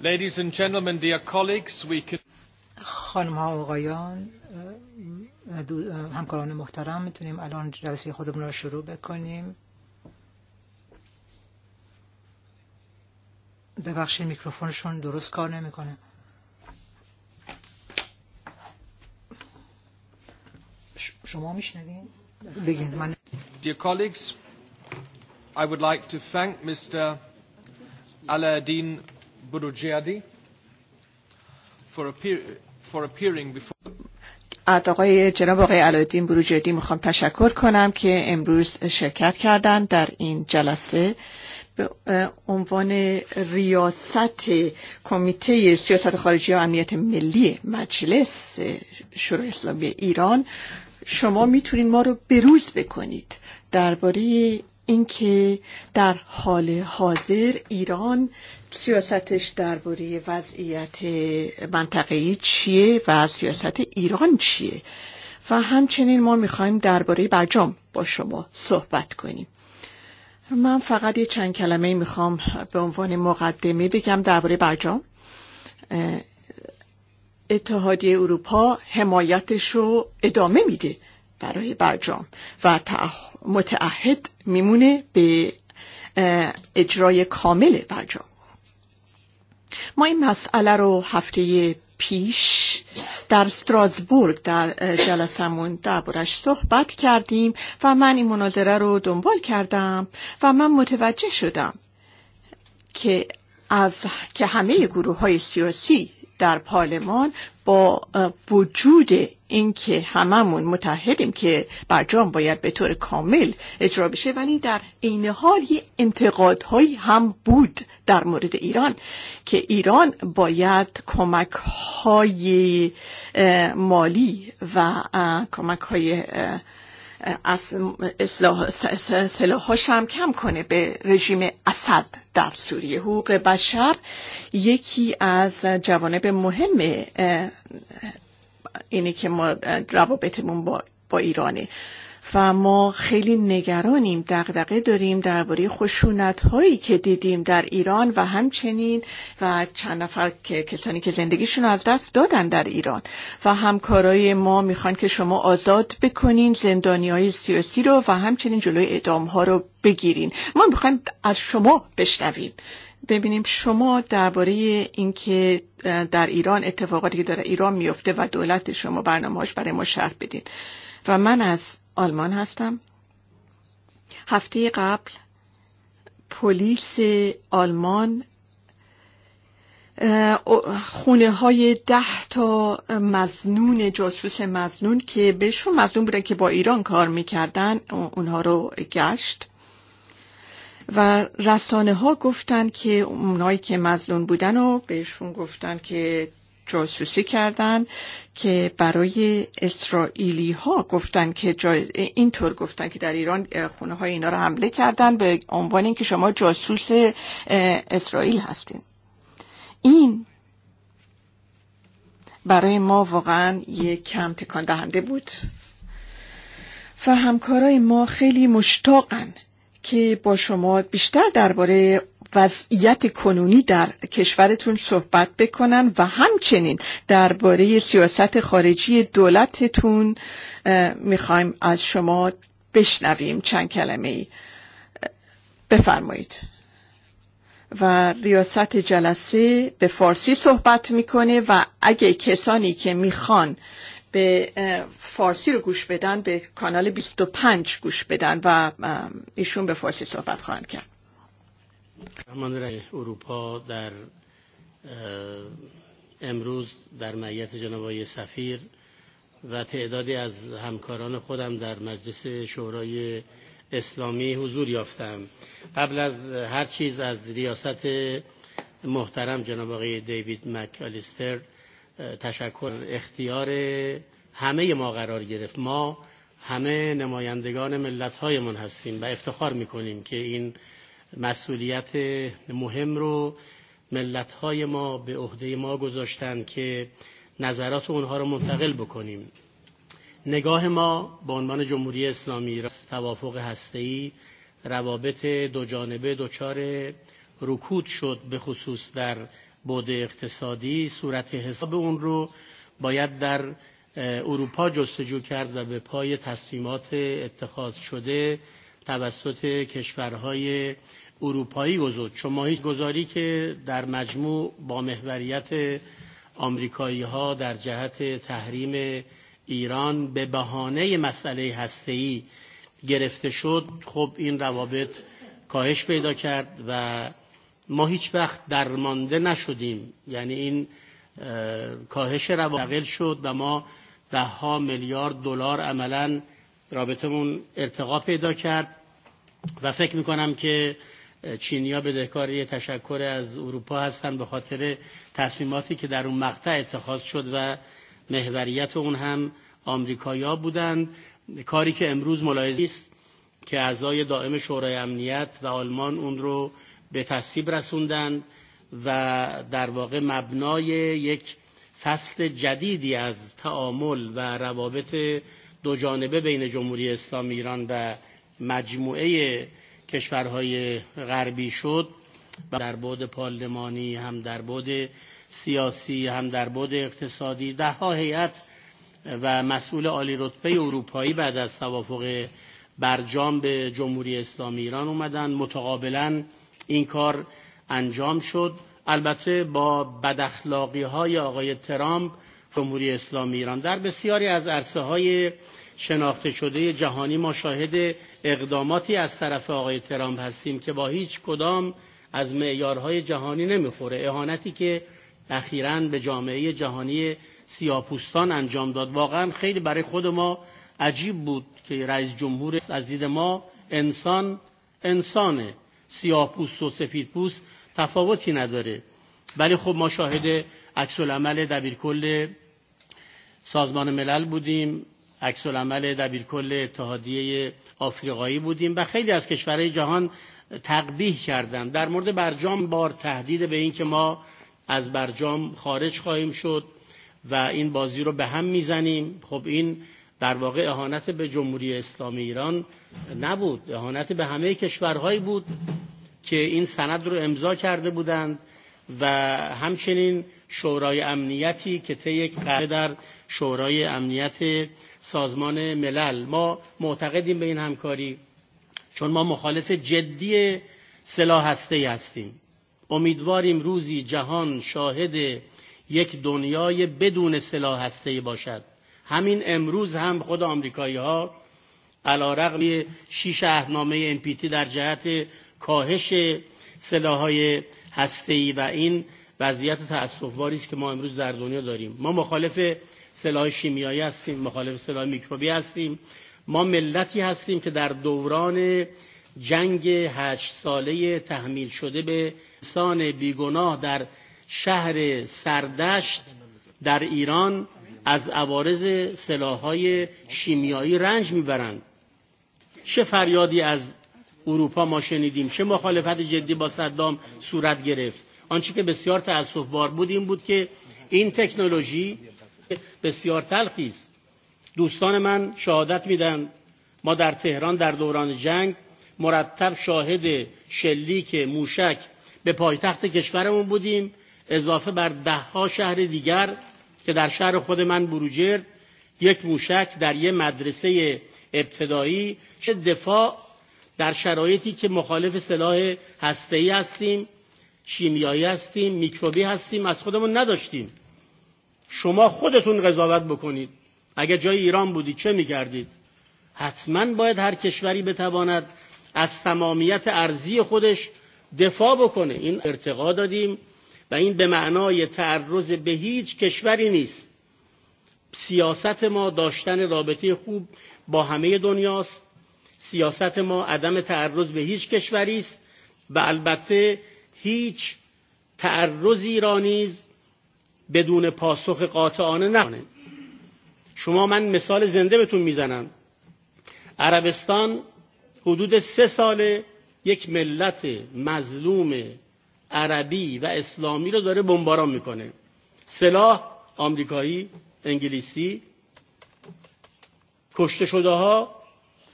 Ladies and gentlemen, dear colleagues, we can...
خانمها و آقایان همکاران محترم میتونیم الان جلسه خودمون رو شروع بکنیم ببخشید میکروفونشون درست کار نمیکنه شما میشنوید
Dear colleagues, I would like to thank Mr. Aladdin Burujadi for, appear for appearing before
از آقای جناب آقای علایالدین بروجردی میخوام تشکر کنم که امروز شرکت کردند در این جلسه به عنوان ریاست کمیته سیاست خارجی و امنیت ملی مجلس شورای اسلامی ایران شما میتونید ما رو بروز بکنید درباره اینکه در حال حاضر ایران سیاستش درباره وضعیت منطقه‌ای چیه و سیاست ایران چیه و همچنین ما میخوایم درباره برجام با شما صحبت کنیم من فقط یه چند کلمه میخوام به عنوان مقدمه بگم درباره برجام اتحادیه اروپا حمایتش رو ادامه میده برای برجام و متعهد میمونه به اجرای کامل برجام ما این مسئله رو هفته پیش در ستراسبورگ در جلسمون دربارش صحبت کردیم و من این مناظره رو دنبال کردم و من متوجه شدم که از که همه گروه های سیاسی در پارلمان با وجود اینکه هممون متحدیم که برجام باید به طور کامل اجرا بشه ولی در عین حال یه انتقادهایی هم بود در مورد ایران که ایران باید کمک های مالی و کمک های از سلاحاش کم کنه به رژیم اسد در سوریه حقوق بشر یکی از جوانب مهم اینه که ما روابطمون با با ایرانه و ما خیلی نگرانیم دغدغه داریم درباره خشونت هایی که دیدیم در ایران و همچنین و چند نفر که کسانی که زندگیشون از دست دادن در ایران و همکارای ما میخوان که شما آزاد بکنین زندانی های سیاسی رو و همچنین جلوی اعدام ها رو بگیرین ما میخوایم از شما بشنویم ببینیم شما درباره اینکه در ایران اتفاقاتی که در ایران میفته و دولت شما برنامه‌هاش برای ما شرح بدین و من از Alman hastم هفته قبل پلیس آلمان خونه های ده تا مزنون جاسوس مزنون که بهشون مزنون بودن که با ایران کار میکردن اونها رو گشت و رسانه ها گفتن که اونایی که مزنون بودن و بهشون گفتن که جاسوسی کردن که برای اسرائیلی ها گفتن که جا... اینطور گفتن که در ایران خونه های اینا رو حمله کردن به عنوان اینکه شما جاسوس اسرائیل هستین این برای ما واقعا یک کم تکان دهنده بود و همکارای ما خیلی مشتاقن که با شما بیشتر درباره وضعیت کنونی در کشورتون صحبت بکنن و همچنین درباره سیاست خارجی دولتتون میخوایم از شما بشنویم چند کلمه ای بفرمایید و ریاست جلسه به فارسی صحبت میکنه و اگه کسانی که میخوان به فارسی رو گوش بدن به کانال 25 گوش بدن و ایشون به فارسی صحبت خواهند کرد
همانرای اروپا در امروز در معیت جناب سفیر و تعدادی از همکاران خودم در مجلس شورای اسلامی حضور یافتم قبل از هر چیز از ریاست محترم جناب آقای دیوید مکالیستر تشکر اختیار همه ما قرار گرفت ما همه نمایندگان ملت هایمون هستیم و افتخار میکنیم که این مسئولیت مهم رو ملت های ما به عهده ما گذاشتن که نظرات اونها رو منتقل بکنیم نگاه ما به عنوان جمهوری اسلامی توافق هسته‌ای روابط دو جانبه دچار رکود شد به خصوص در بعد اقتصادی صورت حساب اون رو باید در اروپا جستجو کرد و به پای تصمیمات اتخاذ شده توسط کشورهای اروپایی گذاشت شما هیچ گذاری که در مجموع با محوریت آمریکایی ها در جهت تحریم ایران به بهانه مسئله هسته‌ای گرفته شد خب این روابط کاهش پیدا کرد و ما هیچ وقت درمانده نشدیم یعنی این کاهش روابط شد و ما ده ها میلیارد دلار عملا رابطمون ارتقا پیدا کرد و فکر میکنم که چینیا به دهکار یه تشکر از اروپا هستن به خاطر تصمیماتی که در اون مقطع اتخاذ شد و محوریت اون هم آمریکایی‌ها بودند کاری که امروز ملاحظه است که اعضای دائم شورای امنیت و آلمان اون رو به تصویب رسوندند و در واقع مبنای یک فصل جدیدی از تعامل و روابط دو جانبه بین جمهوری اسلامی ایران و مجموعه کشورهای غربی شد در بود پارلمانی هم در بود سیاسی هم در بود اقتصادی ده ها هیئت و مسئول عالی رتبه اروپایی بعد از توافق برجام به جمهوری اسلامی ایران اومدن متقابلا این کار انجام شد البته با بداخلاقی های آقای ترامپ جمهوری اسلامی ایران در بسیاری از عرصه های شناخته شده جهانی ما شاهد اقداماتی از طرف آقای ترامپ هستیم که با هیچ کدام از معیارهای جهانی نمیخوره اهانتی که اخیرا به جامعه جهانی سیاپوستان انجام داد واقعا خیلی برای خود ما عجیب بود که رئیس جمهور از دید ما انسان انسانه سیاپوست و سفیدپوست تفاوتی نداره ولی خب ما شاهد عکس العمل دبیرکل سازمان ملل بودیم عکس العمل کل اتحادیه آفریقایی بودیم و خیلی از کشورهای جهان تقبیح کردن در مورد برجام بار تهدید به این که ما از برجام خارج خواهیم شد و این بازی رو به هم میزنیم خب این در واقع اهانت به جمهوری اسلامی ایران نبود اهانت به همه کشورهایی بود که این سند رو امضا کرده بودند و همچنین شورای امنیتی که طی یک قرار در شورای امنیت سازمان ملل ما معتقدیم به این همکاری چون ما مخالف جدی سلاح هسته هستیم امیدواریم روزی جهان شاهد یک دنیای بدون سلاح هسته باشد همین امروز هم خود آمریکایی ها علا رقم شیش اهنامه امپیتی در جهت کاهش سلاحهای هسته ای و این وضعیت تأسفباری است که ما امروز در دنیا داریم ما مخالف سلاح شیمیایی هستیم مخالف سلاح میکروبی هستیم ما ملتی هستیم که در دوران جنگ هشت ساله تحمیل شده به انسان بیگناه در شهر سردشت در ایران از عوارض های شیمیایی رنج میبرند چه فریادی از اروپا ما شنیدیم چه مخالفت جدی با صدام صورت گرفت آنچه که بسیار تأصف بار بود این بود که این تکنولوژی بسیار تلخی است دوستان من شهادت میدن ما در تهران در دوران جنگ مرتب شاهد شلیک موشک به پایتخت کشورمون بودیم اضافه بر ده ها شهر دیگر که در شهر خود من بروجرد یک موشک در یک مدرسه ابتدایی چه دفاع در شرایطی که مخالف سلاح هسته‌ای هستیم شیمیایی هستیم میکروبی هستیم از خودمون نداشتیم شما خودتون قضاوت بکنید اگر جای ایران بودی چه میکردید حتما باید هر کشوری بتواند از تمامیت ارزی خودش دفاع بکنه این ارتقا دادیم و این به معنای تعرض به هیچ کشوری نیست سیاست ما داشتن رابطه خوب با همه دنیاست سیاست ما عدم تعرض به هیچ کشوری است و البته هیچ تعرضی را نیز بدون پاسخ قاطعانه نکنه شما من مثال زنده بهتون میزنم عربستان حدود سه سال یک ملت مظلوم عربی و اسلامی رو داره بمباران میکنه سلاح آمریکایی انگلیسی کشته شده ها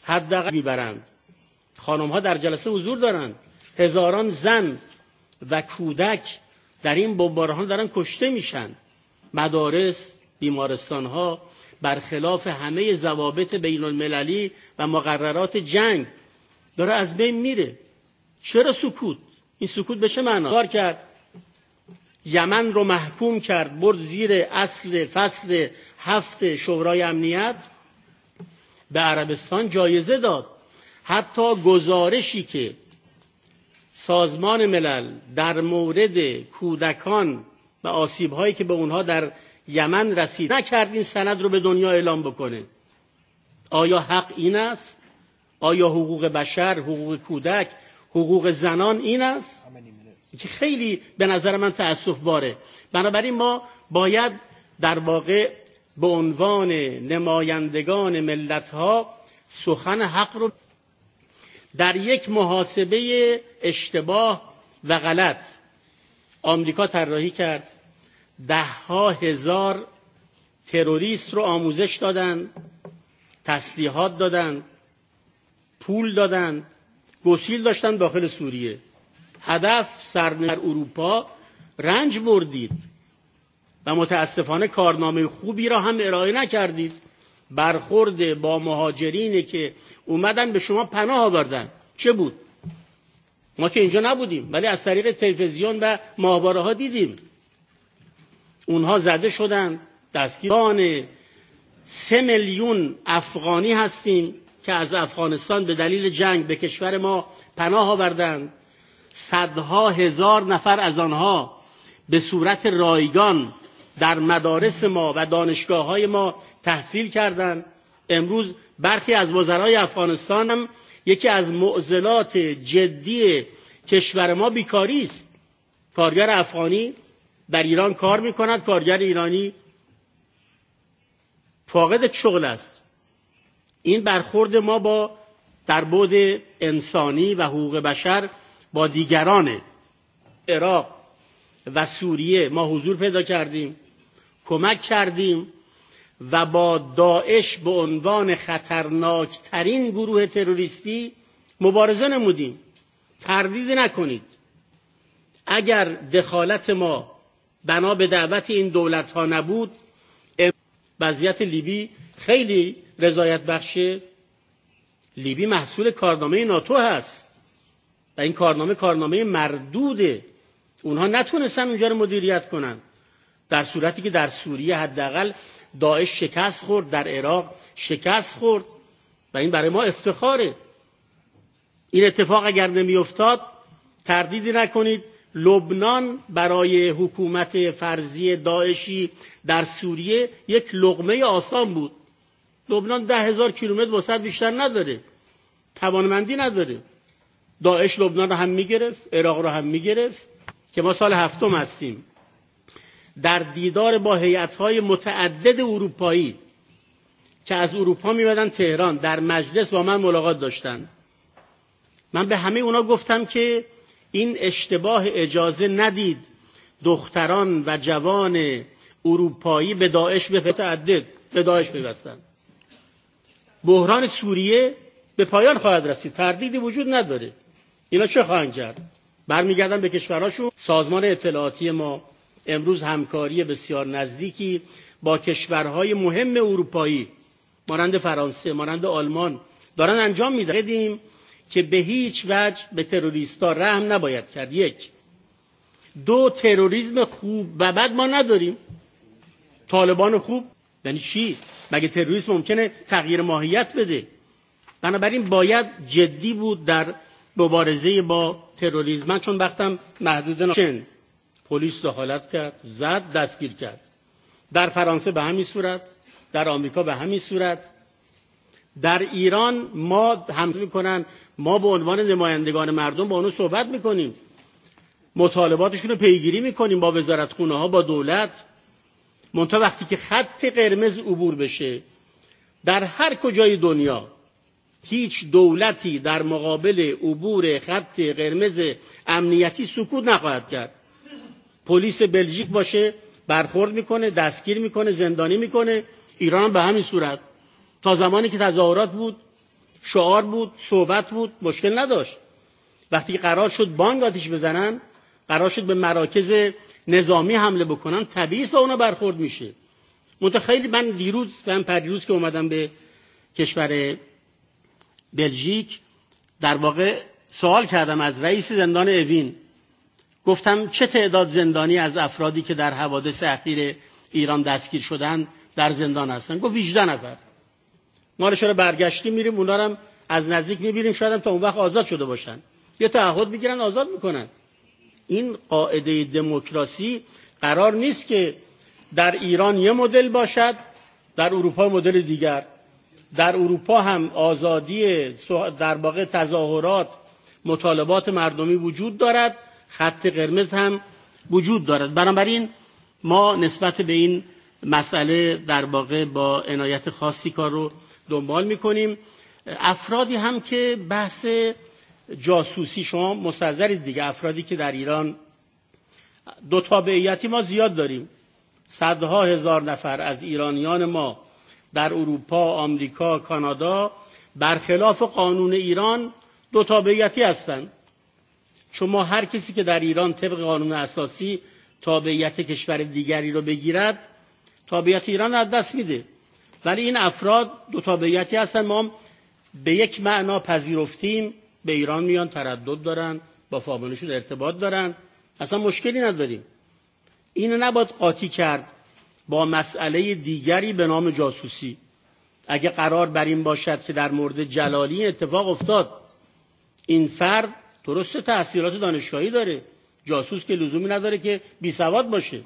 حداقل میبرند خانم ها در جلسه حضور دارند هزاران زن و کودک در این بمباران دارن کشته میشن مدارس بیمارستان ها برخلاف همه ضوابط بین المللی و مقررات جنگ داره از بین میره چرا سکوت این سکوت به چه معنا کار کرد یمن رو محکوم کرد برد زیر اصل فصل هفت شورای امنیت به عربستان جایزه داد حتی گزارشی که سازمان ملل در مورد کودکان و آسیب هایی که به اونها در یمن رسید نکرد این سند رو به دنیا اعلام بکنه آیا حق این است آیا حقوق بشر حقوق کودک حقوق زنان این است که خیلی به نظر من تأصف باره بنابراین ما باید در واقع به عنوان نمایندگان ملت ها سخن حق رو در یک محاسبه اشتباه و غلط آمریکا طراحی کرد ده ها هزار تروریست رو آموزش دادن تسلیحات دادن پول دادن گسیل داشتن داخل سوریه هدف سرنر اروپا رنج بردید و متاسفانه کارنامه خوبی را هم ارائه نکردید برخورد با مهاجرینی که اومدن به شما پناه آوردن چه بود ما که اینجا نبودیم ولی از طریق تلویزیون و ماهواره ها دیدیم اونها زده شدن دستگیران سه میلیون افغانی هستیم که از افغانستان به دلیل جنگ به کشور ما پناه آوردند صدها هزار نفر از آنها به صورت رایگان در مدارس ما و دانشگاه های ما تحصیل کردند امروز برخی از وزرای افغانستان هم یکی از معضلات جدی کشور ما بیکاری است کارگر افغانی در ایران کار می کند کارگر ایرانی فاقد شغل است این برخورد ما با در بود انسانی و حقوق بشر با دیگران عراق و سوریه ما حضور پیدا کردیم کمک کردیم و با داعش به عنوان خطرناک ترین گروه تروریستی مبارزه نمودیم تردید نکنید اگر دخالت ما بنا به دعوت این دولت ها نبود وضعیت لیبی خیلی رضایت بخش لیبی محصول کارنامه ناتو هست و این کارنامه کارنامه مردوده اونها نتونستن اونجا رو مدیریت کنن در صورتی که در سوریه حداقل داعش شکست خورد در عراق شکست خورد و این برای ما افتخاره این اتفاق اگر نمیافتاد تردیدی نکنید لبنان برای حکومت فرضی داعشی در سوریه یک لغمه آسان بود لبنان ده هزار کیلومتر وسط بیشتر نداره توانمندی نداره داعش لبنان رو هم میگرفت عراق رو هم میگرفت که ما سال هفتم هستیم در دیدار با هیئت‌های متعدد اروپایی که از اروپا میمدن تهران در مجلس با من ملاقات داشتن من به همه اونا گفتم که این اشتباه اجازه ندید دختران و جوان اروپایی به داعش به متعدد به داعش پیوستند بحران سوریه به پایان خواهد رسید تردیدی وجود نداره اینا چه خواهند کرد برمیگردن به کشورهاشون سازمان اطلاعاتی ما امروز همکاری بسیار نزدیکی با کشورهای مهم اروپایی مانند فرانسه مانند آلمان دارن انجام میدهیم که به هیچ وجه به تروریستا رحم نباید کرد یک دو تروریسم خوب و بد ما نداریم طالبان خوب یعنی چی مگه تروریسم ممکنه تغییر ماهیت بده بنابراین باید جدی بود در مبارزه با تروریسم چون وقتم محدود نشن پلیس دخالت کرد زد دستگیر کرد در فرانسه به همین صورت در آمریکا به همین صورت در ایران ما حمله میکنن ما به عنوان نمایندگان مردم با اونو صحبت میکنیم مطالباتشون رو پیگیری میکنیم با وزارت خونه ها با دولت منتها وقتی که خط قرمز عبور بشه در هر کجای دنیا هیچ دولتی در مقابل عبور خط قرمز امنیتی سکوت نخواهد کرد پلیس بلژیک باشه برخورد میکنه دستگیر میکنه زندانی میکنه ایران به همین صورت تا زمانی که تظاهرات بود شعار بود صحبت بود مشکل نداشت وقتی قرار شد بانگ آتیش بزنن قرار شد به مراکز نظامی حمله بکنن طبیعی با اونا برخورد میشه متخیلی من دیروز و هم پریروز که اومدم به کشور بلژیک در واقع سوال کردم از رئیس زندان اوین گفتم چه تعداد زندانی از افرادی که در حوادث اخیر ایران دستگیر شدن در زندان هستن گفت 18 نفر ما رو چرا برگشتیم میریم اونا هم از نزدیک میبینیم شاید تا اون وقت آزاد شده باشن یه تعهد میگیرن آزاد میکنن این قاعده دموکراسی قرار نیست که در ایران یه مدل باشد در اروپا مدل دیگر در اروپا هم آزادی در باقی تظاهرات مطالبات مردمی وجود دارد خط قرمز هم وجود دارد بنابراین ما نسبت به این مسئله در واقع با عنایت خاصی کار رو دنبال میکنیم افرادی هم که بحث جاسوسی شما مستظرید دیگه افرادی که در ایران دو تابعیتی ما زیاد داریم صدها هزار نفر از ایرانیان ما در اروپا، آمریکا، کانادا برخلاف قانون ایران دو تابعیتی هستند چون ما هر کسی که در ایران طبق قانون اساسی تابعیت کشور دیگری رو بگیرد تابعیت ایران از دست میده ولی این افراد دو تابعیتی هستن ما به یک معنا پذیرفتیم به ایران میان تردد دارن با فامیلشون ارتباط دارن اصلا مشکلی نداریم این نباید قاطی کرد با مسئله دیگری به نام جاسوسی اگه قرار بر این باشد که در مورد جلالی اتفاق افتاد این فرد درست تحصیلات دانشگاهی داره جاسوس که لزومی نداره که بی سواد باشه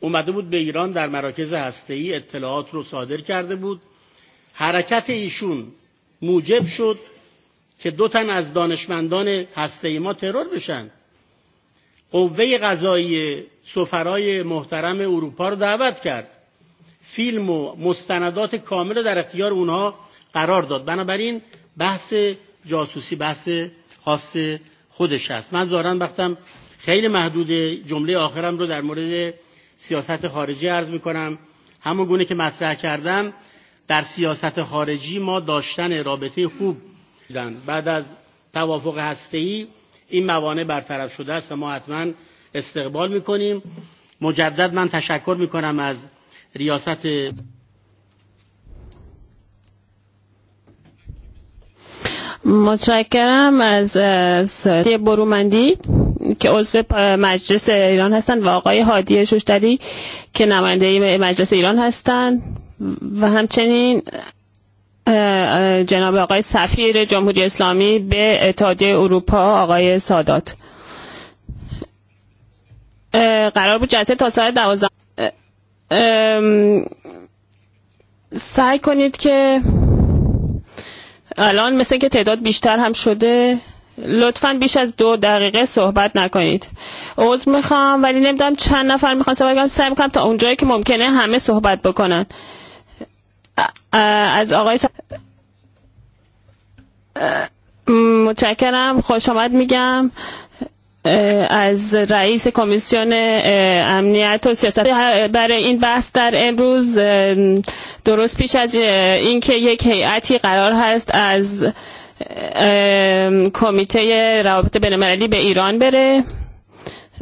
اومده بود به ایران در مراکز هسته ای اطلاعات رو صادر کرده بود حرکت ایشون موجب شد که دو تن از دانشمندان هسته ای ما ترور بشن قوه قضایی سفرای محترم اروپا رو دعوت کرد فیلم و مستندات کامل در اختیار اونها قرار داد بنابراین بحث جاسوسی بحث خاص خودش است من ظاهرا وقتم خیلی محدود جمله آخرم رو در مورد سیاست خارجی عرض می کنم همون گونه که مطرح کردم در سیاست خارجی ما داشتن رابطه خوب دیدن بعد از توافق هسته ای این موانع برطرف شده است و ما حتما استقبال می کنیم مجدد من تشکر می کنم از ریاست
متشکرم از سیه برومندی که عضو مجلس ایران هستند و آقای هادی ششتری که نماینده مجلس ایران هستند و همچنین جناب آقای سفیر جمهوری اسلامی به اتحادیه اروپا آقای سادات قرار بود جلسه تا ساعت دوازده سعی کنید که الان مثل که تعداد بیشتر هم شده لطفا بیش از دو دقیقه صحبت نکنید عضو میخوام ولی نمیدونم چند نفر میخوان صحبت کنم سعی میکنم تا اونجایی که ممکنه همه صحبت بکنن از آقای س... متشکرم خوش آمد میگم از رئیس کمیسیون امنیت و سیاست برای این بحث در امروز درست پیش از اینکه یک هیئتی قرار هست از کمیته روابط بین المللی به ایران بره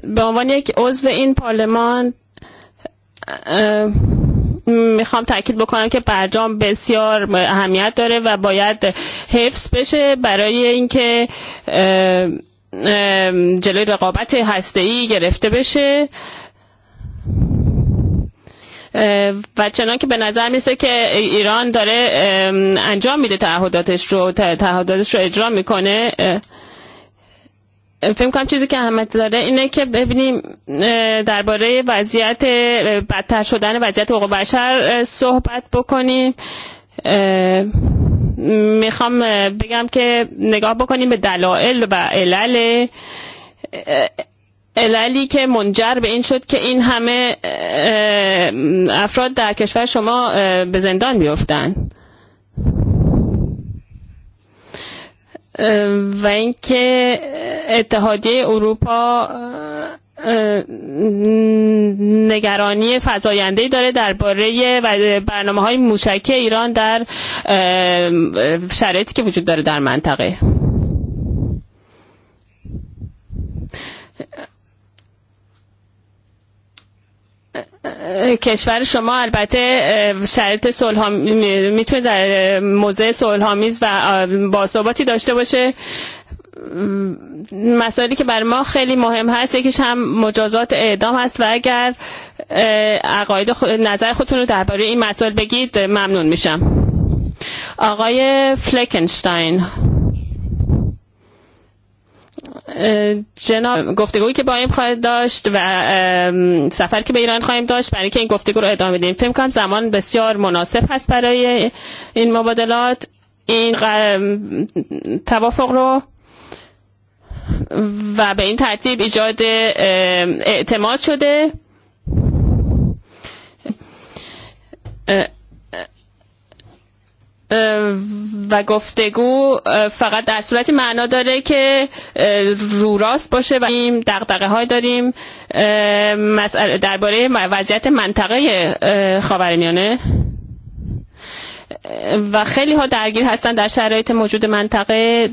به عنوان یک عضو این پارلمان میخوام تاکید بکنم که برجام بسیار اهمیت داره و باید حفظ بشه برای اینکه ġelu raqobati ħastiji għerifti biex بچه که به نظر میسه که ایران داره انجام میده تعهداتش رو تعهداتش رو اجرا میکنه فکر کنم چیزی که همت داره اینه که ببینیم درباره وضعیت بدتر شدن وضعیت حقوق بشر صحبت بکنیم میخوام بگم که نگاه بکنیم به دلایل و علل عللی که منجر به این شد که این همه افراد در کشور شما به زندان بیفتن و اینکه اتحادیه اروپا نگرانی فضاینده داره درباره و برنامه های موشکی ایران در شرایطی که وجود داره در منطقه کشور شما البته شرط صلح میتونه در موضع صلحآمیز و باثباتی داشته باشه مسائلی که بر ما خیلی مهم هست یکیش هم مجازات اعدام هست و اگر عقاید خود، نظر خودتون رو درباره این مسائل بگید ممنون میشم آقای فلکنشتاین جناب گفتگویی که با این خواهد داشت و سفر که به ایران خواهیم داشت برای که این گفتگو رو ادامه بدیم فکر کنم زمان بسیار مناسب هست برای این مبادلات این توافق رو و به این ترتیب ایجاد اعتماد شده و گفتگو فقط در صورتی معنا داره که رو راست باشه و این دقدقه های داریم درباره وضعیت منطقه خاورمیانه و خیلی ها درگیر هستن در شرایط موجود منطقه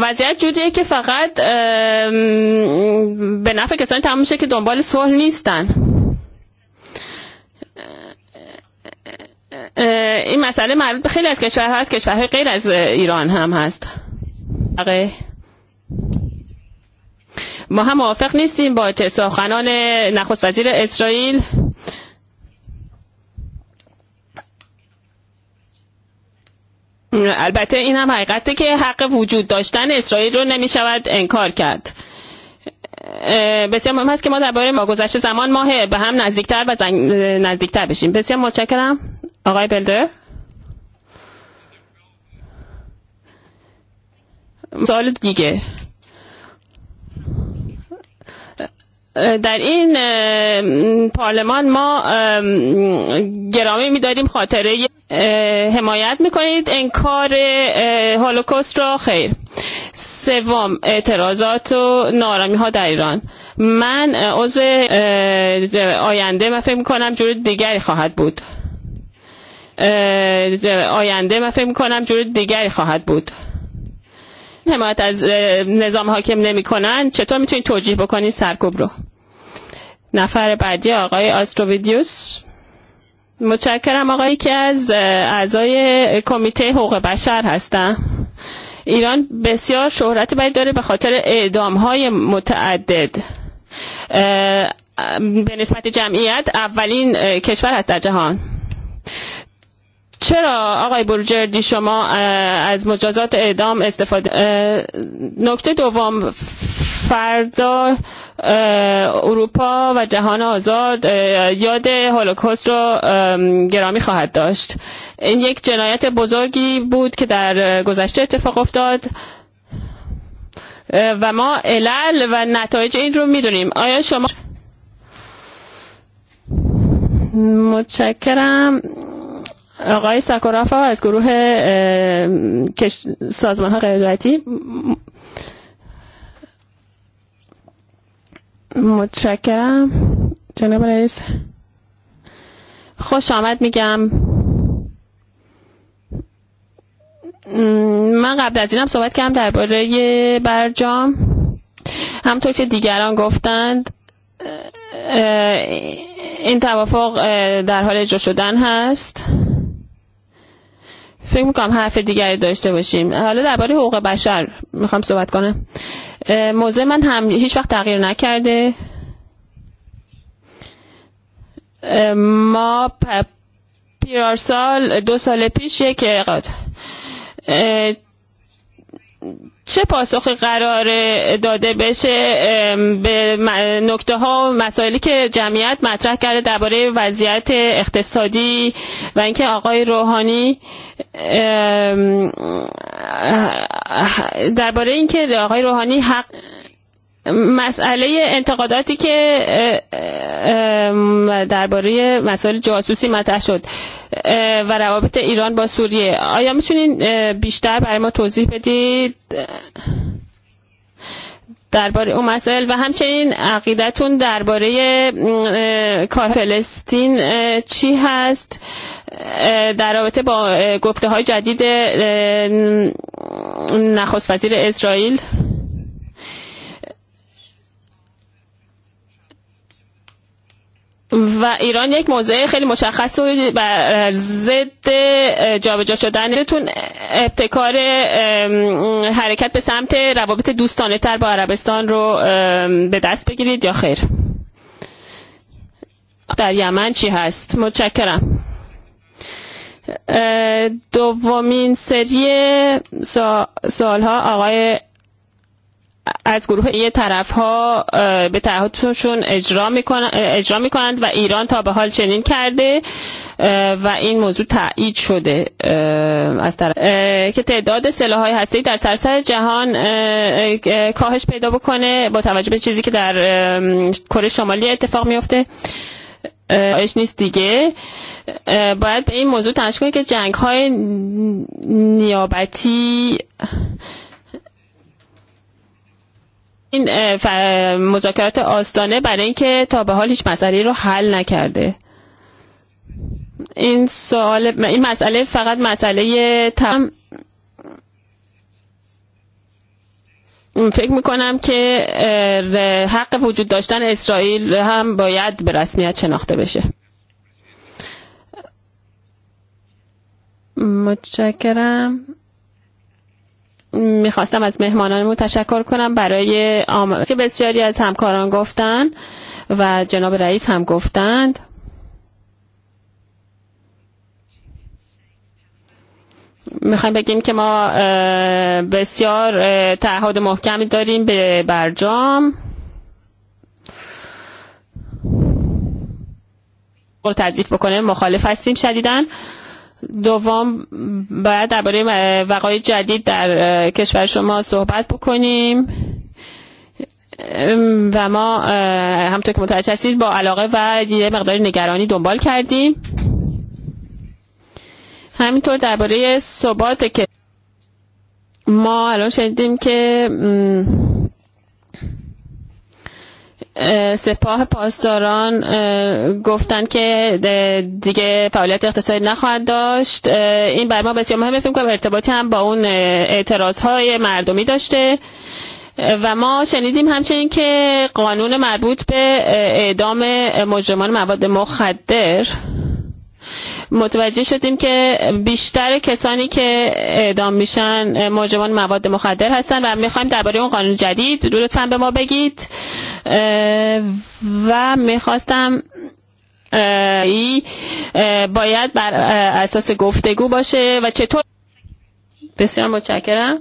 vaziyat judiye ki fakat ben Afrika'sını tam şekilde dombali Sohlistan. این مسئله مربوط به خیلی از کشور هست کشورهای غیر از ایران هم هست ما هم موافق نیستیم با سخنان نخست وزیر اسرائیل البته این هم حقیقته که حق وجود داشتن اسرائیل رو نمی شود انکار کرد بسیار مهم است که ما درباره ما گذشت زمان ماه به هم نزدیکتر و زن... نزدیکتر بشیم بسیار متشکرم آقای بلدر سوال دیگه در این پارلمان ما گرامی می میداریم خاطره حمایت می کنید انکار هولوکاست را خیر سوم اعتراضات و نارامی ها در ایران من عضو آینده من فکر کنم جور دیگری خواهد بود آینده من فکر کنم جور دیگری خواهد بود حمایت از نظام حاکم نمی کنن چطور میتونید توجیه بکنید سرکوب رو نفر بعدی آقای آستروویدیوس متشکرم آقایی که از اعضای کمیته حقوق بشر هستم ایران بسیار شهرت باید داره به خاطر اعدام های متعدد به نسبت جمعیت اولین کشور هست در جهان چرا آقای برجردی شما از مجازات اعدام استفاده نکته دوم فردا اروپا و جهان آزاد یاد هولوکاست رو گرامی خواهد داشت این یک جنایت بزرگی بود که در گذشته اتفاق افتاد و ما علل و نتایج این رو میدونیم آیا شما متشکرم آقای ساکورافا از گروه سازمان ها غیردولتی متشکرم جناب رئیس خوش آمد میگم من قبل از اینم صحبت کردم درباره برجام همطور که دیگران گفتند این توافق در حال اجرا شدن هست فکر میکنم حرف دیگری داشته باشیم حالا درباره حقوق بشر میخوام صحبت کنم موضع من هم هیچ وقت تغییر نکرده ما پیرارسال دو سال پیش یک چه پاسخی قرار داده بشه به نکته ها و مسائلی که جمعیت مطرح کرده درباره وضعیت اقتصادی و اینکه آقای روحانی درباره اینکه آقای روحانی حق مسئله انتقاداتی که درباره مسائل جاسوسی مطرح شد و روابط ایران با سوریه آیا میتونین بیشتر برای ما توضیح بدید درباره اون مسائل و همچنین عقیدتون درباره کار فلسطین چی هست در رابطه با گفته های جدید نخست وزیر اسرائیل و ایران یک موضع خیلی مشخص و بر ضد جابجا شدنتون ابتکار حرکت به سمت روابط دوستانه تر با عربستان رو به دست بگیرید یا خیر در یمن چی هست متشکرم دومین سری سوال ها آقای از گروه یه طرف ها به تعهدشون اجرا میکنند اجرا میکنند و ایران تا به حال چنین کرده و این موضوع تایید شده از طرف که تعداد سلاح های هستی در سراسر جهان کاهش پیدا بکنه با توجه به چیزی که در کره شمالی اتفاق میفته اش نیست دیگه باید به این موضوع تلاش کنید که جنگ های نیابتی این مذاکرات آستانه برای اینکه تا به حال هیچ مسئله رو حل نکرده این سوال این مسئله فقط مسئله تم فکر میکنم که حق وجود داشتن اسرائیل هم باید به رسمیت شناخته بشه متشکرم میخواستم از مهمانانمون تشکر کنم برای آمار که بسیاری از همکاران گفتن و جناب رئیس هم گفتند میخوایم بگیم که ما بسیار تعهد محکمی داریم به برجام تضیف بکنه مخالف هستیم شدیدن دوم باید درباره وقایع جدید در کشور شما صحبت بکنیم و ما همطور که متوجه هستید با علاقه و یه مقدار نگرانی دنبال کردیم همینطور درباره ثبات که ما الان شنیدیم که سپاه eh, پاسداران eh, گفتن که دیگه فعالیت اقتصادی نخواهد داشت eh, این بر ما بسیار مهمه فکر کنم ارتباطی هم با اون اعتراض های مردمی داشته و ما شنیدیم همچنین که قانون مربوط به اعدام مجرمان مواد مخدر متوجه شدیم که بیشتر کسانی که اعدام میشن موجبان مواد مخدر هستن و میخوایم درباره اون قانون جدید لطفا به ما بگید و میخواستم ای باید بر اساس گفتگو باشه و چطور بسیار متشکرم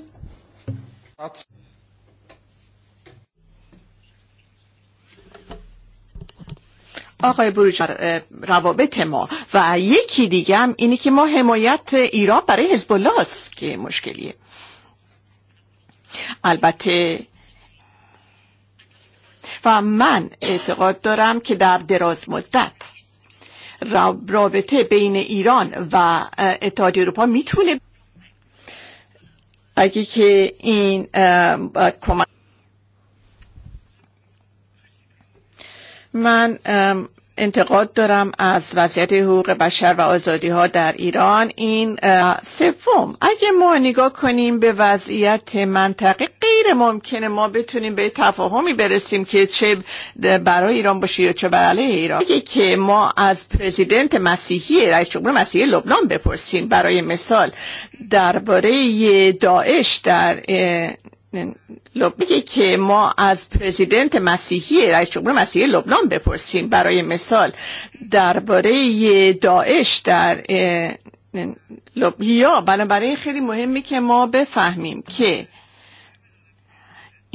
آقای بروجر روابط
ما و یکی دیگه هم اینه که ما حمایت ایران برای حزب الله است که مشکلیه البته و من اعتقاد دارم که در دراز مدت رابطه بین ایران و اتحادیه اروپا میتونه اگه که این کمک من انتقاد دارم از وضعیت حقوق بشر و آزادی ها در ایران این سوم اگه ما نگاه کنیم به وضعیت منطقه غیر ممکنه ما بتونیم به تفاهمی برسیم که چه برای ایران باشه یا چه برای ایران اگه که ما از پرزیدنت مسیحی رئیس جمهور مسیحی لبنان بپرسیم برای مثال درباره داعش در لبی که ما از پرزیدنت مسیحی رئیس جمهور مسیحی لبنان بپرسیم برای مثال درباره داعش در لبیا بنابراین خیلی مهمه که ما بفهمیم که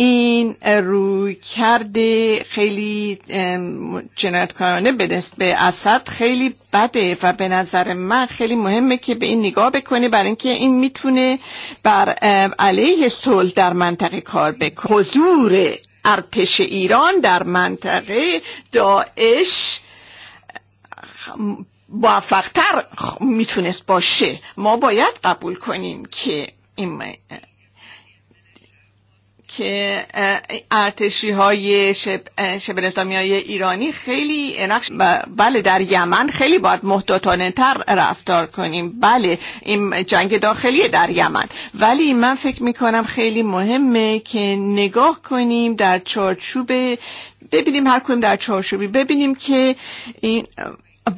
این روی کرده خیلی جنایتکارانه به به اسد خیلی بده و به نظر من خیلی مهمه که به این نگاه بکنه برای اینکه این میتونه بر علیه صلح در منطقه کار بکنه حضور ارتش ایران در منطقه داعش موفقتر میتونست باشه ما باید قبول کنیم که این ارتشی شبه نظامی ایرانی خیلی بله در یمن خیلی باید محتاطانه تر رفتار کنیم بله این جنگ داخلی در یمن ولی من فکر mikonam خیلی مهمه که نگاه کنیم در چارچوب ببینیم هر کدوم در چارچوبی ببینیم که این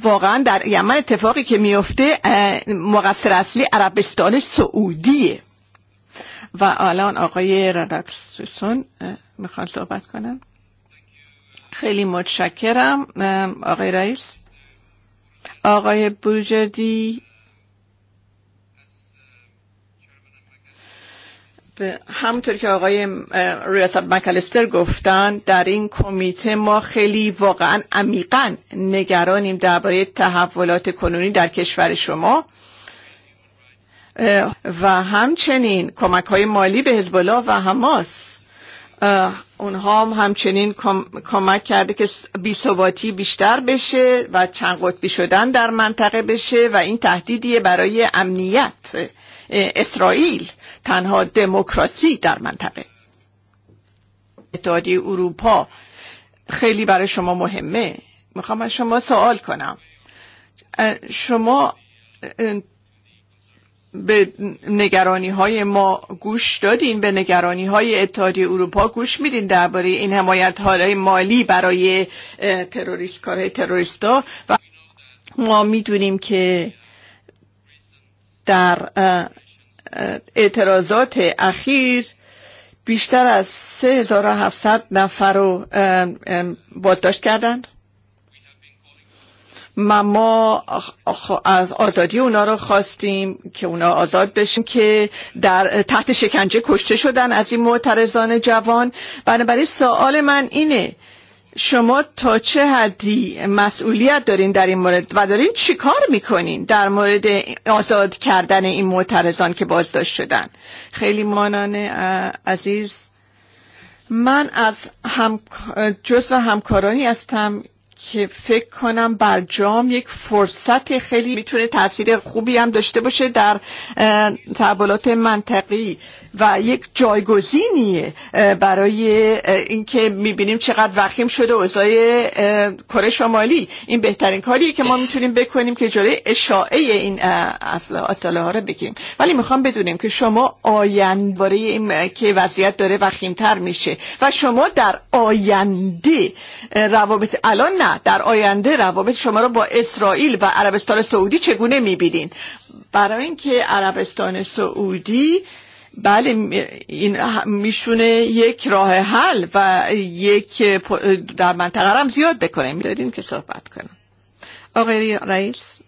واقعا در یمن اتفاقی که میفته مقصر اصلی عربستان سعودیه و الان آقای رادکسون میخوان صحبت کنن خیلی متشکرم آقای رئیس آقای بوجدی همطور که آقای ریاست مکلستر گفتن در این کمیته ما خیلی واقعا عمیقا نگرانیم درباره تحولات کنونی در کشور شما Eh, va hamçenin komakoy mali be Hezbollah va Hamas اونها هم همچنین کم، کمک کرده که بیثباتی بیشتر بشه و چند قطبی شدن در منطقه بشه و این تهدیدیه برای امنیت اسرائیل تنها دموکراسی در منطقه اتحادیه اروپا خیلی برای شما مهمه میخوام از شما سوال کنم شما به نگرانی های ما گوش دادین به نگرانی های اتحادی اروپا گوش میدین درباره این حمایت های مالی برای تروریست تروریست ها و ما میدونیم که در اعتراضات اخیر بیشتر از 3700 نفر رو بازداشت کردند Mamo az azadi اونا رو خواستیم که اونا آزاد بشن که در تحت شکنجه کشته شدن از این معترضان جوان بنابراین سوال من اینه شما تا چه حدی مسئولیت دارین در این مورد و دارین چی کار میکنین در مورد آزاد کردن این معترضان که بازداشت شدن خیلی مانان عزیز من از هم جزو همکارانی هستم که فکر کنم برجام یک فرصت خیلی میتونه تاثیر خوبی هم داشته باشه در تحولات منطقی و یک جایگزینی برای اینکه میبینیم چقدر وخیم شده اوضاع کره شمالی این بهترین کاریه که ما میتونیم بکنیم که جلوی اشاعه این اصلاح ها رو بگیریم ولی میخوام بدونیم که شما آینده برای این که وضعیت داره وخیمتر میشه و شما در آینده روابط الان نه در آینده روابط شما رو با اسرائیل و عربستان سعودی چگونه میبینین برای اینکه عربستان سعودی bali میشونه یک راه حل و یک در منطقه هم زیاد بکنیم داریم که صحبت کنم آقای رئیس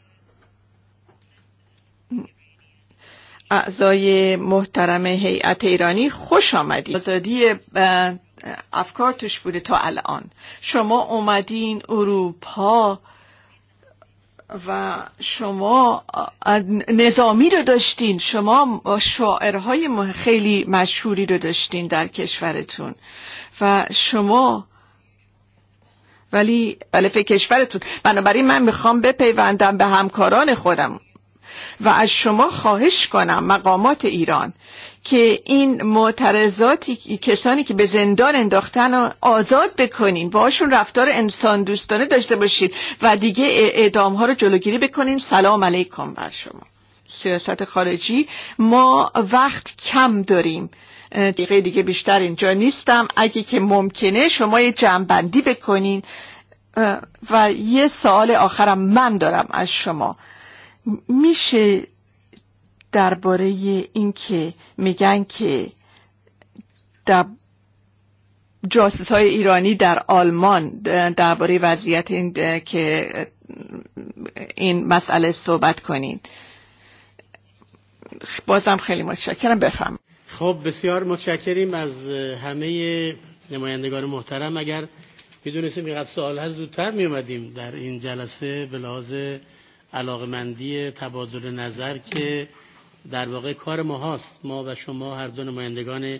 اعضای محترم هیئت ایرانی خوش آمدید آزادی افکار توش بوده تا الان شما اومدین اروپا و نظامی رو داشتین شما شاعرهای خیلی مشهوری رو داشتین در کشورتون و شما ولی ولی فکر کشورتون بنابراین من میخوام بپیوندم به همکاران خودم و از شما خواهش کنم مقامات ایران که این معترضاتی کسانی که به زندان انداختن رو آزاد بکنین باشون رفتار انسان دوستانه داشته باشید و دیگه اعدام ها رو جلوگیری بکنین سلام علیکم بر شما سیاست خارجی ما وقت کم داریم دیگه دیگه بیشتر اینجا نیستم اگه که ممکنه شما یه جنبندی بکنین و یه سال آخرم من دارم از شما میشه درباره اینکه میگن که دب جاسوس های ایرانی در آلمان درباره وضعیت این که این مسئله صحبت کنین بازم خیلی متشکرم بفهم
خب بسیار متشکریم از همه نمایندگان محترم اگر میدونستیم اینقدر سوال هست زودتر می در این جلسه به لحاظ علاقمندی تبادل نظر که در واقع کار ما هاست ما و شما هر دو نمایندگان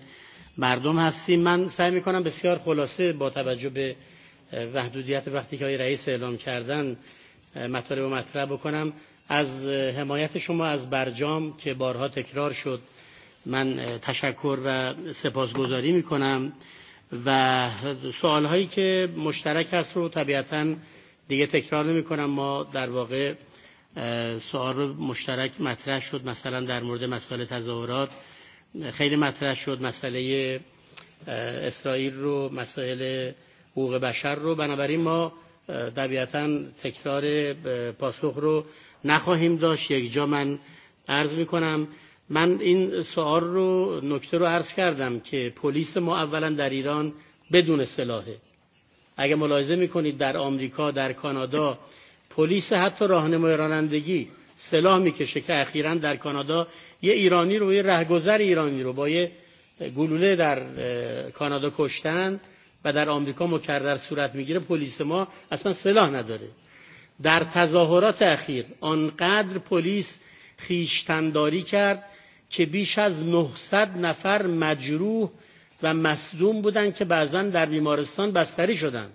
مردم هستیم من سعی میکنم بسیار خلاصه با توجه به محدودیت وقتی که های رئیس اعلام کردن مطالب و مطرح بکنم از حمایت شما از برجام که بارها تکرار شد من تشکر و سپاسگزاری میکنم و سوال هایی که مشترک هست رو طبیعتا دیگه تکرار نمی کنم ما در واقع سوال مشترک مطرح شد مثلا در مورد مسئله تظاهرات خیلی مطرح شد مسئله اسرائیل رو مسائل حقوق بشر رو بنابراین ما طبیعتا تکرار پاسخ رو نخواهیم داشت یک جا من عرض می کنم من این سوال رو نکته رو عرض کردم که پلیس ما اولا در ایران بدون سلاحه اگه ملاحظه میکنید در آمریکا در کانادا پلیس حتی راهنمای رانندگی سلاح میکشه که اخیرا در کانادا یه ایرانی رو یه رهگذر ایرانی رو با یه گلوله در کانادا کشتن و در آمریکا مکرر صورت میگیره پلیس ما اصلا سلاح نداره در تظاهرات اخیر آنقدر پلیس خیشتنداری کرد که بیش از 900 نفر مجروح و مصدوم بودند که بعضا در بیمارستان بستری شدند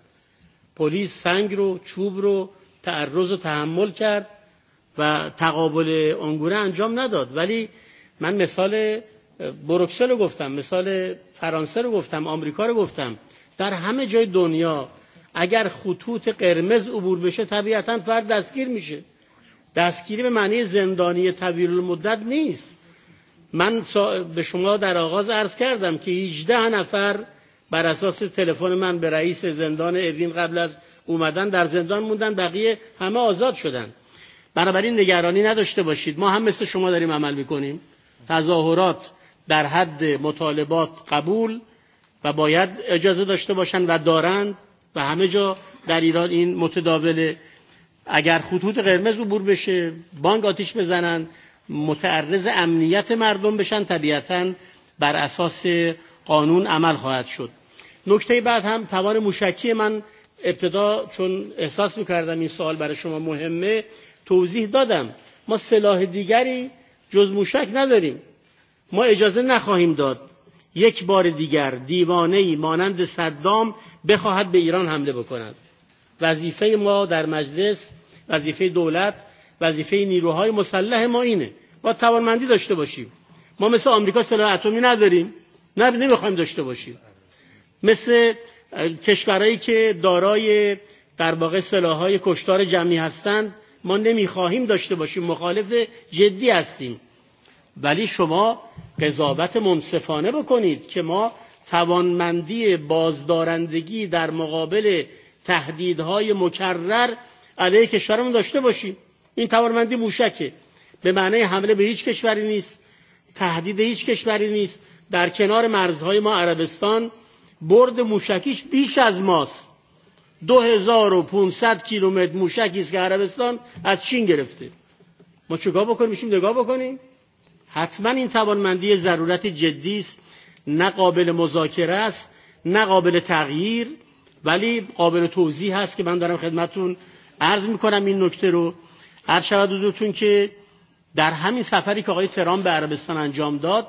پلیس سنگ رو چوب رو تعرض و تحمل کرد و تقابل آنگونه انجام نداد ولی من مثال بروکسل رو گفتم مثال فرانسه رو گفتم آمریکا رو گفتم در همه جای دنیا اگر خطوط قرمز عبور بشه طبیعتا فرد دستگیر میشه دستگیری به معنی زندانی طویل المدت نیست من به شما در آغاز عرض کردم که 18 نفر بر اساس تلفن من به رئیس زندان اوین قبل از اومدن در زندان موندن بقیه همه آزاد شدن بنابراین نگرانی نداشته باشید ما هم مثل شما داریم عمل میکنیم تظاهرات در حد مطالبات قبول و باید اجازه داشته باشند و دارند و همه جا در ایران این متداوله اگر خطوط قرمز عبور بشه بانک آتیش بزنن متعرض امنیت مردم بشن طبیعتا بر اساس قانون عمل خواهد شد نکته بعد هم توان موشکی من ابتدا چون احساس میکردم این سوال برای شما مهمه توضیح دادم ما سلاح دیگری جز موشک نداریم ما اجازه نخواهیم داد یک بار دیگر دیوانه ای مانند صدام بخواهد به ایران حمله بکند وظیفه ما در مجلس وظیفه دولت وظیفه نیروهای مسلح ما اینه با توانمندی داشته باشیم ما مثل آمریکا سلاح اتمی نداریم نه نمیخوایم داشته باشیم مثل کشورهایی که دارای در واقع سلاحهای کشتار جمعی هستند ما نمیخواهیم داشته باشیم مخالف جدی هستیم ولی شما قضاوت منصفانه بکنید که ما توانمندی بازدارندگی در مقابل تهدیدهای مکرر علیه کشورمون داشته باشیم این توانمندی موشکه به معنی حمله به هیچ کشوری نیست تهدید هیچ کشوری نیست در کنار مرزهای ما عربستان برد موشکیش بیش از ماست 2500 کیلومتر موشکی است که عربستان از چین گرفته ما چیکار بکنیم میشیم نگاه بکنیم حتما این توانمندی ضرورت جدی است نه قابل مذاکره است نه قابل تغییر ولی قابل توضیح هست که من دارم خدمتون عرض میکنم این نکته رو عرض شود حضورتون که در همین سفری که آقای ترام به عربستان انجام داد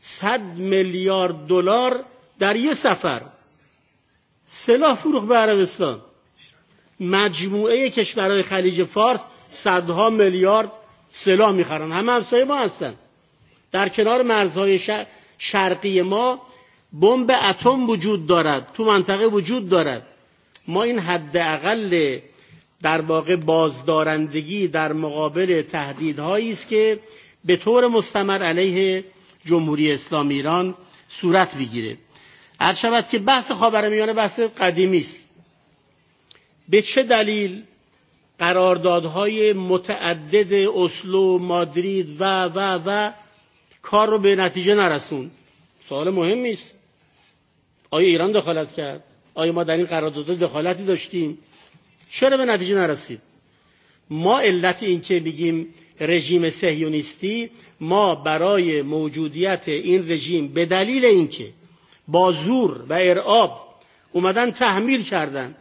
صد میلیارد دلار در یه سفر سلاح فروخ به عربستان مجموعه کشورهای خلیج فارس صدها میلیارد سلاح میخرن همه همسایه ما هستن در کنار مرزهای شرقی ما بمب اتم وجود دارد تو منطقه وجود دارد ما این حداقل در واقع بازدارندگی در مقابل تهدیدهایی است که به طور مستمر علیه جمهوری اسلامی ایران صورت بگیره هر شود که بحث خاورمیانه بحث قدیمی است به چه دلیل قراردادهای متعدد اسلو مادرید و و و کار رو به نتیجه نرسون سوال مهمی است آیا ایران دخالت کرد آیا ما در این قرارداد دخالتی داشتیم چرا به نتیجه نرسید ما علت این که بگیم رژیم سهیونیستی ما برای موجودیت این رژیم به دلیل اینکه با زور و ارعاب اومدن تحمیل کردند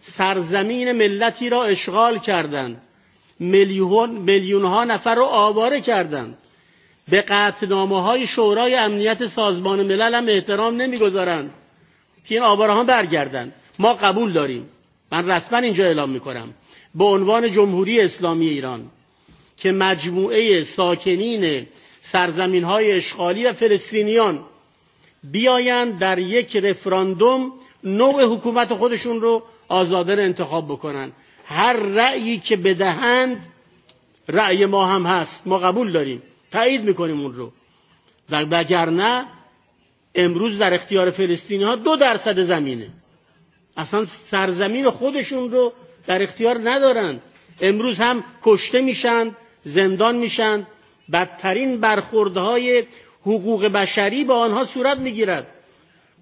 سرزمین ملتی را اشغال کردند میلیون میلیون ها نفر را آواره کردند به قطعنامه های شورای امنیت سازمان ملل هم احترام نمیگذارند که این آواره ها برگردند ما قبول داریم من رسما اینجا اعلام میکنم به عنوان جمهوری اسلامی ایران که مجموعه ساکنین سرزمین های اشغالی و فلسطینیان بیاین در یک رفراندوم نوع حکومت خودشون رو آزادن انتخاب بکنن هر رأیی که بدهند رأی ما هم هست ما قبول داریم تایید میکنیم اون رو و نه امروز در اختیار فلسطینی ها دو درصد زمینه اصلا سرزمین خودشون رو در اختیار ندارن امروز هم کشته میشن زندان میشن بدترین برخوردهای حقوق بشری به آنها صورت میگیرد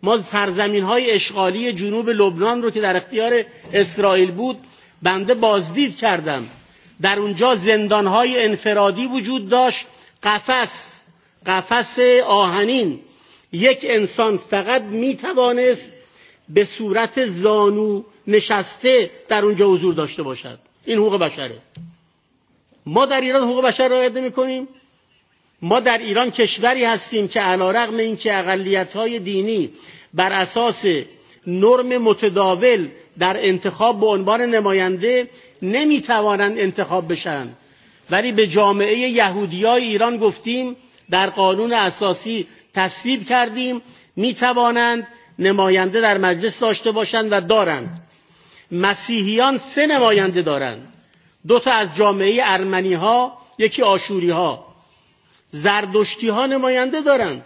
ما سرزمین های اشغالی جنوب لبنان رو که در اختیار اسرائیل بود بنده بازدید کردم در اونجا زندان های انفرادی وجود داشت قفس قفس آهنین یک انسان فقط می توانست به صورت زانو نشسته در اونجا حضور داشته باشد این حقوق بشره ما در ایران حقوق بشر رعایت نمی کنیم ما در ایران کشوری هستیم که علا رقم این که اقلیت های دینی بر اساس نرم متداول در انتخاب به عنوان نماینده نمیتوانند انتخاب بشن ولی به جامعه یهودی های ایران گفتیم در قانون اساسی تصویب کردیم می توانند نماینده در مجلس داشته باشند و دارند مسیحیان سه نماینده دارند دو تا از جامعه ارمنی ها یکی آشوری ها زردشتی ها نماینده دارن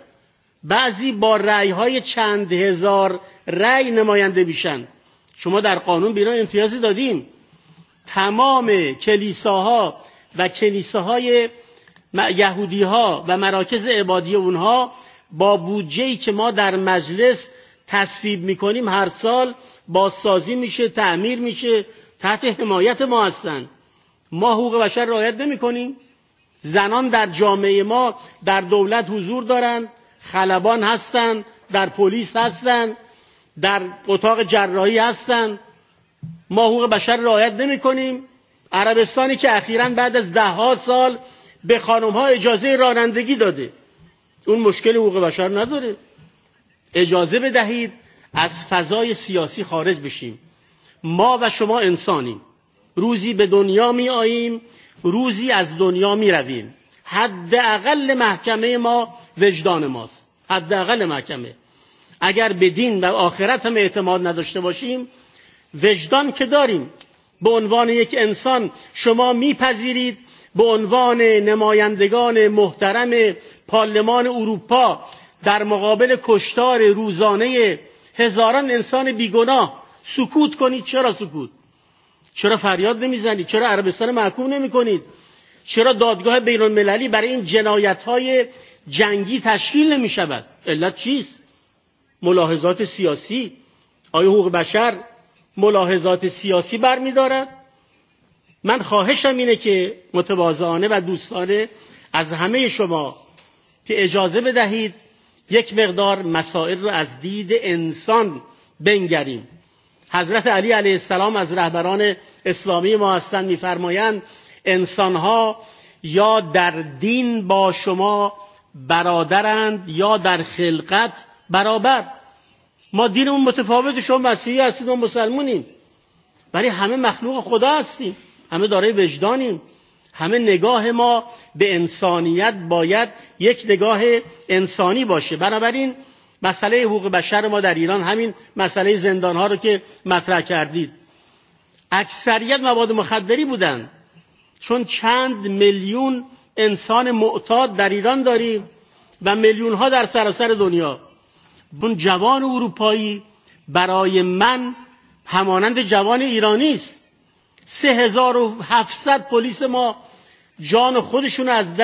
بعضی با رعی های چند هزار رعی نماینده میشن شما در قانون بینا امتیازی دادیم تمام کلیساها و کلیساهای یهودی ها و مراکز عبادی اونها با بودجه ای که ما در مجلس تصویب میکنیم هر سال بازسازی میشه تعمیر میشه تحت حمایت ما هستن ما حقوق بشر رعایت نمیکنیم زنان در جامعه ما در دولت حضور دارند خلبان هستند در پلیس هستند در اتاق جراحی هستند ما حقوق بشر رعایت نمی کنیم عربستانی که اخیرا بعد از ده ها سال به خانم ها اجازه رانندگی داده اون مشکل حقوق بشر نداره اجازه بدهید از فضای سیاسی خارج بشیم ما و شما انسانیم روزی به دنیا می آییم روزی از دنیا می رویم حداقل محکمه ما وجدان ماست حداقل محکمه اگر به دین و آخرت هم اعتماد نداشته باشیم وجدان که داریم به عنوان یک انسان شما میپذیرید به عنوان نمایندگان محترم پارلمان اروپا در مقابل کشتار روزانه هزاران انسان بیگناه سکوت کنید چرا سکوت چرا فریاد نمیزنید چرا عربستان محکوم نمی کنید چرا دادگاه بین المللی برای این جنایت های جنگی تشکیل نمی شود علت چیست ملاحظات سیاسی آیا حقوق بشر ملاحظات سیاسی برمیدارد من خواهشم اینه که متواضعانه و دوستانه از همه شما که اجازه بدهید یک مقدار مسائل را از دید انسان بنگریم حضرت علی علیه السلام از رهبران اسلامی ما هستند میفرمایند انسانها یا در دین با شما برادرند یا در خلقت برابر ما دینمون متفاوت شما مسیحی هستید و مسلمونیم ولی همه مخلوق خدا هستیم همه دارای وجدانیم همه نگاه ما به انسانیت باید یک نگاه انسانی باشه بنابراین مسئله حقوق بشر ما در ایران همین مسئله زندان ها رو که مطرح کردید اکثریت مواد مخدری بودن چون چند میلیون انسان معتاد در ایران داریم و میلیون ها در سراسر دنیا اون جوان اروپایی برای من همانند جوان ایرانی است 3700 پلیس ما جان خودشون از